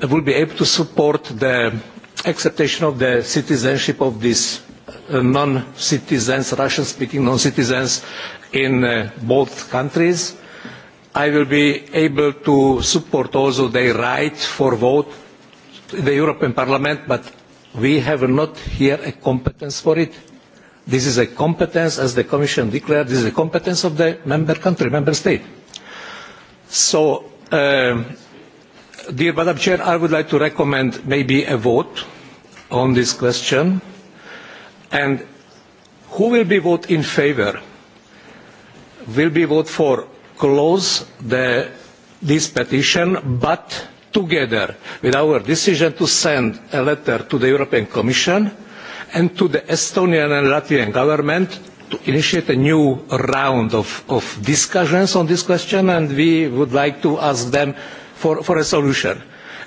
will be able to support the acceptation of the citizenship of this non-citizens, Russian-speaking non-citizens in uh, both countries. I will be able to support also their right for vote in the European Parliament, but we have not here a competence for it. This is a competence, as the Commission declared, this is a competence of the member country, member state. So, um, dear Madam Chair, I would like to recommend maybe a vote on this question And who will be vote in favor? Will be vote for close the, this petition, but together with our decision to send a letter to the European Commission and to the Estonian and Latvian government to initiate a new round of, of discussions on this question, and we would like to ask them for, for a solution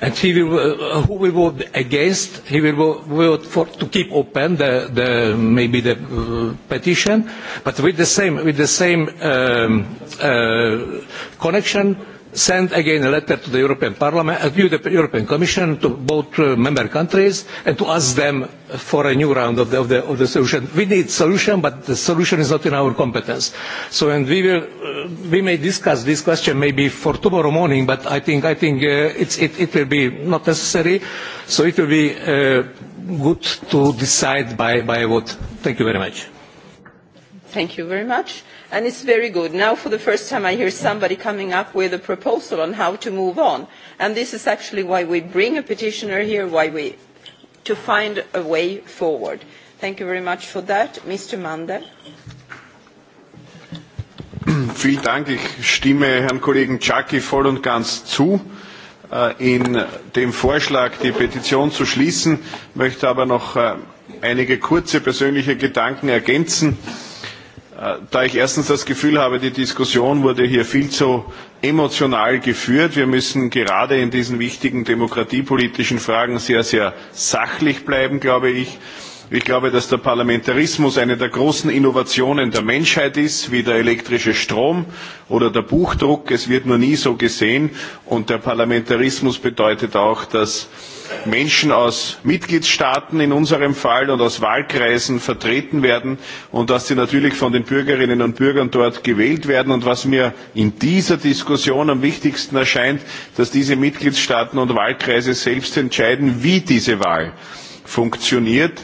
And he will, uh, who will vote against, he will vote for, to keep open the, the, maybe the uh, petition, but with the same, with the same um, uh, connection send again a letter to the European Parliament, uh, to the European Commission, to both uh, member countries, and to ask them for a new round of the, of the, of the solution. We need solution, but the solution is not in our competence. So, and we will, uh, we may discuss this question maybe for tomorrow morning, but I think, I think uh, it's, it, it will be not necessary. So it will be uh, good to decide by, by a vote. Thank you very much. Thank you very much and it's very good. Now, for the first time, I hear somebody coming up with a proposal on how to move on. And this is actually why we bring a petitioner here, why we, to find a way forward. Thank you very much for that. Mr. Mandel. Vielen Dank. Ich stimme Herrn Kollegen Czaki voll und ganz zu äh, in dem Vorschlag, die Petition zu schließen, möchte aber noch äh, einige kurze persönliche Gedanken ergänzen. Äh, da ich erstens das Gefühl habe, die Diskussion wurde hier viel zu emotional geführt. Wir müssen gerade in diesen wichtigen demokratiepolitischen Fragen sehr, sehr sachlich bleiben, glaube ich. Ich glaube, dass der Parlamentarismus eine der großen Innovationen der Menschheit ist, wie der elektrische Strom oder der Buchdruck. Es wird nur nie so gesehen. Und der Parlamentarismus bedeutet auch, dass Menschen aus Mitgliedstaaten in unserem Fall und aus Wahlkreisen vertreten werden und dass sie natürlich von den Bürgerinnen und Bürgern dort gewählt werden. Und was mir in dieser Diskussion am wichtigsten erscheint, dass diese Mitgliedstaaten und Wahlkreise selbst entscheiden, wie diese Wahl funktioniert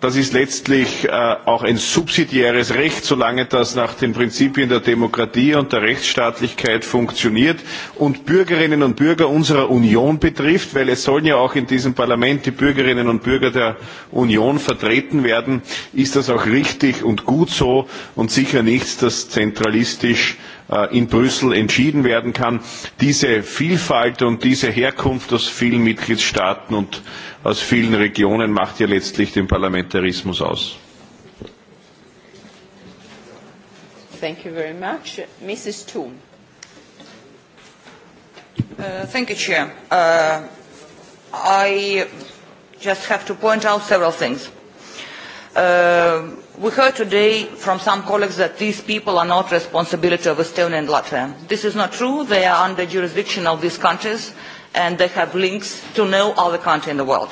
das ist letztlich äh, auch ein subsidiäres Recht, solange das nach den Prinzipien der Demokratie und der Rechtsstaatlichkeit funktioniert und Bürgerinnen und Bürger unserer Union betrifft, denn es sollen ja auch in diesem Parlament die Bürgerinnen und Bürger der Union vertreten werden, ist das auch richtig und gut so und sicher nichts, das zentralistisch Äh, in Brüssel entschieden werden kann. Diese Vielfalt und diese Herkunft aus vielen Mitgliedstaaten und aus vielen Regionen macht ja letztlich den Parlamentarismus aus. Thank you very much. Mrs. Uh, thank you, Chair. Uh, I just have to point out several things. Uh, We heard today from some colleagues that these people are not responsibility of Estonia and Latvia. This is not true. They are under jurisdiction of these countries and they have links to no other country in the world.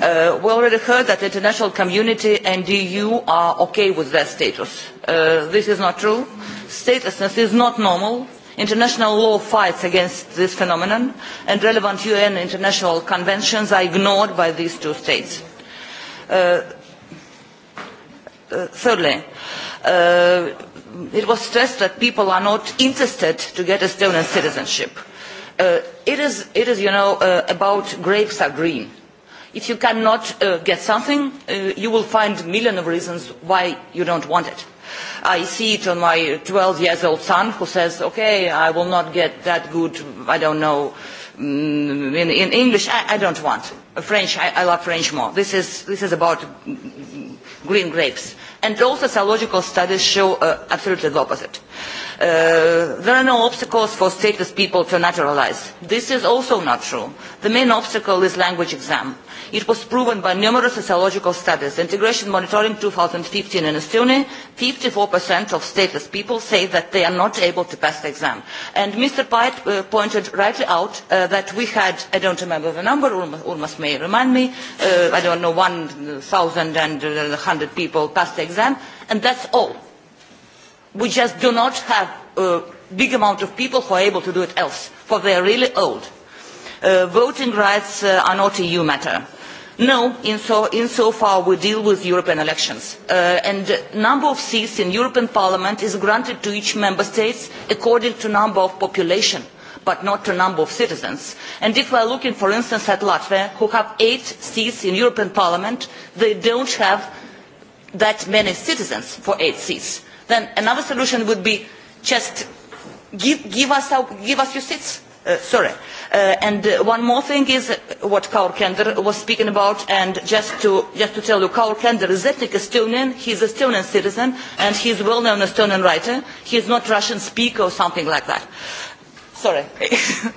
Uh, we already heard that the international community and the EU are okay with their status. Uh, this is not true. Statelessness is not normal. International law fights against this phenomenon and relevant UN international conventions are ignored by these two states. Uh, Uh, thirdly, uh, it was stressed that people are not interested to get Estonian citizenship. Uh, it is, it is, you know, uh, about grapes are green. If you cannot uh, get something, uh, you will find a million of reasons why you don't want it. I see it on my 12 years old son who says, okay, I will not get that good, I don't know, mm, in, in English, I, I don't want. French, I, I love French more. This is, this is about green grapes. And also sociological studies show uh, absolutely the opposite. Uh, there are no obstacles for stateless people to naturalize. This is also not true. The main obstacle is language exam It was proven by numerous sociological studies. Integration Monitoring 2015 in Estonia, 54% of stateless people say that they are not able to pass the exam. And Mr. Pyatt uh, pointed rightly out uh, that we had, I don't remember the number, Ulmas may remind me, uh, I don't know, 1,100 uh, people passed the exam, and that's all. We just do not have a big amount of people who are able to do it else, for they are really old. Uh, voting rights uh, are not EU matter No, in so, we deal with European elections. Uh, and the number of seats in European Parliament is granted to each member state according to number of population but not to number of citizens. And if we are looking, for instance, at Latvia, who have eight seats in European Parliament, they don't have that many citizens for eight seats. Then another solution would be just give, give, us, our, give us your seats Uh, sorry. Uh, and uh, one more thing is what Kaur Kender was speaking about, and just to, just to tell you, Kaur Kender is ethnic Estonian, he's Estonian citizen, and he's a well-known Estonian writer. He's not Russian speaker or something like that. Sorry. uh,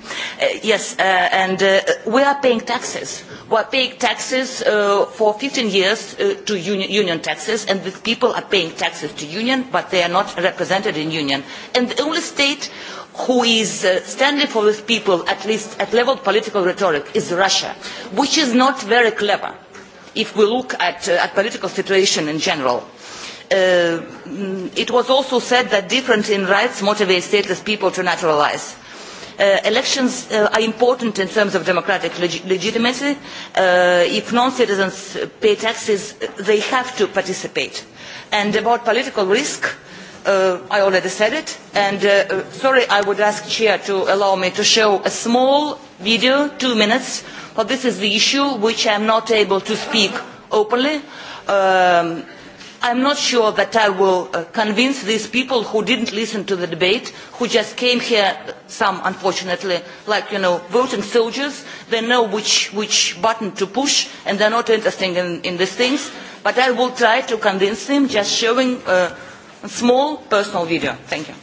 yes, uh, and uh, we are paying taxes. We are paying taxes uh, for 15 years uh, to union, union taxes, and these people are paying taxes to union, but they are not represented in union. And the only state who is uh, standing for these people, at least at level of political rhetoric, is Russia, which is not very clever if we look at, uh, at political situation in general. Uh, mm, it was also said that difference in rights motivates stateless people to naturalize. Uh, elections uh, are important in terms of democratic leg legitimacy. Uh, if non-citizens pay taxes, they have to participate. And about political risk, uh, Uh, I already said it, and uh, sorry, I would ask Chair to allow me to show a small video, two minutes, but this is the issue which I am not able to speak openly. Um, I am not sure that I will uh, convince these people who didn't listen to the debate, who just came here, some unfortunately, like, you know, voting soldiers. They know which, which button to push, and they're not interested in, in these things. But I will try to convince them, just showing uh, small personal video. Thank you.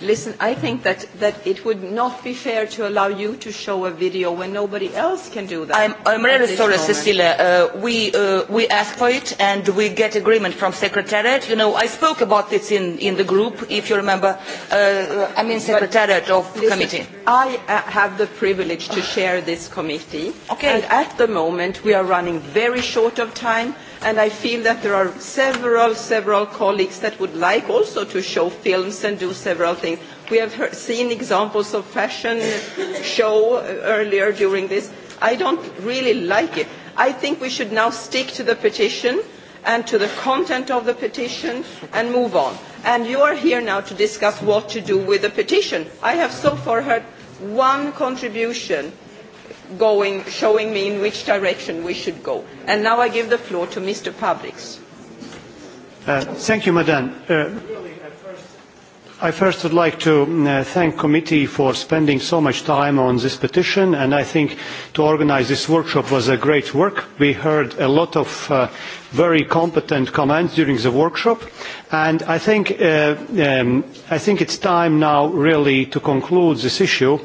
Listen, I think that, that it would not be fair to allow you to show a video when nobody else can do that. I'm, I'm really sorry, moment. Cecilia. Uh, we, uh, we ask for it and we get agreement from Secretariat. You know, I spoke about this in, in the group, if you remember. Uh, I mean Secretariat but, of listen, committee. I uh, have the privilege to share this committee. Okay. And at the moment, we are running very short of time and I feel that there are several, several colleagues that would like also to show films and do several things. We have heard, seen examples of fashion show uh, earlier during this. I don't really like it. I think we should now stick to the petition and to the content of the petition and move on. And you are here now to discuss what to do with the petition. I have so far heard one contribution going, showing me in which direction we should go. And now I give the floor to Mr. Pavlix. Uh, thank you, Madam. Uh, I first would like to uh, thank committee for spending so much time on this petition and I think to organize this workshop was a great work. We heard a lot of uh, very competent comments during the workshop. And I think, uh, um, I think it's time now really to conclude this issue.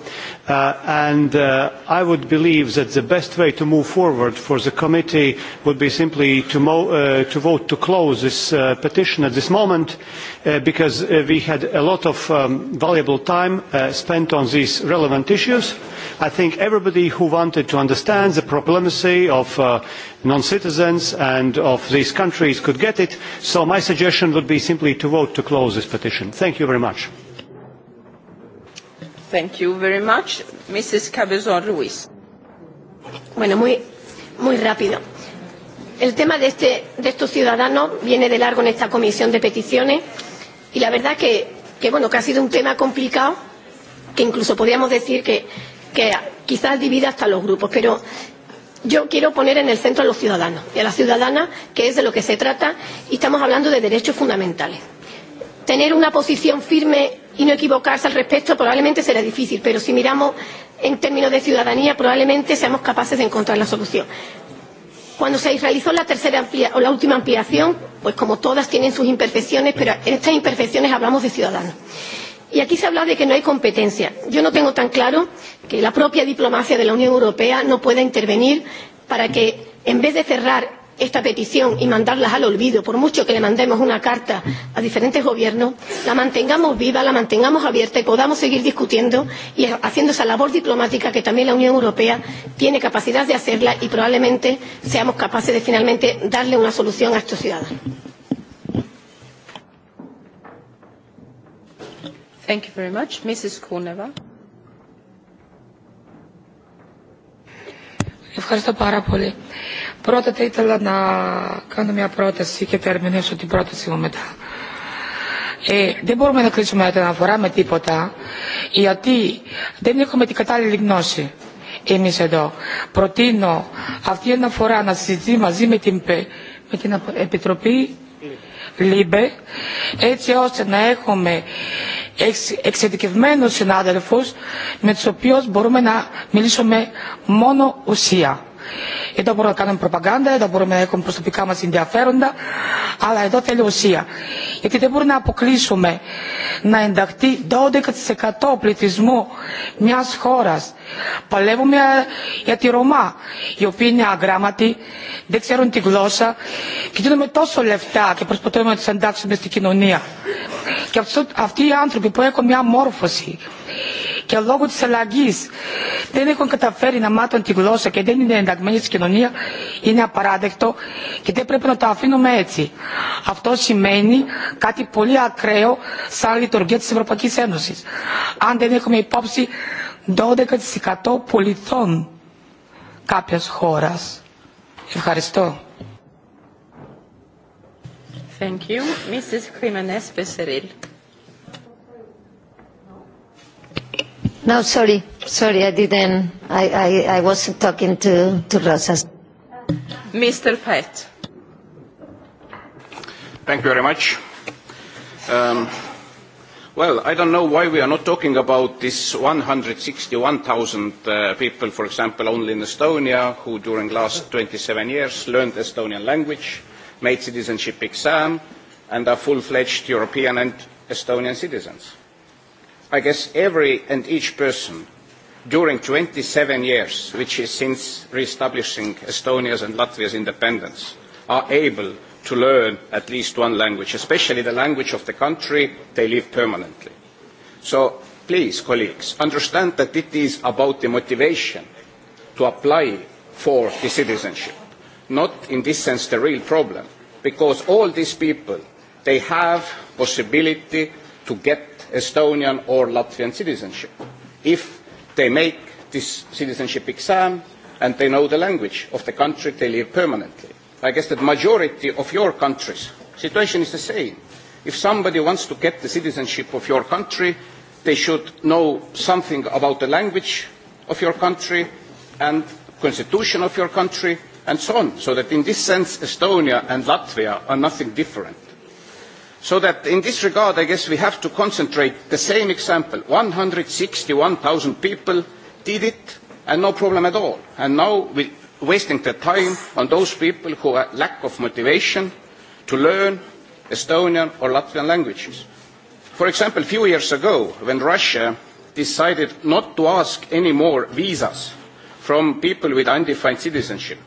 Uh, and uh, I would believe that the best way to move forward for the committee would be simply to, mo uh, to vote to close this uh, petition at this moment uh, because uh, we had a lot of um, valuable time uh, spent on these relevant issues. I think everybody who wanted to understand the problemacy of uh, non-citizens and of of these countries could get it. So my suggestion would be simply to vote to close this petition. Thank you very much. Thank you very much. Mrs. Cabezón Ruiz. Bueno, muy, muy rápido. El tema de, este, de estos ciudadanos viene de largo en esta comisión de peticiones y la verdad que, que, bueno, que ha sido un tema complicado que incluso podríamos decir que, que quizás divida hasta los grupos. Pero yo quiero poner en el centro a los ciudadanos y a las ciudadanas, que es de lo que se trata, y estamos hablando de derechos fundamentales. Tener una posición firme y no equivocarse al respecto probablemente será difícil, pero si miramos en términos de ciudadanía, probablemente seamos capaces de encontrar la solución. Cuando se realizó la tercera amplia, o la última ampliación, pues como todas tienen sus imperfecciones, pero en estas imperfecciones hablamos de ciudadanos. Y aquí se habla de que no hay competencia. Yo no tengo tan claro que la propia diplomacia de la Unión Europea no pueda intervenir para que, en vez de cerrar esta petición y mandarlas al olvido, por mucho que le mandemos una carta a diferentes gobiernos, la mantengamos viva, la mantengamos abierta y podamos seguir discutiendo y haciendo esa labor diplomática que también la Unión Europea tiene capacidad de hacerla y probablemente seamos capaces de finalmente darle una solución a estos ciudadanos. Thank you very much. Mrs. Kuneva. Ευχαριστώ πάρα πολύ. Πρώτα ήθελα να κάνω μια πρόταση και θα ερμηνεύσω την πρόταση μου μετά. δεν μπορούμε να κλείσουμε την αναφορά με τίποτα, γιατί δεν έχουμε την κατάλληλη γνώση εμείς εδώ. Προτείνω αυτή η αναφορά να συζητεί μαζί με την, με την Επιτροπή ΛΥΜΠΕ, έτσι ώστε να έχουμε εξειδικευμένος συνάδελφου, με του οποίου μπορούμε να μιλήσουμε μόνο ουσία. Εδώ μπορούμε να κάνουμε προπαγάνδα, εδώ μπορούμε να έχουμε προσωπικά μας ενδιαφέροντα, αλλά εδώ θέλει ουσία. Γιατί δεν μπορούμε να αποκλείσουμε να ενταχθεί 12% πληθυσμού μιας χώρας. Παλεύουμε για τη Ρωμά, οι οποίοι είναι αγράμματοι, δεν ξέρουν τη γλώσσα και δίνουμε τόσο λεφτά και προσπαθούμε να τους εντάξουμε στην κοινωνία. Και αυτοί οι άνθρωποι που έχουν μια μόρφωση, και λόγω της αλλαγής δεν έχουν καταφέρει να μάθουν τη γλώσσα και δεν είναι ενταγμένοι στην κοινωνία είναι απαράδεκτο και δεν πρέπει να το αφήνουμε έτσι. Αυτό σημαίνει κάτι πολύ ακραίο σαν λειτουργία της Ευρωπαϊκής Ένωσης. Αν δεν έχουμε υπόψη 12% πολιτών κάποιας χώρας. Ευχαριστώ. Thank you. Mrs. Jimenez Becerril. No, sorry, sorry, I didn't. I, I, I wasn't talking to, to Rosas. Mr. Pett. Thank you very much. Um, well, I don't know why we are not talking about this 161,000 uh, people, for example, only in Estonia, who during the last 27 years learned Estonian language, made citizenship exam, and are full-fledged European and Estonian citizens i guess, every and each person during 27 years, which is since re-establishing Estonia's and Latvia's independence, are able to learn at least one language, especially the language of the country they live permanently. So please, colleagues, understand that it is about the motivation to apply for the citizenship, not in this sense the real problem, because all these people, they have possibility to get Estonian or Latvian citizenship if they make this citizenship exam and they know the language of the country they live permanently. I guess that majority of your countries, situation is the same. If somebody wants to get the citizenship of your country, they should know something about the language of your country and constitution of your country and so on. So that in this sense, Estonia and Latvia are nothing different so that in this regard i guess we have to concentrate on the same example one hundred and sixty one thousand people did it and no problem at all and now we are wasting the time on those people who have lack of motivation to learn estonian or latvian languages. for example a few years ago when russia decided not to ask any more visas from people with undefined citizenship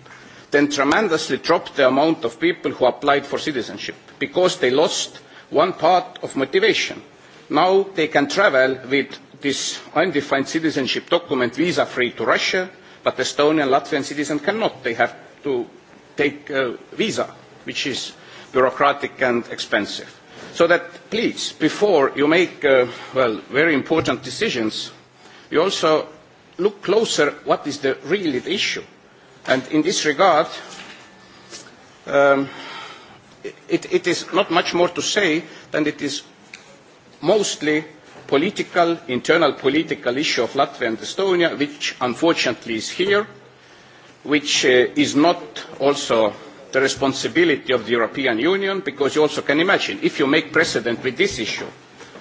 then tremendously dropped the amount of people who applied for citizenship because they lost one part of motivation. Now they can travel with this undefined citizenship document visa free to Russia, but Estonian, Latvian citizens cannot. They have to take a visa, which is bureaucratic and expensive. So that please, before you make uh, well, very important decisions, you also look closer what is the issue. And in this regard, um, it, it is not much more to say than it is mostly political, internal political issue of Latvia and Estonia, which unfortunately is here, which uh, is not also the responsibility of the European Union, because you also can imagine, if you make precedent with this issue,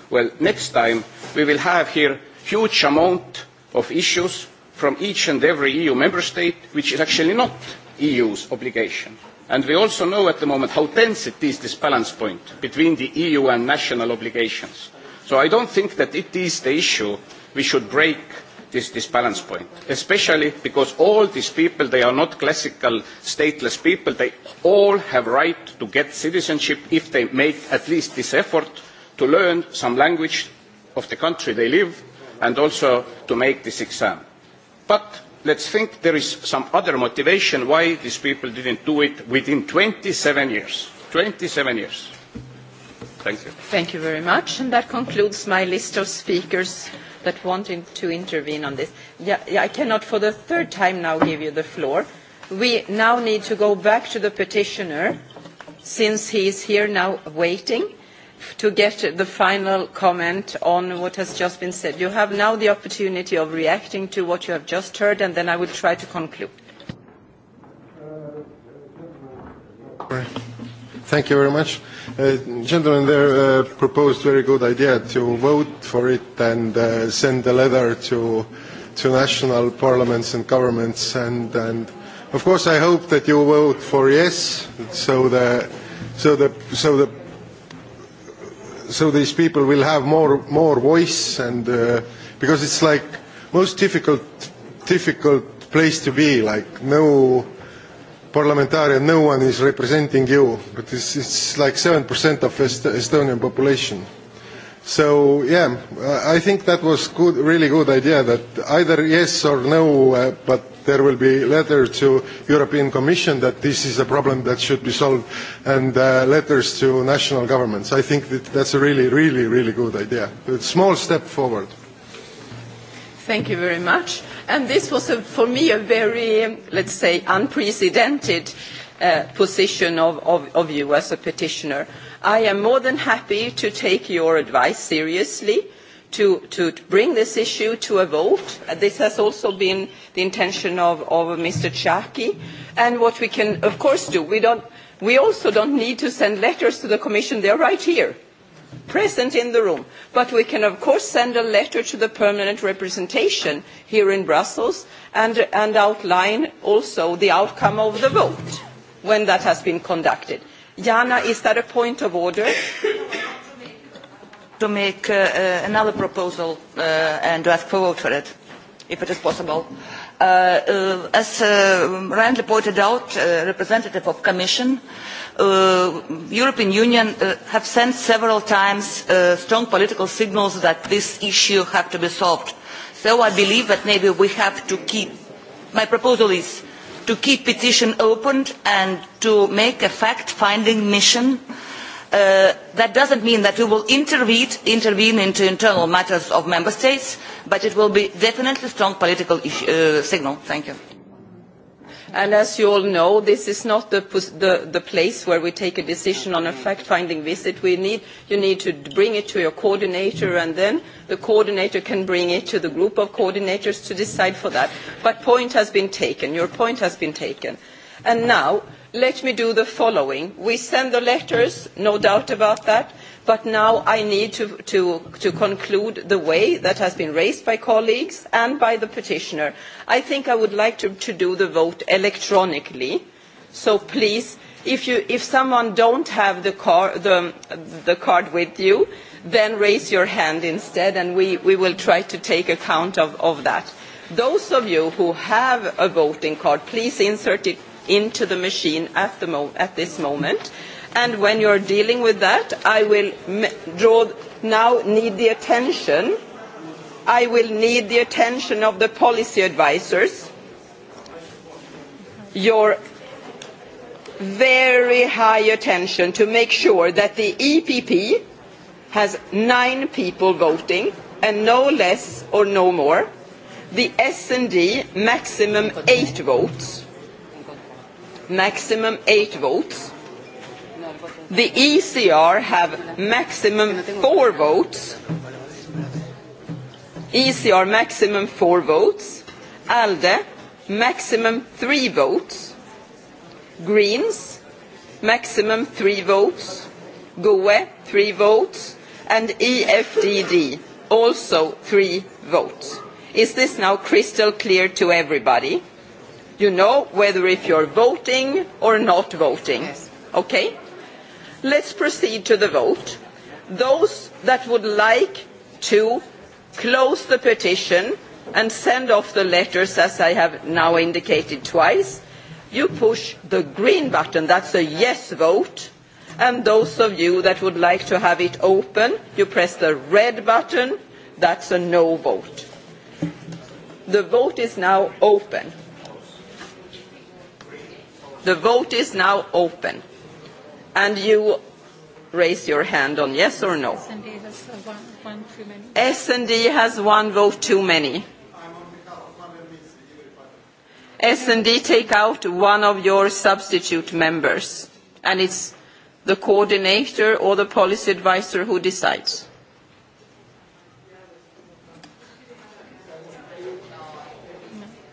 well, next time we will have here huge amount of issues from each and every EU member state, which is actually not EU's obligation and we also know at the moment how tense it is this balance point between the eu and national obligations so i do not think that it is the issue we should break this, this balance point especially because all these people they are not classical stateless people they all have the right to get citizenship if they make at least this effort to learn some language of the country they live and also to make this exam but let's think there is some other motivation why these people didn't do it within 27 years. 27 years. Thank you. Thank you very much. And that concludes my list of speakers that wanted to intervene on this. Yeah, yeah, I cannot for the third time now give you the floor. We now need to go back to the petitioner since he is here now waiting to get the final comment on what has just been said. You have now the opportunity of reacting to what you have just heard, and then I will try to conclude. Thank you very much. Uh, gentlemen, there uh, proposed very good idea to vote for it and uh, send a letter to, to national parliaments and governments. And, and of course, I hope that you vote for yes, so the, so the, so the so these people will have more, more voice and uh, because it's like most difficult, difficult place to be, like no parliamentarian, no one is representing you, but it's, it's like 7% of Est Estonian population so yeah, I think that was good, really good idea that either yes or no, uh, but there will be letter to European Commission that this is a problem that should be solved, and uh, letters to national governments. I think that that's a really, really, really good idea. A small step forward. Thank you very much. And this was, a, uh, for me, a very, um, let's say, unprecedented uh, position of, of, of you as a petitioner. I am more than happy to take your advice seriously, to, to bring this issue to a vote. Uh, this has also been the intention of, of Mr. Chaki. And what we can, of course, do, we, don't, we also don't need to send letters to the Commission. They're right here present in the room but we can of course send a letter to the permanent representation here in brussels and, and outline also the outcome of the vote when that has been conducted. Jana, is that a point of order? to make uh, uh, another proposal uh, and to ask for vote for it, if it is possible. Uh, uh, as uh, rightly pointed out, uh, representative of Commission, uh, European Union uh, have sent several times uh, strong political signals that this issue have to be solved. So I believe that maybe we have to keep. My proposal is to keep petition open and to make a fact-finding mission. Uh, that does not mean that we will intervene, intervene into internal matters of member states, but it will be definitely a strong political issue, uh, signal. Thank you. And as you all know, this is not the, the, the place where we take a decision on a fact-finding visit. We need, you need to bring it to your coordinator, and then the coordinator can bring it to the group of coordinators to decide for that. But point has been taken. Your point has been taken. And now, let me do the following. We send the letters, no doubt about that but now I need to, to, to conclude the way that has been raised by colleagues and by the petitioner. I think I would like to, to do the vote electronically. So please, if, you, if someone don't have the, car, the, the card with you, then raise your hand instead and we, we will try to take account of, of that. Those of you who have a voting card, please insert it into the machine at, the mo at this moment and when you are dealing with that i will draw now need the attention i will need the attention of the policy advisers your very high attention to make sure that the epp has nine people voting and no less or no more the SND maximum eight votes maximum eight votes The ECR have maximum four votes. ECR maximum four votes. ALDE maximum three votes. Greens maximum three votes. GUE three votes. And EFDD also three votes. Is this now crystal clear to everybody? You know whether if you're voting or not voting. Yes. Okay? let us proceed to the vote. those that would like to close the petition and send off the letters as i have now indicated twice you push the green button that is a yes vote and those of you that would like to have it open you press the red button that is a no vote. the vote is now open. the vote is now open. And you raise your hand on yes or no. S has uh, one, too many. has one vote too many. S and D take out one of your substitute members, and it's the coordinator or the policy advisor who decides.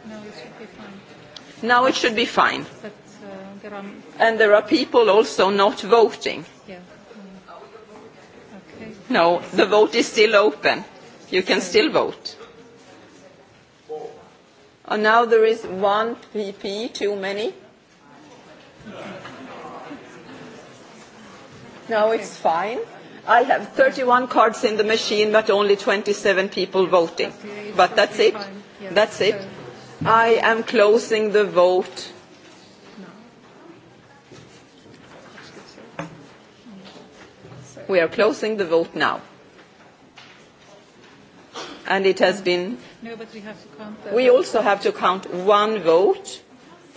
No, no, it should be fine. Now it should be fine. But uh, there are and there are people also not voting. No, the vote is still open. You can still vote. And now there is one PP too many. Now it's fine. I have 31 cards in the machine, but only 27 people voting. But that's it. That's it. I am closing the vote We are closing the vote now. And it has been... No, but we have to count the... We also have to count one vote,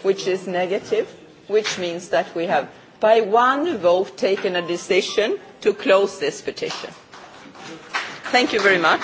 which is negative, which means that we have, by one vote, taken a decision to close this petition. Thank you very much.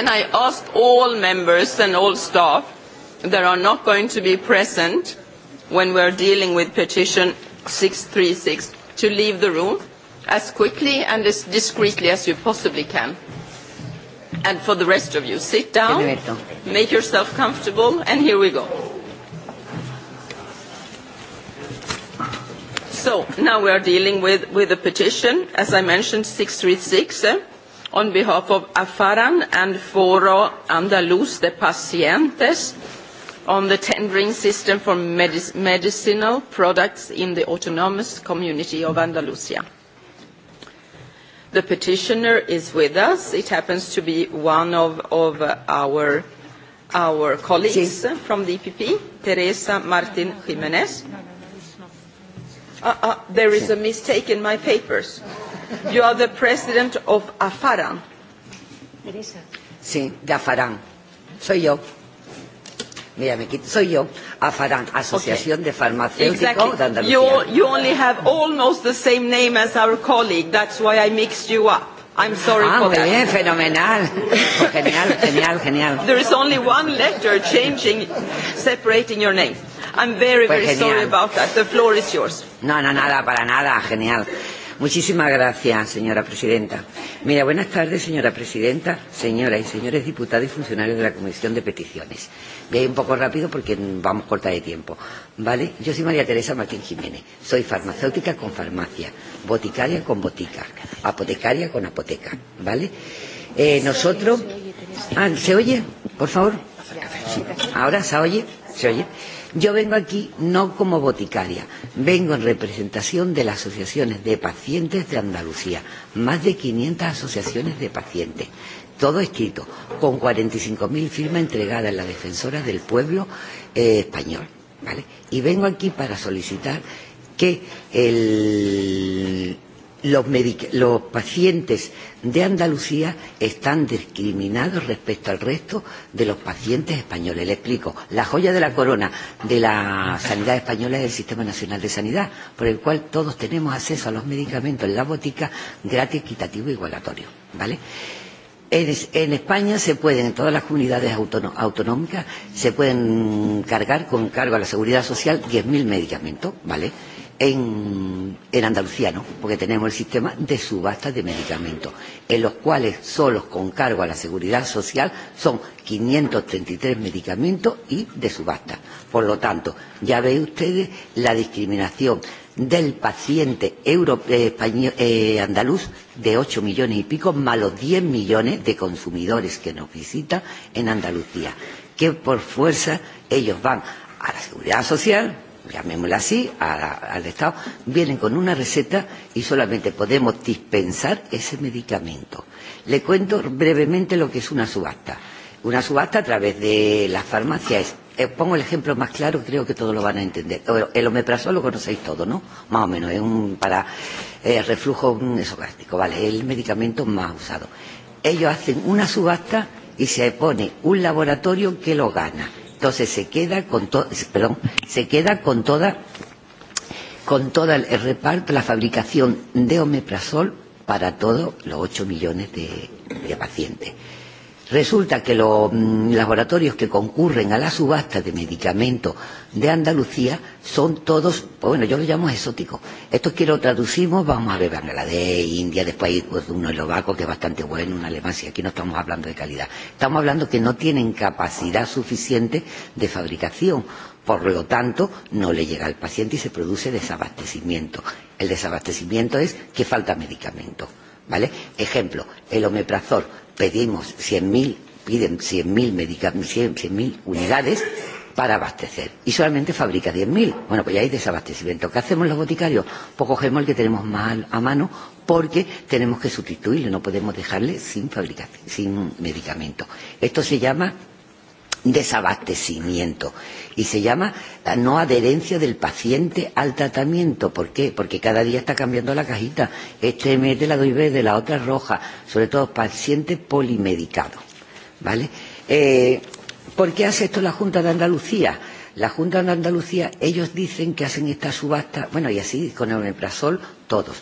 Can I ask all members and all staff that are not going to be present when we are dealing with petition 636 to leave the room as quickly and as discreetly as you possibly can? And for the rest of you, sit down, make yourself comfortable, and here we go. So now we are dealing with, with a petition, as I mentioned, 636. Eh? on behalf of AFARAN and Foro Andalus de Pacientes on the tendering system for medic medicinal products in the autonomous community of Andalusia. The petitioner is with us. It happens to be one of, of our, our colleagues from the EPP, Teresa Martin Jimenez. Uh, uh, there is a mistake in my papers. You are the president of AFARAN. Sí, de AFARAN. Soy yo. Mira, me quito. Soy yo. AFARAN, Asociación okay. de Farmacéuticos exactly. de Andalucía. You, you only have almost the same name as our colleague. That's why I mixed you up. I'm sorry ah, for muy that. bien, fenomenal. Pues genial, genial, genial. There is only one letter changing, separating your name. I'm very, pues very genial. sorry about that. The floor is yours. No, no, nada, para nada. Genial. Muchísimas gracias, señora presidenta. Mira, buenas tardes, señora presidenta, señoras y señores diputados y funcionarios de la Comisión de Peticiones. Voy un poco rápido porque vamos corta de tiempo. ¿Vale? Yo soy María Teresa Martín Jiménez. Soy farmacéutica con farmacia, boticaria con botica, apotecaria con apoteca. ¿Vale? Eh, nosotros. Ah, ¿se oye? Por favor. Sí. Ahora se oye. ¿Se oye? Yo vengo aquí no como boticaria, vengo en representación de las asociaciones de pacientes de Andalucía, más de 500 asociaciones de pacientes, todo escrito, con 45.000 firmas entregadas a la defensora del pueblo eh, español. ¿vale? Y vengo aquí para solicitar que el los, los pacientes de Andalucía están discriminados respecto al resto de los pacientes españoles. Le explico. La joya de la corona de la sanidad española es el Sistema Nacional de Sanidad, por el cual todos tenemos acceso a los medicamentos en la botica gratis, equitativo e igualatorio. ¿Vale? En, en España se pueden, en todas las comunidades autonómicas, se pueden cargar con cargo a la seguridad social 10.000 medicamentos, ¿vale? en, en Andalucía no, porque tenemos el sistema de subastas de medicamentos, en los cuales solos con cargo a la seguridad social son 533 medicamentos y de subasta. Por lo tanto, ya ve ustedes la discriminación del paciente euro, eh, español, eh, andaluz de 8 millones y pico, más los 10 millones de consumidores que nos visitan en Andalucía, que por fuerza ellos van a la seguridad social, llamémosla así, a, a, al Estado, vienen con una receta y solamente podemos dispensar ese medicamento. Le cuento brevemente lo que es una subasta. Una subasta a través de las farmacias es, eh, pongo el ejemplo más claro, creo que todos lo van a entender. El omeprazol lo conocéis todos, ¿no? Más o menos, es un para eh, reflujo esocástico, ¿vale? Es el medicamento más usado. Ellos hacen una subasta y se pone un laboratorio que lo gana Entonces se queda con to perdón, se queda con toda con todo el reparto, la fabricación de omeprazol para todos los 8 millones de, de pacientes. Resulta que los mm, laboratorios que concurren a la subasta de medicamentos de Andalucía son todos, bueno, yo lo llamo exóticos. Esto que lo traducimos, vamos a ver Bangladesh, India, después pues, uno eslovaco que es bastante bueno, una alemán, si aquí no estamos hablando de calidad. Estamos hablando que no tienen capacidad suficiente de fabricación. Por lo tanto, no le llega al paciente y se produce desabastecimiento. El desabastecimiento es que falta medicamento. ¿Vale? Ejemplo, el omeprazol. Pedimos 100.000, piden 100.000 100, 100 unidades para abastecer y solamente fabrica 10.000. Bueno, pues ya hay desabastecimiento. ¿Qué hacemos los boticarios? Pues cogemos el que tenemos más a mano porque tenemos que sustituirlo, no podemos dejarle sin fabricación, sin medicamento. Esto se llama desabastecimiento y se llama la no adherencia del paciente al tratamiento. ¿Por qué? Porque cada día está cambiando la cajita. Este mete la doy verde, la otra es roja, sobre todo pacientes polimedicados. ¿Vale? Eh, ¿Por qué hace esto la Junta de Andalucía? La Junta de Andalucía, ellos dicen que hacen esta subasta, bueno, y así con el Omeprazol todos.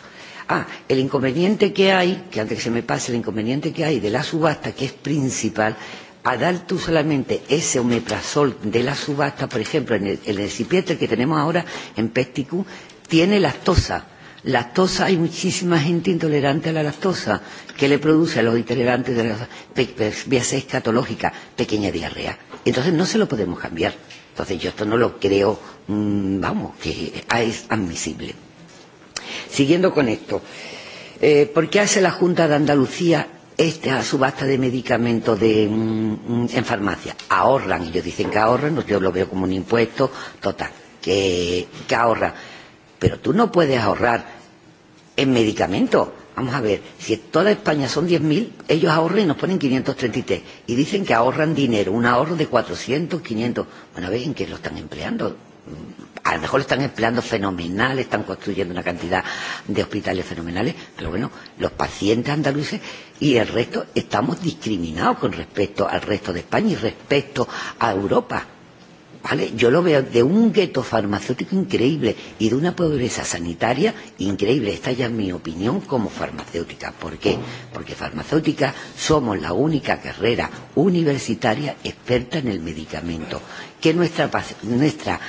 Ah, el inconveniente que hay, que antes que se me pase, el inconveniente que hay de la subasta, que es principal, a dar tú solamente ese omeprazol de la subasta, por ejemplo, en el, en el recipiente que tenemos ahora en Pesticú, tiene lactosa. Lactosa, hay muchísima gente intolerante a la lactosa que le produce a los intolerantes de la pe, escatológica pequeña diarrea. Entonces no se lo podemos cambiar. Entonces yo esto no lo creo, mmm, vamos, que ah, es admisible. Siguiendo con esto, eh, ¿por qué hace la Junta de Andalucía esta subasta de medicamentos de, mm, mm, en farmacia. Ahorran, ellos dicen que ahorran, yo lo veo como un impuesto total, que, que ahorran. Pero tú no puedes ahorrar en medicamentos. Vamos a ver, si toda España son 10.000, ellos ahorran y nos ponen 533. Y dicen que ahorran dinero, un ahorro de 400, 500. Bueno, a ver en qué lo están empleando a lo mejor lo están empleando fenomenal, están construyendo una cantidad de hospitales fenomenales, pero bueno, los pacientes andaluces y el resto estamos discriminados con respecto al resto de España y respecto a Europa. ¿Vale? Yo lo veo de un gueto farmacéutico increíble y de una pobreza sanitaria increíble. Esta ya es mi opinión como farmacéutica. ¿Por qué? Porque farmacéutica somos la única carrera universitaria experta en el medicamento. Que nuestra, nuestra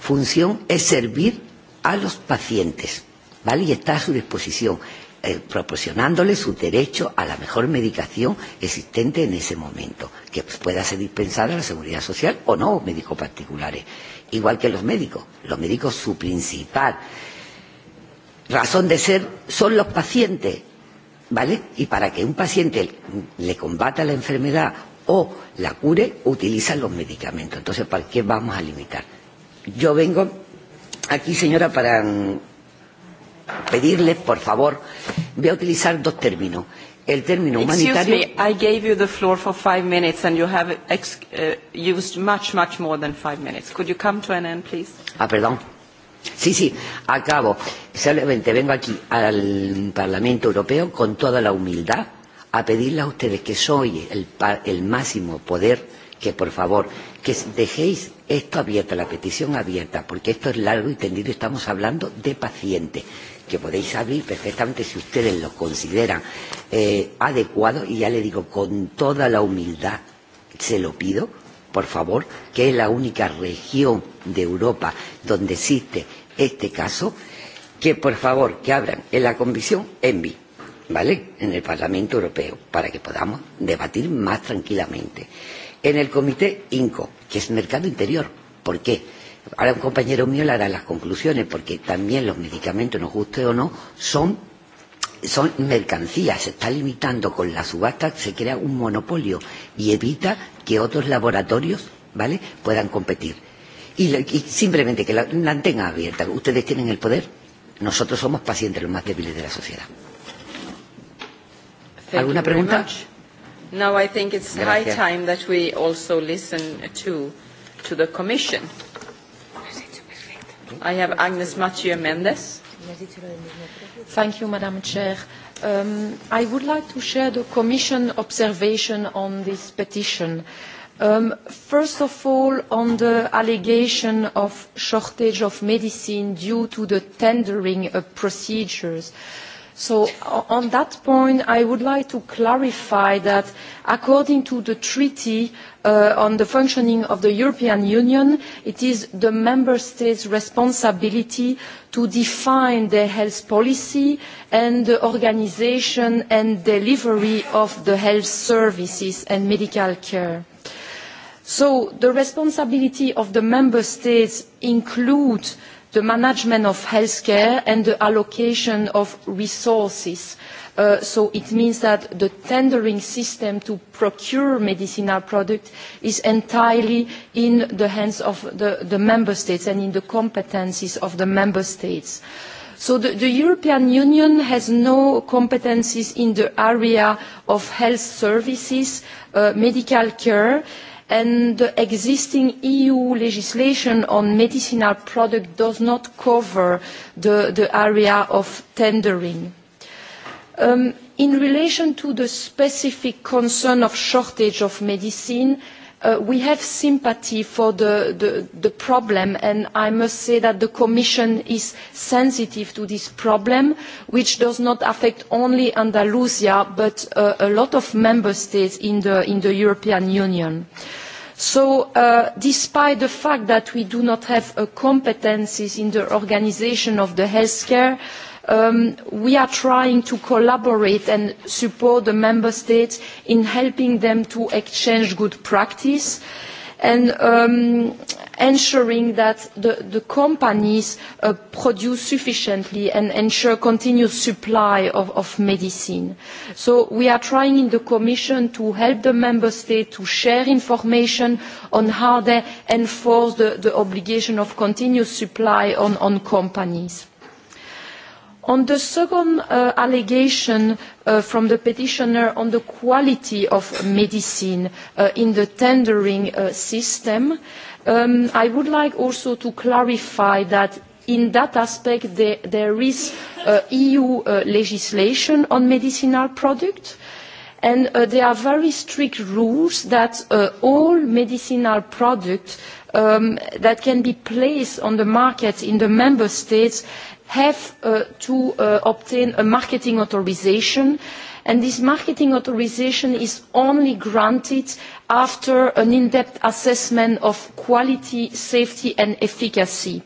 función es servir a los pacientes, ¿vale? Y está a su disposición, eh, proporcionándole su derecho a la mejor medicación existente en ese momento, que pueda ser dispensada a la seguridad social o no, médicos particulares. Igual que los médicos. Los médicos, su principal razón de ser son los pacientes, ¿vale? Y para que un paciente le combata la enfermedad o la cure, utilizan los medicamentos. Entonces, ¿para qué vamos a limitar? Yo vengo aquí, señora, para mm, pedirle, por favor, voy a utilizar dos términos. El término humanitario. Excuse me, I gave you the floor for five minutes and you have ex uh, used much, much more than five minutes. Could you come to an end, please? Ah, perdón. Sí, sí, acabo. Solamente vengo aquí al Parlamento Europeo con toda la humildad a pedirle a ustedes que soy el, el máximo poder que por favor, que dejéis esto abierto, la petición abierta, porque esto es largo y tendido, estamos hablando de pacientes, que podéis abrir perfectamente si ustedes lo consideran eh, adecuado, y ya le digo con toda la humildad, se lo pido, por favor, que es la única región de Europa donde existe este caso, que por favor, que abran en la comisión ENVI, ¿vale? En el Parlamento Europeo, para que podamos debatir más tranquilamente en el comité INCO, que es mercado interior. ¿Por qué? Ahora un compañero mío le hará las conclusiones, porque también los medicamentos, nos guste o no, son, son mercancías. Se está limitando con la subasta, se crea un monopolio y evita que otros laboratorios ¿vale? puedan competir. Y, y simplemente que la, la abierta. Ustedes tienen el poder, nosotros somos pacientes los más débiles de la sociedad. Thank ¿Alguna pregunta? Much. Now I think it's Gracias. high time that we also listen to, to the Commission. I have Agnes Mathieu Mendes. Thank you, Madam Chair. Um, I would like to share the Commission observation on this petition. Um, first of all, on the allegation of shortage of medicine due to the tendering of uh, procedures. Uh, so on that point, I would like to clarify that according to the treaty uh, on the functioning of the European Union, it is the member states' responsibility to define their health policy and the organisation and delivery of the health services and medical care. So the responsibility of the member states includes the management of healthcare and the allocation of resources. Uh, so it means that the tendering system to procure medicinal products is entirely in the hands of the, the, member states and in the competences of the member states. So the, the European Union has no competences in the area of health services, uh, medical care, and the existing EU legislation on medicinal products does not cover the, the area of tendering. Um, in relation to the specific concern of shortage of medicine, Uh, we have sympathy for the, the, the, problem and I must say that the Commission is sensitive to this problem which does not affect only Andalusia but uh, a lot of member states in the, in the European Union. So uh, despite the fact that we do not have uh, competences in the organisation of the healthcare, care, Um, we are trying to collaborate and support the member states in helping them to exchange good practice and um, ensuring that the, the companies uh, produce sufficiently and ensure continuous supply of, of medicine. So we are trying in the Commission to help the Member States to share information on how they enforce the, the obligation of continuous supply on, on companies. On the second uh, allegation uh, from the petitioner on the quality of medicine uh, in the tendering uh, system, um, I would like also to clarify that in that aspect there, there is uh, EU uh, legislation on medicinal products and there are very strict rules that all medicinal products um, that can be placed on the market in the member states have uh, to uh, obtain a marketing authorisation and this marketing authorisation is only granted after an in-depth assessment of quality, safety and efficacy.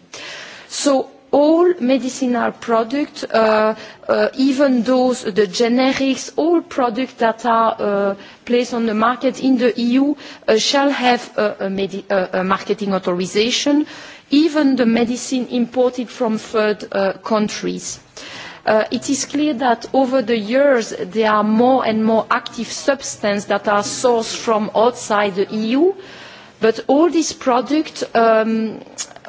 So all medicinal products, uh, uh, even those, the generics, all products that are uh, placed on the market in the EU uh, shall have uh, a, a, uh, a marketing authorisation even the medicine imported from third uh, countries. Uh, it is clear that over the years there are more and more active substances that are sourced from outside the EU, but all these products, um,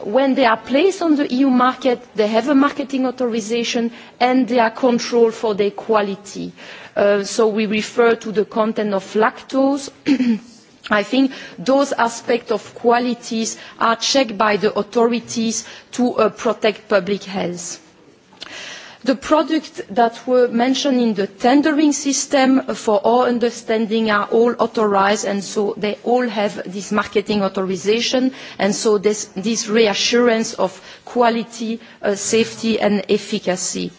when they are placed on the EU market, they have a marketing authorisation and they are controlled for their quality. Uh, so we refer to the content of lactose, I think those aspects of qualities are checked by the authorities to uh, protect public health. The products that were mentioned in the tendering system, uh, for our understanding, are all authorised and so they all have this marketing authorisation and so this, this reassurance of quality, uh, safety and efficacy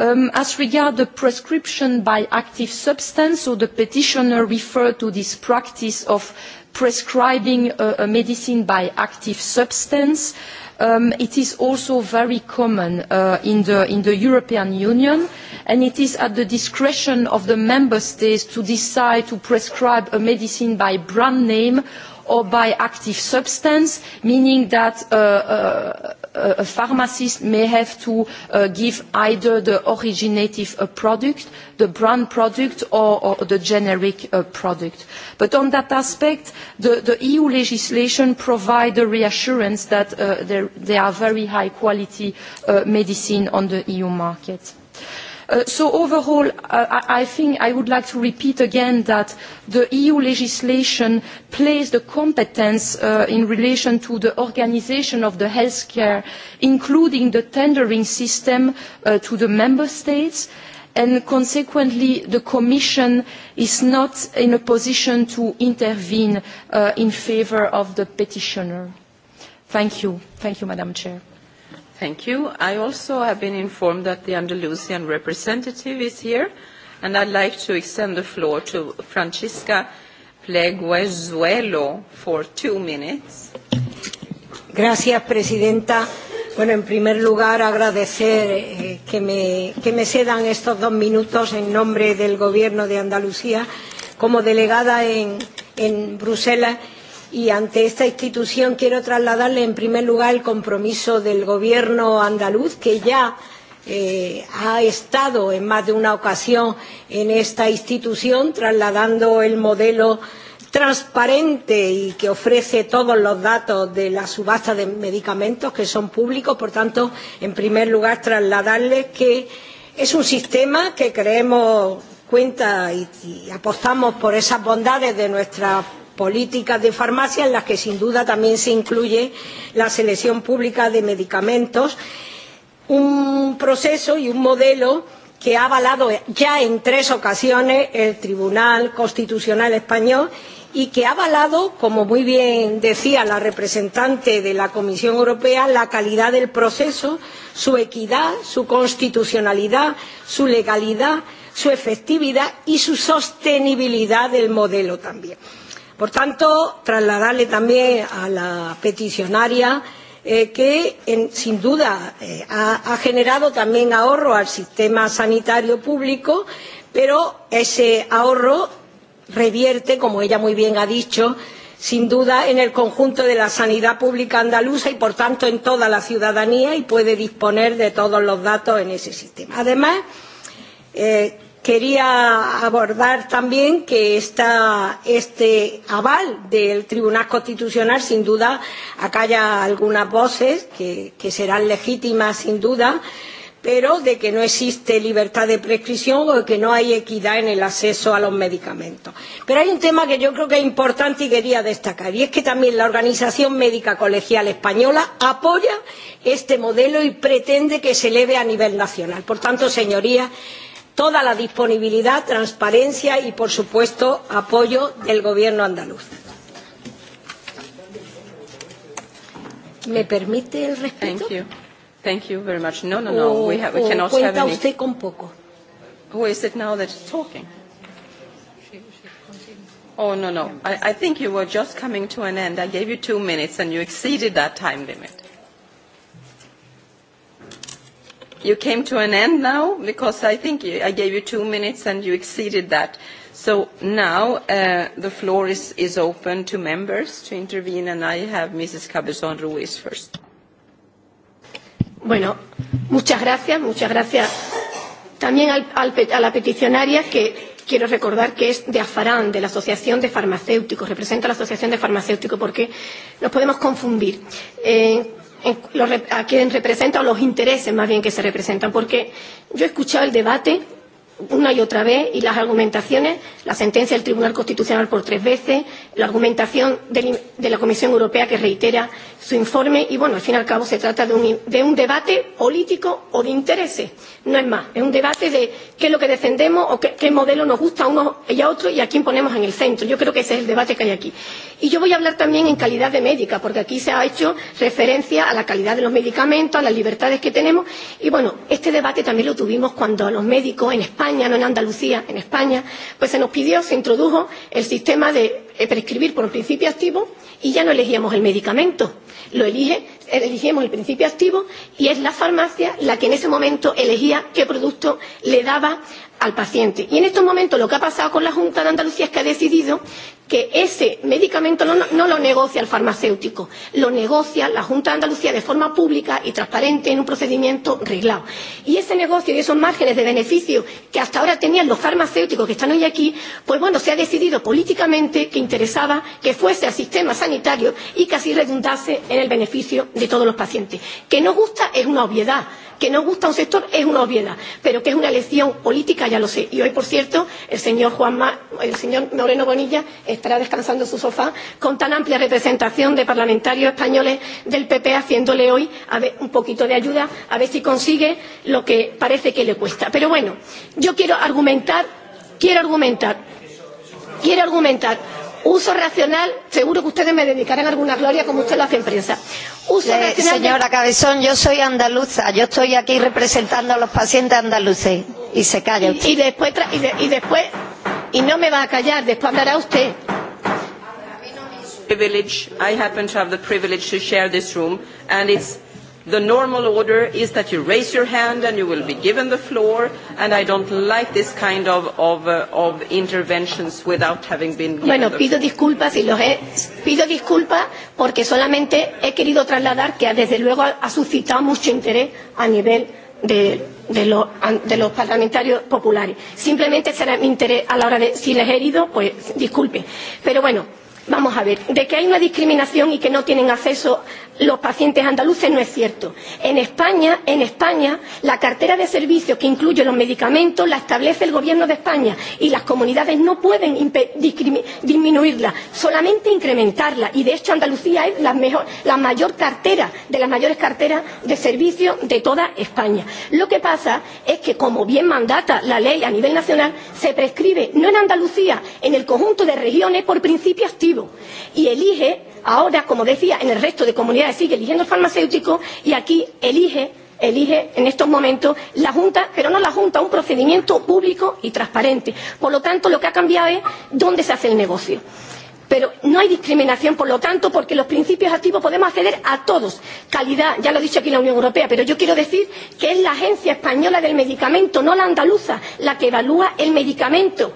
Um, as regards the prescription by active substance, so the petitioner referred to this practice of prescribing a, a medicine by active substance. Um, it is also very common uh, in, the, in, the, European Union, and it is at the discretion of the member states to decide to prescribe a medicine by brand name or by active substance, meaning that uh, uh, a pharmacist may have to uh, give either the originative uh, product, the brand product, or, or the generic uh, product. But on that aspect, the, the EU legislation provides the reassurance that uh, there, there, are very high quality uh, medicine on the EU market. Uh, Uh, so overall, uh, I, think I would like to repeat again that the EU legislation plays the competence uh, in relation to the organisation of the healthcare, including the tendering system uh, to the member states, and consequently the Commission is not in a position to intervene uh, in favour of the petitioner. Thank you. Thank you, Madam Chair. Thank you. I also have been informed that the Andalusian representative is here, and I'd like to extend the floor to Francisca Pleguezuelo for two minutes. Gracias, Presidenta. Bueno, en primer lugar, agradecer eh, que, me, que me cedan estos dos minutos en nombre del Gobierno de Andalucía como delegada en, en Bruselas y ante esta institución quiero trasladarle en primer lugar el compromiso del gobierno andaluz que ya eh, ha estado en más de una ocasión en esta institución trasladando el modelo transparente y que ofrece todos los datos de la subasta de medicamentos que son públicos. Por tanto, en primer lugar, trasladarles que es un sistema que creemos cuenta y, y apostamos por esas bondades de nuestra políticas de farmacia en las que sin duda también se incluye la selección pública de medicamentos, un proceso y un modelo que ha avalado ya en tres ocasiones el Tribunal Constitucional Español y que ha avalado, como muy bien decía la representante de la Comisión Europea, la calidad del proceso, su equidad, su constitucionalidad, su legalidad, su efectividad y su sostenibilidad del modelo también. Por tanto, trasladarle también a la peticionaria eh, que, en, sin duda, eh, ha, ha generado también ahorro al sistema sanitario público, pero ese ahorro revierte, como ella muy bien ha dicho, sin duda en el conjunto de la sanidad pública andaluza y por tanto en toda la ciudadanía y puede disponer de todos los datos en ese sistema. Además, eh, Quería abordar también que esta, este aval del Tribunal Constitucional, sin duda, acalla algunas voces que, que serán legítimas, sin duda, pero de que no existe libertad de prescripción o de que no hay equidad en el acceso a los medicamentos. Pero hay un tema que yo creo que es importante y quería destacar, y es que también la Organización Médica Colegial Española apoya este modelo y pretende que se eleve a nivel nacional. Por tanto, señorías, toda la disponibilidad, transparencia y, por supuesto, apoyo del Gobierno andaluz. ¿Me permite el respeto? Thank you. Thank you very much. No, no, no. O, we have, we cannot have any... usted con poco. Who is it now that's talking? Oh, no, no. I, I think you were just coming to an end. I gave you two minutes and you exceeded that time limit. you came to an end now because I think I gave you two minutes and you exceeded that. So now uh, the floor is, is open to members to intervene and I have Mrs. Cabezon Ruiz first. Bueno, muchas gracias, muchas gracias también al, al, a la peticionaria que quiero recordar que es de Afarán, de la Asociación de Farmacéuticos, representa a la Asociación de Farmacéuticos porque nos podemos confundir. Eh, Eh, a quien representa o los intereses más bien que se representan. Porque yo he escuchado el debate una y otra vez y las argumentaciones, la sentencia del Tribunal Constitucional por tres veces, la argumentación de la Comisión Europea que reitera su informe y, bueno, al fin y al cabo se trata de un, de un debate político o de intereses, no es más. Es un debate de qué es lo que defendemos o qué, qué modelo nos gusta a unos y a otros y a quién ponemos en el centro. Yo creo que ese es el debate que hay aquí. Y yo voy a hablar también en calidad de médica, porque aquí se ha hecho referencia a la calidad de los medicamentos, a las libertades que tenemos. Y, bueno, este debate también lo tuvimos cuando a los médicos en España, no en Andalucía, en España, pues se nos pidió, se introdujo el sistema de eh, prescribir por principio activo y ya no elegíamos el medicamento, lo elige, elegíamos el principio activo y es la farmacia la que en ese momento elegía qué producto le daba al paciente. Y en estos momentos lo que ha pasado con la Junta de Andalucía es que ha decidido que ese medicamento no, no, no lo negocia el farmacéutico, lo negocia la Junta de Andalucía de forma pública y transparente en un procedimiento reglado. Y ese negocio y esos márgenes de beneficio que hasta ahora tenían los farmacéuticos que están hoy aquí, pues bueno, se ha decidido políticamente que interesaba que fuese al sistema sanitario y que así redundase en el beneficio de todos los pacientes. Que no gusta es una obviedad que no gusta un sector es una obviedad, pero que es una elección política ya lo sé. Y hoy, por cierto, el señor, Juanma, el señor Moreno Bonilla estará descansando en su sofá con tan amplia representación de parlamentarios españoles del PP haciéndole hoy a ver, un poquito de ayuda a ver si consigue lo que parece que le cuesta. Pero bueno, yo quiero argumentar, quiero argumentar, quiero argumentar Uso racional, seguro que ustedes me dedicarán alguna gloria como usted lo hace en prensa. Uso eh, racional señora de... Cabezón, yo soy andaluza, yo estoy aquí representando a los pacientes andaluces y se calla usted. Y, y después, tra y, de y después, y no me va a callar, después hablará usted. Privilege, I happen to have the privilege to share this room and it's The normal order is that you raise your hand and you will be given the floor, and I don't like this kind of, of, uh, of interventions without having been given Bueno, the pido floor. disculpas y los he, pido disculpas porque solamente he querido trasladar que desde luego ha suscitado mucho interés a nivel de, de, los, de los parlamentarios populares. Simplemente será mi interés a la hora de, si les he herido, pues disculpe. Pero bueno, vamos a ver, de que hay una discriminación y que no tienen acceso los pacientes andaluces no es cierto. En España, en España, la cartera de servicios que incluye los medicamentos la establece el Gobierno de España y las comunidades no pueden disminuirla, solamente incrementarla. Y de hecho Andalucía es la, mejor, la mayor cartera, de las mayores carteras de servicios de toda España. Lo que pasa es que, como bien mandata la ley a nivel nacional, se prescribe no en Andalucía, en el conjunto de regiones por principio activo y elige Ahora, como decía, en el resto de comunidades sigue eligiendo el farmacéutico y aquí elige elige en estos momentos la Junta, pero no la Junta, un procedimiento público y transparente. Por lo tanto, lo que ha cambiado es dónde se hace el negocio pero no hay discriminación por lo tanto porque los principios activos podemos acceder a todos calidad ya lo ha dicho aquí la Unión Europea pero yo quiero decir que es la agencia española del medicamento no la andaluza la que evalúa el medicamento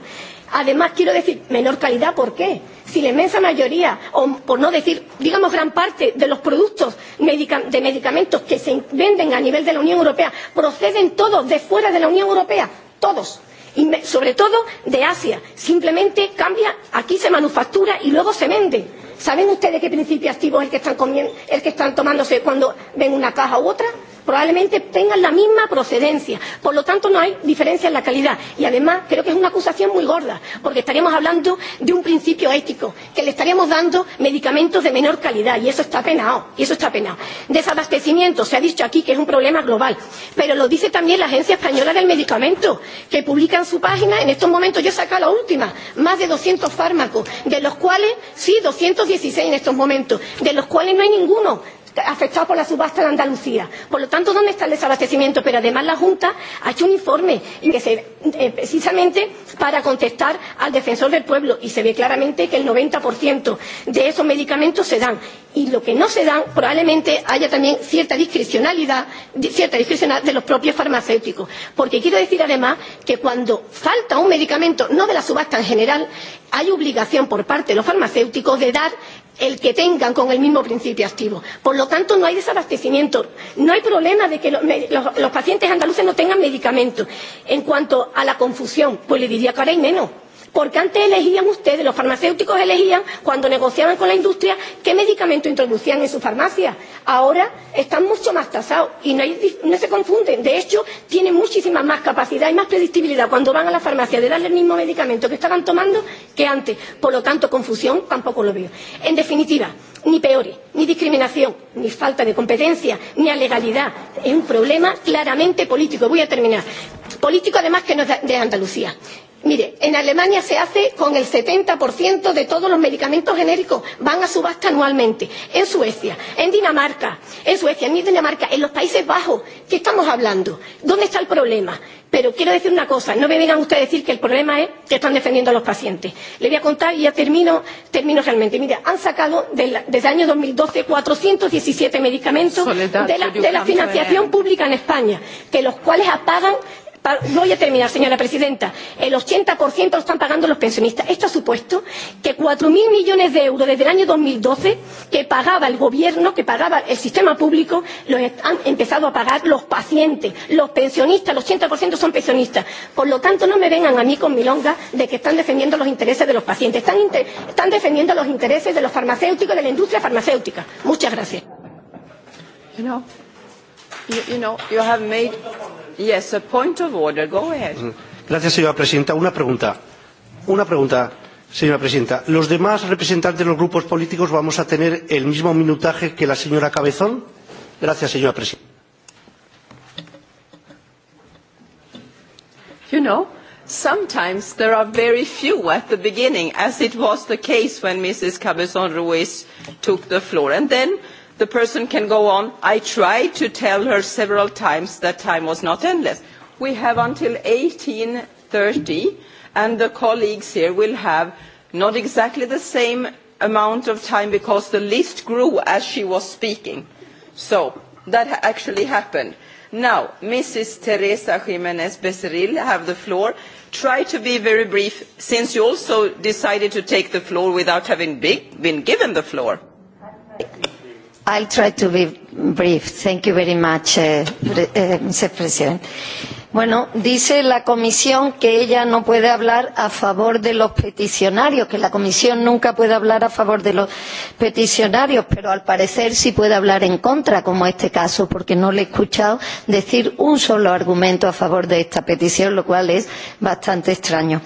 Además, quiero decir, menor calidad, ¿por qué? Si la inmensa mayoría, o por no decir, digamos, gran parte de los productos medica de medicamentos que se venden a nivel de la Unión Europea proceden todos de fuera de la Unión Europea, todos y sobre todo de Asia. Simplemente cambia, aquí se manufactura y luego se vende. ¿Saben ustedes qué principio activo es el que están, el que están tomándose cuando ven una caja u otra? probablemente tengan la misma procedencia. Por lo tanto, no hay diferencia en la calidad. Y además, creo que es una acusación muy gorda, porque estaríamos hablando de un principio ético, que le estaríamos dando medicamentos de menor calidad, y eso está penado. Y eso está penado. Desabastecimiento, se ha dicho aquí que es un problema global, pero lo dice también la Agencia Española del Medicamento, que publica en su página, en estos momentos yo he sacado la última, más de 200 fármacos, de los cuales, sí, 216 en estos momentos, de los cuales no hay ninguno afectados por la subasta de Andalucía. Por lo tanto, ¿dónde está el desabastecimiento? Pero además la Junta ha hecho un informe que se, eh, precisamente para contestar al defensor del pueblo y se ve claramente que el 90% de esos medicamentos se dan. Y lo que no se dan probablemente haya también cierta discrecionalidad, cierta discrecionalidad de los propios farmacéuticos. Porque quiero decir además que cuando falta un medicamento, no de la subasta en general, hay obligación por parte de los farmacéuticos de dar el que tengan con el mismo principio activo. Por lo tanto, no hay desabastecimiento. No hay problema de que los, los, los pacientes andaluces no tengan medicamentos. En cuanto a la confusión, pues le diría que ahora hay menos Porque antes elegían ustedes, los farmacéuticos elegían cuando negociaban con la industria qué medicamento introducían en su farmacia. Ahora están mucho más tasados y no, hay, no se confunden. De hecho, tienen muchísima más capacidad y más predictibilidad cuando van a la farmacia de darle el mismo medicamento que estaban tomando que antes. Por lo tanto, confusión tampoco lo veo. En definitiva, ni peores, ni discriminación, ni falta de competencia, ni alegalidad. Es un problema claramente político. Voy a terminar. Político además que no es de Andalucía. Mire, en Alemania se hace con el 70% de todos los medicamentos genéricos, van a subasta anualmente. En Suecia, en Dinamarca, en Suecia, en Dinamarca, en los Países Bajos, ¿qué estamos hablando? ¿Dónde está el problema? Pero quiero decir una cosa, no me vengan ustedes a decir que el problema es que están defendiendo a los pacientes. Le voy a contar y ya termino, termino realmente. Mira, han sacado la, desde el año 2012 417 medicamentos Soledad, de la, de la financiación pública en España, que los cuales apagan voy a terminar, señora presidenta. El 80% lo están pagando los pensionistas. Esto ha supuesto que 4.000 millones de euros desde el año 2012 que pagaba el gobierno, que pagaba el sistema público, los han empezado a pagar los pacientes, los pensionistas. El 80% son pensionistas. Por lo tanto, no me vengan a mí con milongas de que están defendiendo los intereses de los pacientes. Están, están defendiendo los intereses de los farmacéuticos, de la industria farmacéutica. Muchas gracias. You know, you, you know, you have made Yes, a point of order. Go ahead. Mm. Gracias, señora presidenta. Una pregunta. Una pregunta, señora presidenta. ¿Los demás representantes de los grupos políticos vamos a tener el mismo minutaje que la señora Cabezón? Gracias, señora presidenta. You know, sometimes there are very few at the beginning, as it was the case when Mrs. Cabezón Ruiz took the floor. And then the person can go on. I tried to tell her several times that time was not endless. We have until thirty and the colleagues here will have not exactly the same amount of time because the list grew as she was speaking. So that actually happened. Now, Mrs. Teresa Jimenez Becerril, have the floor. Try to be very brief, since you also decided to take the floor without having been given the floor. Thank you. I'll try to be brief. Thank you very much, uh, uh, Mr. President. Bueno, dice la comisión que ella no puede hablar a favor de los peticionarios, que la comisión nunca puede hablar a favor de los peticionarios, pero al parecer sí puede hablar en contra, como este caso, porque no le he escuchado decir un solo argumento a favor de esta petición, lo cual es bastante extraño.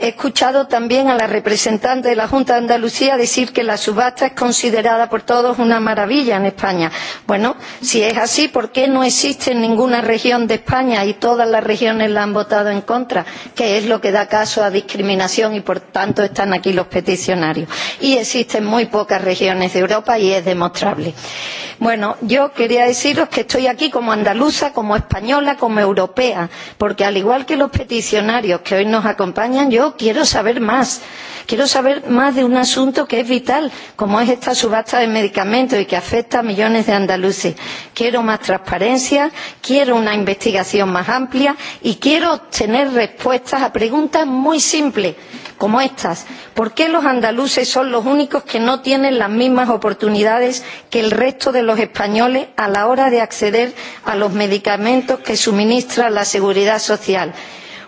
He escuchado también a la representante de la Junta de Andalucía decir que la subasta es considerada por todos una maravilla en España. Bueno, si es así, ¿por qué no existe en ninguna región de España y todo todas las regiones la han votado en contra, que es lo que da caso a discriminación y por tanto están aquí los peticionarios. Y existen muy pocas regiones de Europa y es demostrable. Bueno, yo quería deciros que estoy aquí como andaluza, como española, como europea, porque al igual que los peticionarios que hoy nos acompañan, yo quiero saber más. Quiero saber más de un asunto que es vital, como es esta subasta de medicamentos y que afecta a millones de andaluces. Quiero más transparencia, quiero una investigación más amplia amplia y quiero obtener respuestas a preguntas muy simples como estas por qué los andaluces son los únicos que no tienen las mismas oportunidades que el resto de los españoles a la hora de acceder a los medicamentos que suministra la seguridad social?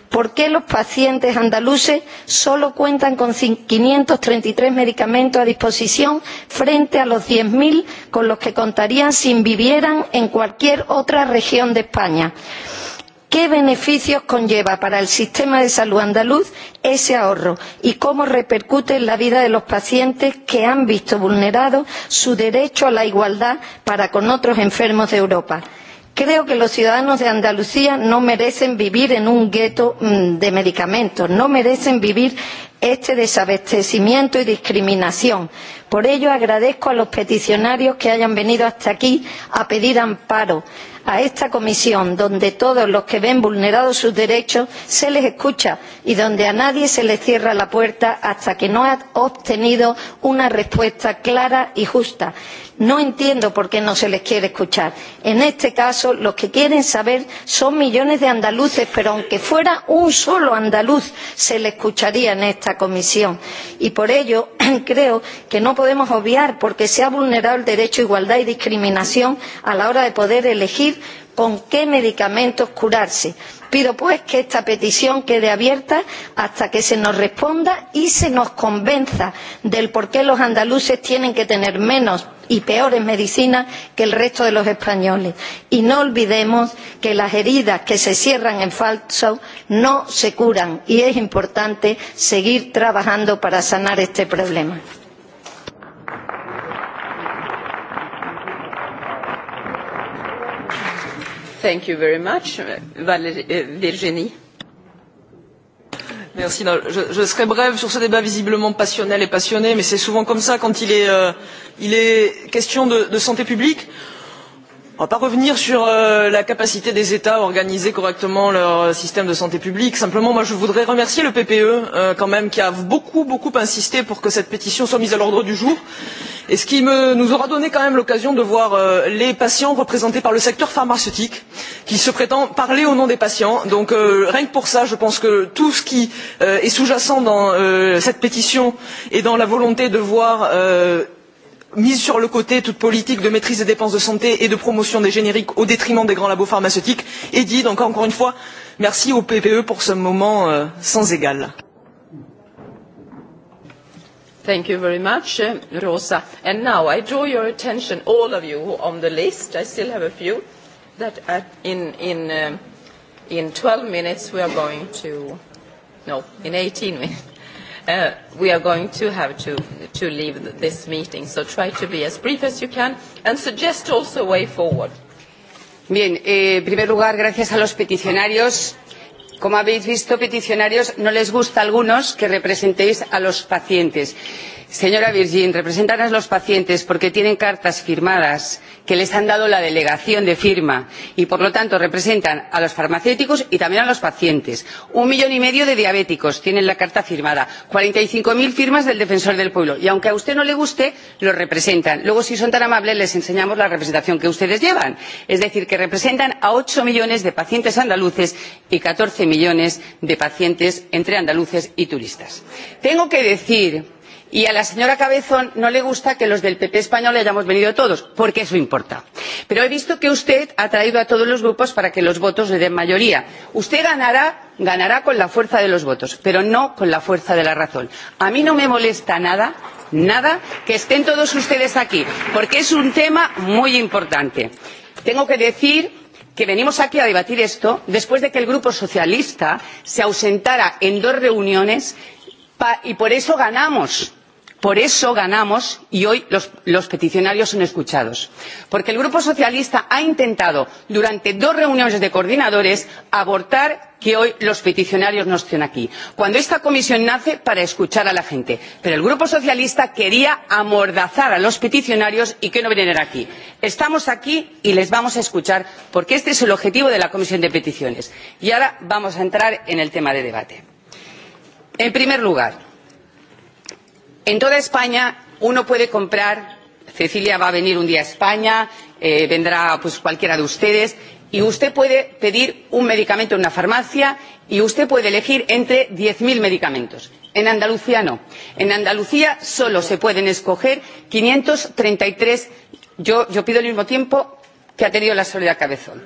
por qué los pacientes andaluces solo cuentan con quinientos treinta y tres medicamentos a disposición frente a los diez cero con los que contarían si vivieran en cualquier otra región de españa? qué beneficios conlleva para el sistema de salud andaluz ese ahorro y cómo repercute en la vida de los pacientes que han visto vulnerado su derecho a la igualdad para con otros enfermos de Europa. Creo que los ciudadanos de Andalucía no merecen vivir en un gueto mm, de medicamentos, no merecen vivir este desabastecimiento y discriminación. Por ello, agradezco a los peticionarios que hayan venido hasta aquí a pedir amparo a esta comisión, donde todos los que ven vulnerados sus derechos se les escucha y donde a nadie se les cierra la puerta hasta que no ha obtenido una respuesta clara y justa. No entiendo por qué no se les quiere escuchar. En este caso, los que quieren saber son millones de andaluces, pero aunque fuera un solo andaluz, se le escucharía en esta comisión. Y por ello, creo que no podemos obviar porque se ha vulnerado el derecho a igualdad y discriminación a la hora de poder elegir con qué medicamentos curarse. Pido pues que esta petición quede abierta hasta que se nos responda y se nos convenza del por qué los andaluces tienen que tener menos y peores medicinas que el resto de los españoles. Y no olvidemos que las heridas que se cierran en falso no se curan y es importante seguir trabajando para sanar este problema. Thank you very much, euh, Virginie. Merci. Non, je, je serai brève sur ce débat visiblement passionnel et passionné, mais c'est souvent comme ça quand il est, euh, il est question de, de santé publique on ne va pas revenir sur euh, la capacité des États à organiser correctement leur euh, système de santé publique. Simplement, moi, je voudrais remercier le PPE, euh, quand même, qui a beaucoup, beaucoup insisté pour que cette pétition soit mise à l'ordre du jour. Et ce qui me, nous aura donné quand même l'occasion de voir euh, les patients représentés par le secteur pharmaceutique, qui se prétend parler au nom des patients. Donc, euh, rien que pour ça, je pense que tout ce qui euh, est sous-jacent dans cette pétition et dans la volonté de voir mise sur le côté toute politique de maîtrise des dépenses de santé et de promotion des génériques au détriment des grands labos pharmaceutiques et dit donc encore une fois merci au ppe pour ce moment euh, sans égal. Thank you very much, eh, Rosa. And now I draw your attention, all of you on the list, I still have a few, that at, in, in, um, in 12 minutes we are going to, no, in 18 minutes Uh, we are going to have to, to leave this meeting, so try to be as brief as you can and suggest also a way forward. Bien, eh, en primer lugar, gracias a los peticionarios. Como habéis visto, peticionarios, no les gusta a algunos que representéis a los pacientes. Señora Virgin, representan a los pacientes porque tienen cartas firmadas que les han dado la delegación de firma y, por lo tanto, representan a los farmacéuticos y también a los pacientes. Un millón y medio de diabéticos tienen la carta firmada, cuarenta y cinco cero firmas del defensor del pueblo y, aunque a usted no le guste, los representan. Luego, si son tan amables, les enseñamos la representación que ustedes llevan. Es decir, que representan a ocho millones de pacientes andaluces y catorce millones de pacientes entre andaluces y turistas. Tengo que decir y a la señora cabezón no le gusta que los del pp español hayamos venido todos porque eso importa pero he visto que usted ha traído a todos los grupos para que los votos le den mayoría. usted ganará ganará con la fuerza de los votos pero no con la fuerza de la razón. a mí no me molesta nada nada que estén todos ustedes aquí porque es un tema muy importante. tengo que decir que venimos aquí a debatir esto después de que el grupo socialista se ausentara en dos reuniones y por eso ganamos por eso ganamos y hoy los, los peticionarios son escuchados porque el grupo socialista ha intentado durante dos reuniones de coordinadores abortar que hoy los peticionarios no estén aquí cuando esta comisión nace para escuchar a la gente pero el grupo socialista quería amordazar a los peticionarios y que no vinieran aquí. estamos aquí y les vamos a escuchar porque este es el objetivo de la comisión de peticiones. y ahora vamos a entrar en el tema de debate. en primer lugar en toda España uno puede comprar, Cecilia va a venir un día a España, eh, vendrá pues cualquiera de ustedes, y usted puede pedir un medicamento en una farmacia y usted puede elegir entre diez mil medicamentos. En Andalucía no. En Andalucía solo se pueden escoger quinientos treinta y tres yo pido el mismo tiempo que ha tenido la señora Cabezón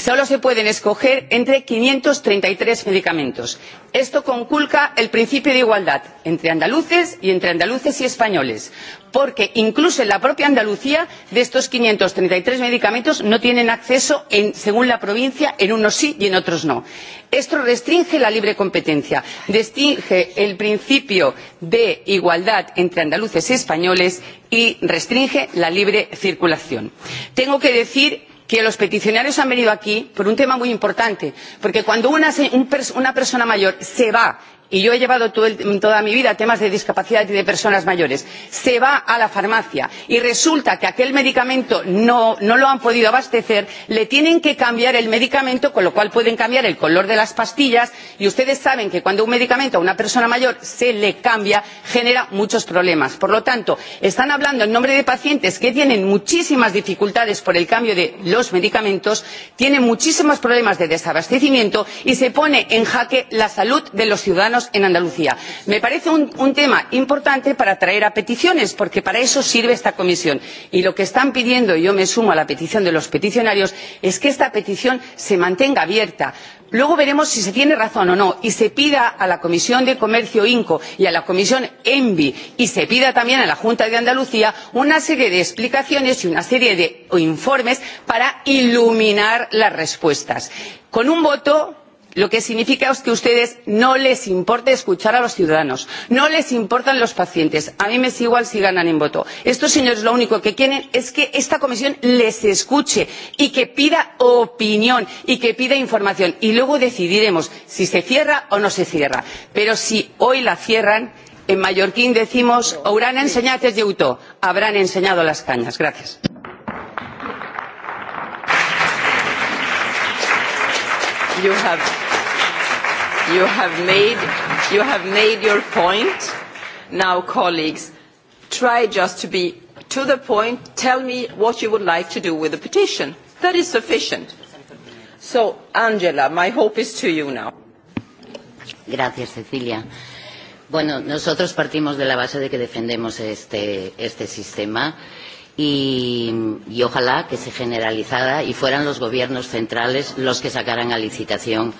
solo se pueden escoger entre quinientos treinta y tres medicamentos. esto conculca el principio de igualdad entre andaluces y entre andaluces y españoles porque incluso en la propia andalucía de estos quinientos treinta y tres medicamentos no tienen acceso según la provincia en unos sí y en otros no. esto restringe la libre competencia restringe el principio de igualdad entre andaluces y españoles y restringe la libre circulación. tengo que decir que los peticionarios han venido aquí por un tema muy importante porque cuando una, un, una persona mayor se va y yo he llevado toda mi vida temas de discapacidad y de personas mayores se va a la farmacia y resulta que aquel medicamento no, no lo han podido abastecer le tienen que cambiar el medicamento con lo cual pueden cambiar el color de las pastillas y ustedes saben que cuando un medicamento a una persona mayor se le cambia genera muchos problemas. por lo tanto están hablando en nombre de pacientes que tienen muchísimas dificultades por el cambio de los medicamentos tienen muchísimos problemas de desabastecimiento y se pone en jaque la salud de los ciudadanos ciudadanos en andalucía. me parece un, un tema importante para traer a peticiones porque para eso sirve esta comisión y lo que están pidiendo y yo me sumo a la petición de los peticionarios es que esta petición se mantenga abierta luego veremos si se tiene razón o no y se pida a la comisión de comercio imco y a la comisión envi y se pida también a la junta de andalucía una serie de explicaciones y una serie de informes para iluminar las respuestas. con un voto lo que significa es que a ustedes no les importa escuchar a los ciudadanos, no les importan los pacientes. A mí me es igual si ganan en voto. Estos señores lo único que quieren es que esta comisión les escuche y que pida opinión y que pida información. Y luego decidiremos si se cierra o no se cierra. Pero si hoy la cierran, en mallorquín decimos hauran enseñat ez deuto, habrán enseñado las cañas. Gracias. you have you have made you have made your point now colleagues try just to be to the point tell me what you would like to do with the petition that is sufficient so angela my hope is to you now gracias cecilia bueno nosotros partimos de la base de que defendemos este este sistema y, y ojalá que se generalizara y fueran los gobiernos centrales los que sacaran a licitación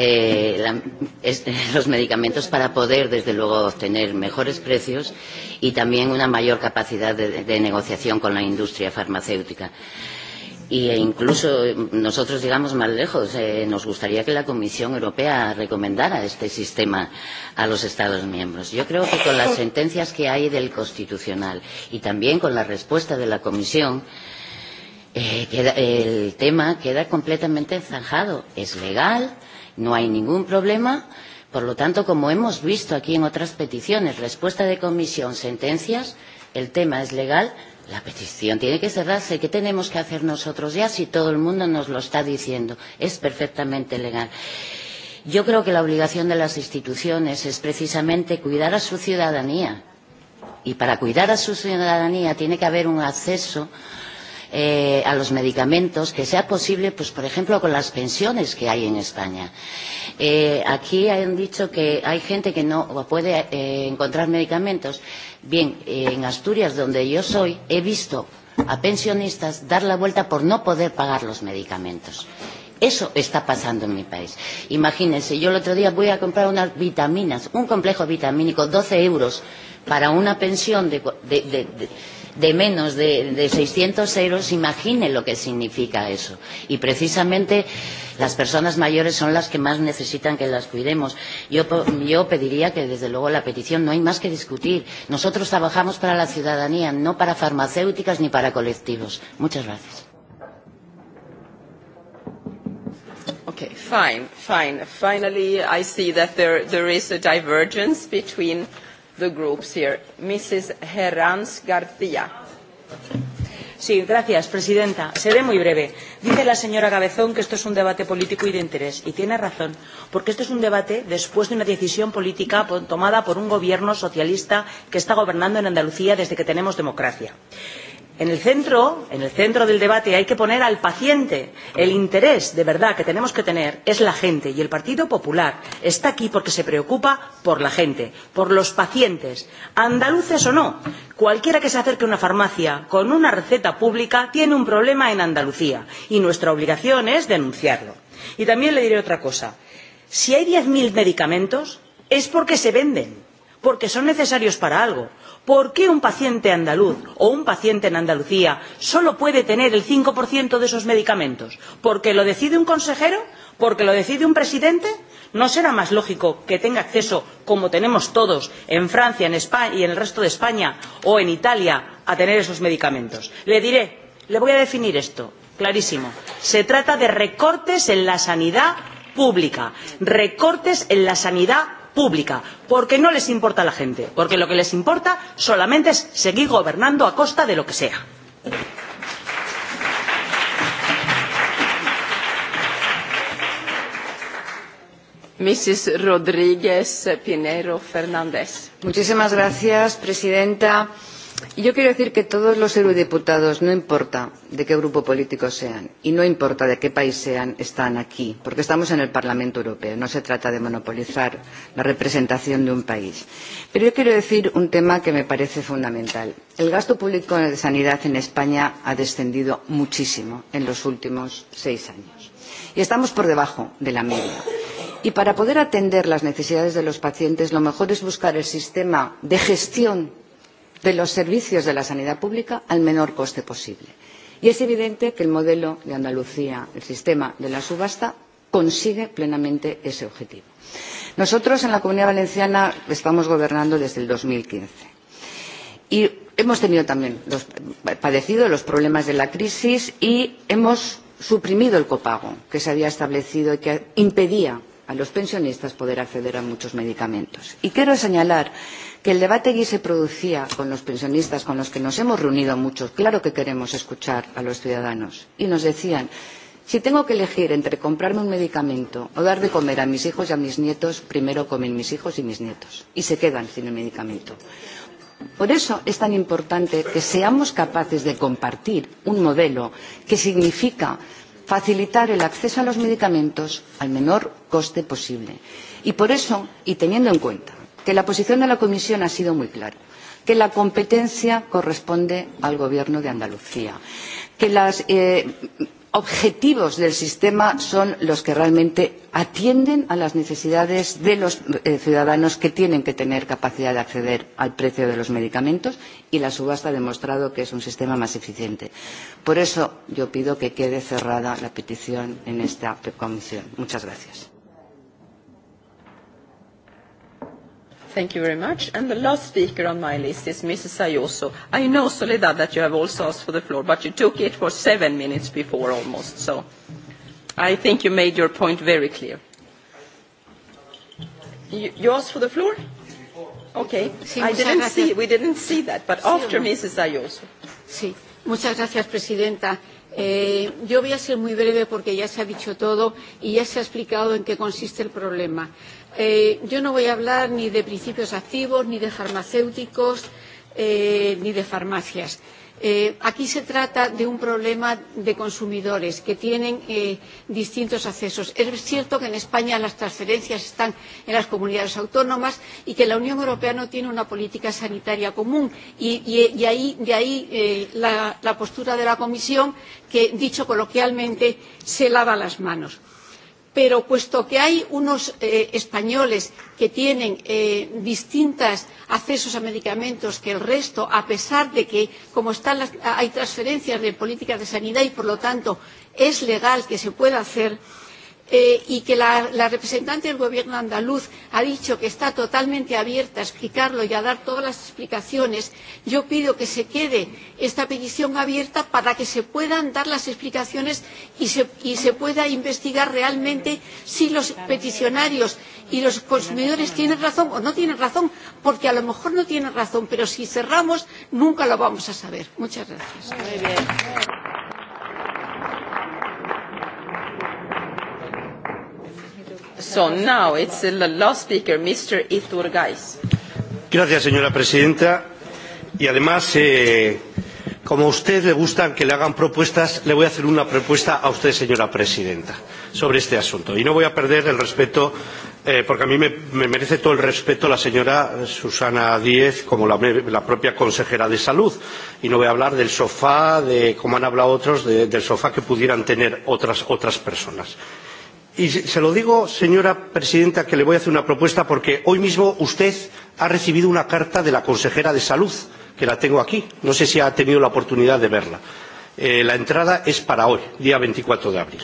eh, la, este, los medicamentos para poder, desde luego, obtener mejores precios y también una mayor capacidad de, de negociación con la industria farmacéutica. Y e incluso nosotros llegamos más lejos. Eh, nos gustaría que la Comisión Europea recomendara este sistema a los Estados miembros. Yo creo que con las sentencias que hay del Constitucional y también con la respuesta de la Comisión, eh, queda, el tema queda completamente zanjado. Es legal, No hay ningún problema. Por lo tanto, como hemos visto aquí en otras peticiones, respuesta de comisión, sentencias, el tema es legal, la petición tiene que cerrarse. ¿Qué tenemos que hacer nosotros ya si todo el mundo nos lo está diciendo? Es perfectamente legal. Yo creo que la obligación de las instituciones es precisamente cuidar a su ciudadanía. Y para cuidar a su ciudadanía tiene que haber un acceso eh, a los medicamentos, que sea posible, pues, por ejemplo, con las pensiones que hay en España. Eh, aquí han dicho que hay gente que no puede eh, encontrar medicamentos. Bien, eh, en Asturias, donde yo soy, he visto a pensionistas dar la vuelta por no poder pagar los medicamentos. Eso está pasando en mi país. Imagínense, yo el otro día voy a comprar unas vitaminas, un complejo vitamínico, 12 euros para una pensión de, de, de, de de menos de, de 600 euros, imagine lo que significa eso. Y precisamente las personas mayores son las que más necesitan que las cuidemos. Yo, yo pediría que, desde luego, la petición no hay más que discutir. Nosotros trabajamos para la ciudadanía, no para farmacéuticas ni para colectivos. Muchas gracias. Okay, fine, fine. Finally, I see that there, there is a divergence between the groups here. Mrs. Herranz García. Sí, gracias, presidenta. Seré muy breve. Dice la señora Cabezón que esto es un debate político y de interés, y tiene razón, porque esto es un debate después de una decisión política tomada por un gobierno socialista que está gobernando en Andalucía desde que tenemos democracia en el centro, en el centro del debate hay que poner al paciente. El interés de verdad que tenemos que tener es la gente y el Partido Popular está aquí porque se preocupa por la gente, por los pacientes, andaluces o no. Cualquiera que se acerque a una farmacia con una receta pública tiene un problema en Andalucía y nuestra obligación es denunciarlo. Y también le diré otra cosa. Si hay diez 10.000 medicamentos es porque se venden, porque son necesarios para algo ¿Por qué un paciente andaluz o un paciente en Andalucía solo puede tener el 5% de esos medicamentos? ¿Porque lo decide un consejero? ¿Porque lo decide un presidente? ¿No será más lógico que tenga acceso, como tenemos todos, en Francia en España, y en el resto de España o en Italia, a tener esos medicamentos? Le diré, le voy a definir esto, clarísimo. Se trata de recortes en la sanidad pública, recortes en la sanidad pública, porque no les importa la gente, porque lo que les importa solamente es seguir gobernando a costa de lo que sea. Señora presidenta Yo quiero decir que todos los eurodiputados, no importa de qué grupo político sean y no importa de qué país sean, están aquí, porque estamos en el Parlamento Europeo. No se trata de monopolizar la representación de un país. Pero yo quiero decir un tema que me parece fundamental. El gasto público de sanidad en España ha descendido muchísimo en los últimos seis años y estamos por debajo de la media. Y para poder atender las necesidades de los pacientes, lo mejor es buscar el sistema de gestión de los servicios de la sanidad pública al menor coste posible. Y es evidente que el modelo de Andalucía, el sistema de la subasta, consigue plenamente ese objetivo. Nosotros en la Comunidad Valenciana estamos gobernando desde dos mil quince y hemos tenido también los, padecido los problemas de la crisis y hemos suprimido el copago que se había establecido y que impedía a los pensionistas poder acceder a muchos medicamentos. Y quiero señalar que que el debate allí se producía con los pensionistas con los que nos hemos reunido muchos. Claro que queremos escuchar a los ciudadanos. Y nos decían, si tengo que elegir entre comprarme un medicamento o dar de comer a mis hijos y a mis nietos, primero comen mis hijos y mis nietos. Y se quedan sin el medicamento. Por eso es tan importante que seamos capaces de compartir un modelo que significa facilitar el acceso a los medicamentos al menor coste posible. Y por eso, y teniendo en cuenta que la posición de la Comisión ha sido muy clara que la competencia corresponde al Gobierno de Andalucía, que los eh, objetivos del sistema son los que realmente atienden a las necesidades de los eh, ciudadanos que tienen que tener capacidad de acceder al precio de los medicamentos y la subasta ha demostrado que es un sistema más eficiente. Por eso yo pido que quede cerrada la petición en esta comisión. Muchas gracias. Thank you very much. And the last speaker on my list is Mrs. Ayuso. I know, Soledad, that you have also asked for the floor, but you took it for seven minutes before almost, so I think you made your point very clear. You, you asked for the floor? Okay. Sí, I didn't gracias. see, we didn't see that, but sí, after no? Mrs. Ayuso. Sí. Muchas gracias, Presidenta. Eh, yo voy a ser muy breve porque ya se ha dicho todo y ya se ha explicado en qué consiste el problema. Eh, yo no voy a hablar ni de principios activos, ni de farmacéuticos, eh, ni de farmacias. Eh, aquí se trata de un problema de consumidores que tienen eh, distintos accesos. Es cierto que en España las transferencias están en las comunidades autónomas y que la Unión Europea no tiene una política sanitaria común. Y, y, y ahí, de ahí eh, la, la postura de la Comisión que, dicho coloquialmente, se lava las manos pero puesto que hay unos eh, españoles que tienen eh, distintos accesos a medicamentos que el resto, a pesar de que, como están las, hay transferencias de políticas de sanidad y, por lo tanto, es legal que se pueda hacer, eh, eh, y que la, la representante del Gobierno andaluz ha dicho que está totalmente abierta a explicarlo y a dar todas las explicaciones, yo pido que se quede esta petición abierta para que se puedan dar las explicaciones y se, y se pueda investigar realmente si los peticionarios y los consumidores tienen razón o no tienen razón, porque a lo mejor no tienen razón, pero si cerramos nunca lo vamos a saber. Muchas gracias. Muy bien. señora presidenta. Y además, eh, como a usted le gusta que le hagan propuestas, le voy a hacer una propuesta a usted, señora presidenta, sobre este asunto. Y no voy a perder el respeto, eh, porque a mí me, merece todo el respeto la señora Susana Díez como la, propia consejera de salud. Y no voy a hablar del sofá, de como han hablado otros, del sofá que pudieran tener otras, personas. Y se lo digo, señora presidenta, que le voy a hacer una propuesta porque hoy mismo usted ha recibido una carta de la consejera de salud, que la tengo aquí. No sé si ha tenido la oportunidad de verla. Eh, la entrada es para hoy, día veinticuatro de abril.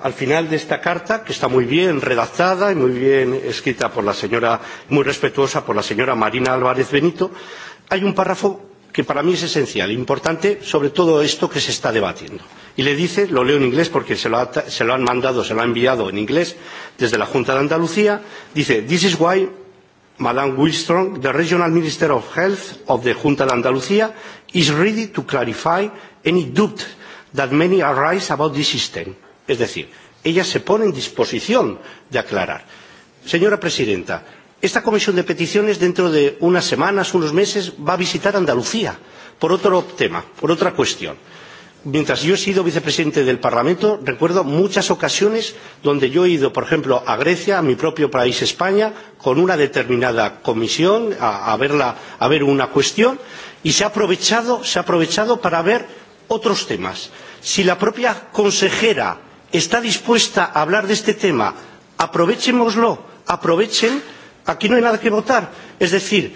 Al final de esta carta, que está muy bien redactada y muy bien escrita por la señora, muy respetuosa por la señora Marina Álvarez Benito, hay un párrafo que para mí es esencial, importante, sobre todo esto que se está debatiendo. Y le dice, lo leo en inglés porque se lo, ha, se lo han mandado, se lo ha enviado en inglés desde la Junta de Andalucía, dice, this is why Madame Wilström, the Regional Minister of Health of the Junta de Andalucía, is ready to clarify any doubt that many arise about this system. Es decir, ella se pone en disposición de aclarar. Señora Presidenta, Esta comisión de peticiones dentro de unas semanas, unos meses, va a visitar Andalucía por otro tema, por otra cuestión. Mientras yo he sido vicepresidente del Parlamento, recuerdo muchas ocasiones donde yo he ido, por ejemplo, a Grecia, a mi propio país España, con una determinada comisión a, a, verla, a ver una cuestión y se ha aprovechado, se ha aprovechado para ver otros temas. Si la propia consejera está dispuesta a hablar de este tema, aprovechémoslo, aprovechen aquí no hay nada que votar. Es decir,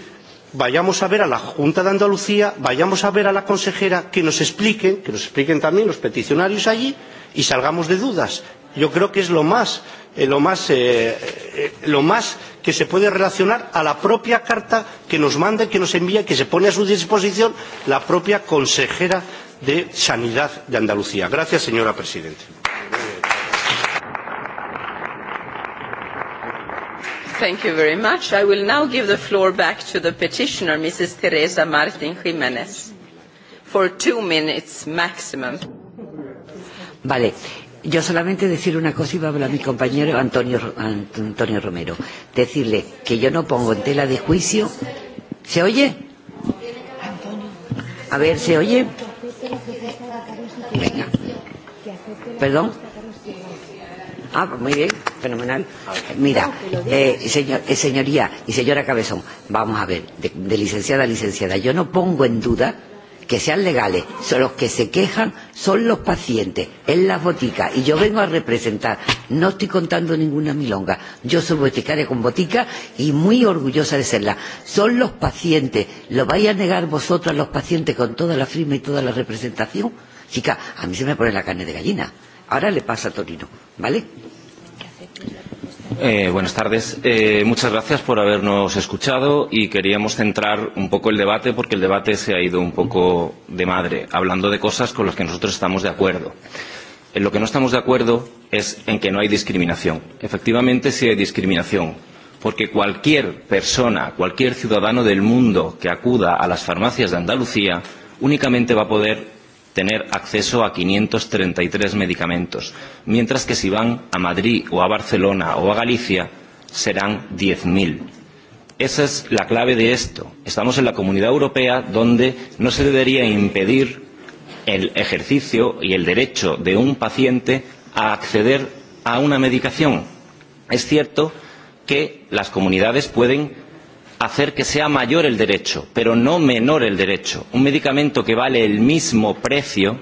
vayamos a ver a la Junta de Andalucía, vayamos a ver a la consejera que nos expliquen, que nos expliquen también los peticionarios allí y salgamos de dudas. Yo creo que es lo más, eh, lo más, eh, eh, lo más que se puede relacionar a la propia carta que nos manda, que nos envía, que se pone a su disposición la propia consejera de Sanidad de Andalucía. Gracias, señora presidenta. Thank you very much. I will now give the floor back to the petitioner, Mrs. Teresa Martin for two minutes maximum. Vale. Yo solamente decir una cosa y va a hablar mi compañero Antonio, Antonio Romero. Decirle que yo no pongo en tela de juicio. ¿Se oye? A ver, ¿se oye? Venga. ¿Perdón? Ah, pues muy bien, fenomenal. Mira, eh, señor, eh, señoría y señora Cabezón, vamos a ver, de, de licenciada a licenciada, yo no pongo en duda que sean legales. Son los que se quejan son los pacientes en las boticas. Y yo vengo a representar. No estoy contando ninguna milonga. Yo soy boticaria con botica y muy orgullosa de serla. Son los pacientes. ¿Lo vais a negar vosotros a los pacientes con toda la firma y toda la representación? Chica, a mí se me pone la carne de gallina. Ahora le pasa a Torino, ¿vale? Eh, buenas tardes. Eh, muchas gracias por habernos escuchado y queríamos centrar un poco el debate porque el debate se ha ido un poco de madre, hablando de cosas con las que nosotros estamos de acuerdo. En lo que no estamos de acuerdo es en que no hay discriminación. Efectivamente, sí hay discriminación, porque cualquier persona, cualquier ciudadano del mundo que acuda a las farmacias de Andalucía únicamente va a poder tener acceso a 533 medicamentos, mientras que si van a Madrid o a Barcelona o a Galicia serán 10.000. Esa es la clave de esto. Estamos en la Comunidad Europea donde no se debería impedir el ejercicio y el derecho de un paciente a acceder a una medicación. Es cierto que las comunidades pueden hacer que sea mayor el derecho, pero no menor el derecho. Un medicamento que vale el mismo precio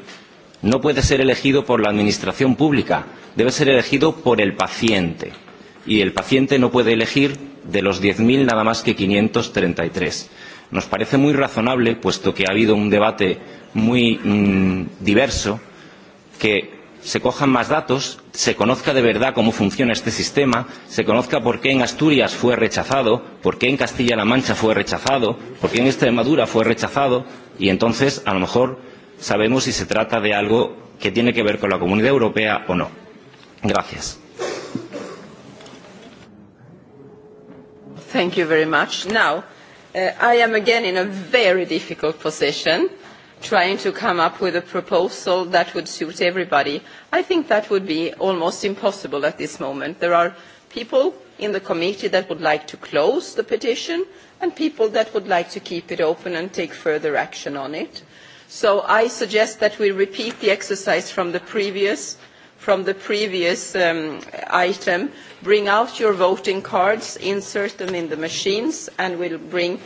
no puede ser elegido por la administración pública, debe ser elegido por el paciente. Y el paciente no puede elegir de los diez 10.000 nada más que quinientos treinta y tres. Nos parece muy razonable, puesto que ha habido un debate muy mmm, diverso, que se cojan más datos, se conozca de verdad cómo funciona este sistema, se conozca por qué en Asturias fue rechazado, por qué en Castilla-La Mancha fue rechazado, por qué en Extremadura fue rechazado, y entonces a lo mejor sabemos si se trata de algo que tiene que ver con la Comunidad Europea o no. Gracias. Thank you very much. Now, uh, I am again in a very difficult position trying to come up with a proposal that would suit everybody. I think that would be almost impossible at this moment. There are people in the committee that would like to close the petition and people that would like to keep it open and take further action on it. So I suggest that we repeat the exercise from the previous from the previous um, item. Bring out your voting cards, insert them in the machines, and we'll bring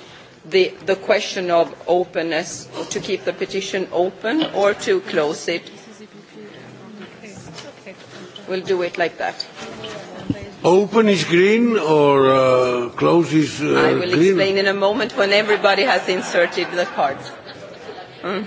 the, the question of openness, to keep the petition open or to close it. We'll do it like that. Open is green or uh, close is green? uh, I will green. explain in a moment when everybody has inserted the card. Mm.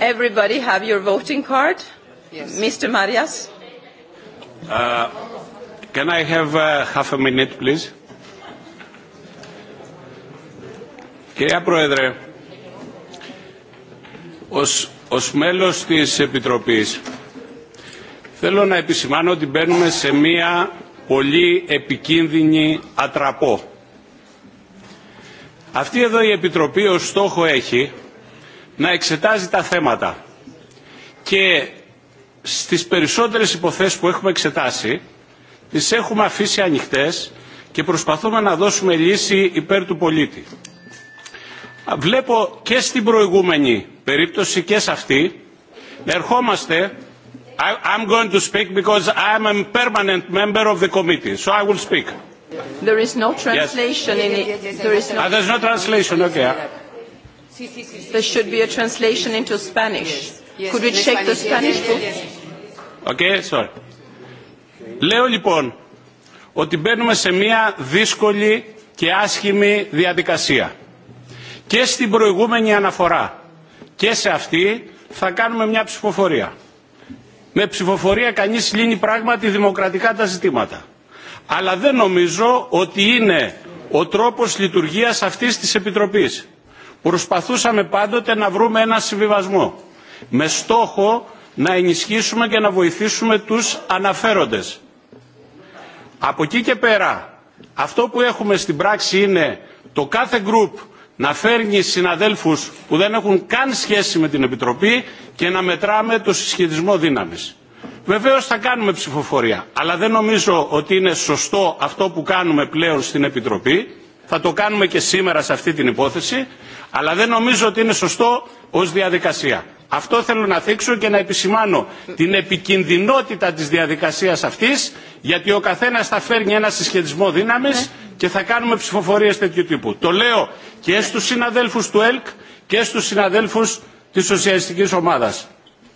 Everybody have your voting card? Yes. Mr. Marias? Uh, can I have uh, half a minute, please? Κυρία Πρόεδρε, ως, ως μέλος της Επιτροπής θέλω να επισημάνω ότι μπαίνουμε σε μία πολύ επικίνδυνη ατραπό. Αυτή εδώ η Επιτροπή ως στόχο έχει να εξετάζει τα θέματα. Και στις περισσότερες υποθέσεις που έχουμε εξετάσει, τις έχουμε αφήσει ανοιχτές και προσπαθούμε να δώσουμε λύση υπέρ του πολίτη. Βλέπω και στην προηγούμενη περίπτωση και σε αυτή να ερχόμαστε I, I'm going to speak because I'm a permanent member of the committee, so I will speak. There is no translation yes. in it. There is no, ah, there's no translation, okay. There should be a translation into Spanish. Could we check the Spanish book? Okay, sorry. Λέω λοιπόν ότι μπαίνουμε σε μια δύσκολη και άσχημη διαδικασία. Και στην προηγούμενη αναφορά και σε αυτή θα κάνουμε μια ψηφοφορία. Με ψηφοφορία κανείς λύνει πράγματι δημοκρατικά τα ζητήματα. Αλλά δεν νομίζω ότι είναι ο τρόπος λειτουργίας αυτής της Επιτροπής. Προσπαθούσαμε πάντοτε να βρούμε ένα συμβιβασμό με στόχο να ενισχύσουμε και να βοηθήσουμε τους αναφέροντες. Από εκεί και πέρα, αυτό που έχουμε στην πράξη είναι το κάθε γκρουπ να φέρνει συναδέλφους που δεν έχουν καν σχέση με την Επιτροπή και να μετράμε το συσχετισμό δύναμης. Βεβαίως θα κάνουμε ψηφοφορία, αλλά δεν νομίζω ότι είναι σωστό αυτό που κάνουμε πλέον στην Επιτροπή. Θα το κάνουμε και σήμερα σε αυτή την υπόθεση αλλά δεν νομίζω ότι είναι σωστό ως διαδικασία. Αυτό θέλω να θίξω και να επισημάνω την επικινδυνότητα της διαδικασίας αυτής, γιατί ο καθένας θα φέρνει ένα συσχετισμό δύναμης και θα κάνουμε ψηφοφορίες τέτοιου τύπου. Το λέω και στους συναδέλφους του ΕΛΚ και στους συναδέλφους της Σοσιαλιστικής Ομάδας.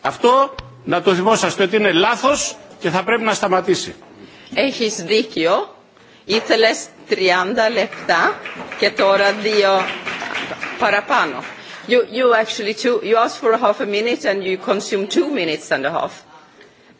Αυτό να το θυμόσαστε ότι είναι λάθος και θα πρέπει να σταματήσει. Έχεις δίκιο. Ήθελες 30 λεπτά και τώρα δύο Parapano. You, you actually two, you asked for a half a minute and you consumed two minutes and a half.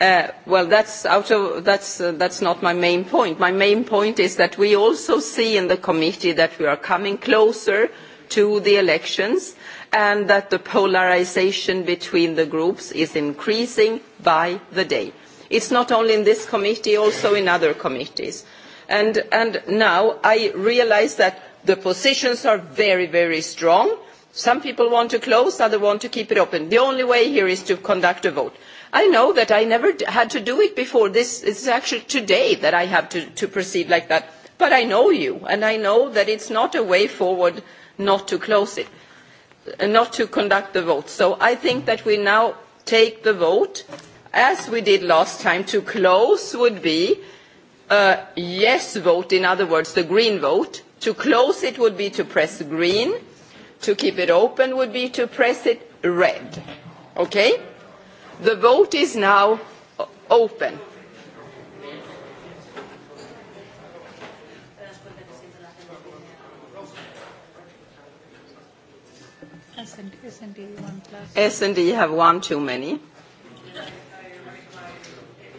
Uh, well, that's, out of, that's, uh, that's not my main point. My main point is that we also see in the committee that we are coming closer to the elections and that the polarisation between the groups is increasing by the day. It's not only in this committee, also in other committees. And, and now I realise that the positions are very very strong some people want to close others want to keep it open. the only way here is to conduct a vote. i know that i never had to do it before this is actually today that i have to, to proceed like that but i know you and i know that it is not a way forward not to close it uh, not to conduct the vote so i think that we now take the vote as we did last time to close would be a uh, yes vote in other words the green vote to close it would be to press green. To keep it open would be to press it red. Okay? The vote is now open. S&D have one too many.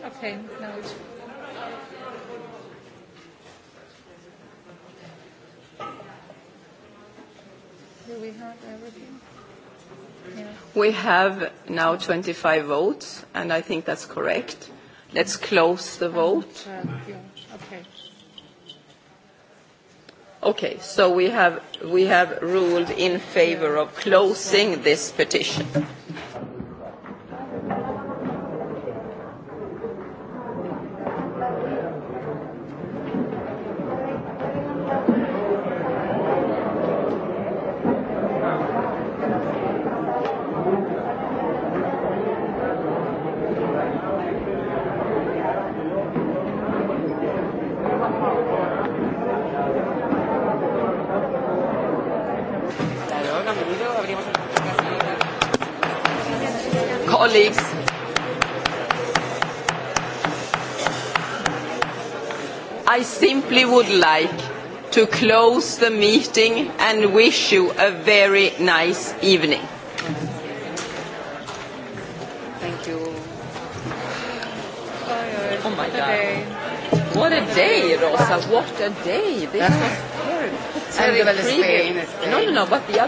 Okay, now it's we have everything? Yeah. We have now 25 votes, and I think that's correct. Let's close the vote. Okay. Okay, so we have, we have ruled in favor of closing this petition. simply would like to close the meeting and wish you a very nice evening. Thank you. Oh my God. What a day, Rosa. What a day. This ah. was terrible. And the previous... No, no, no, but the other...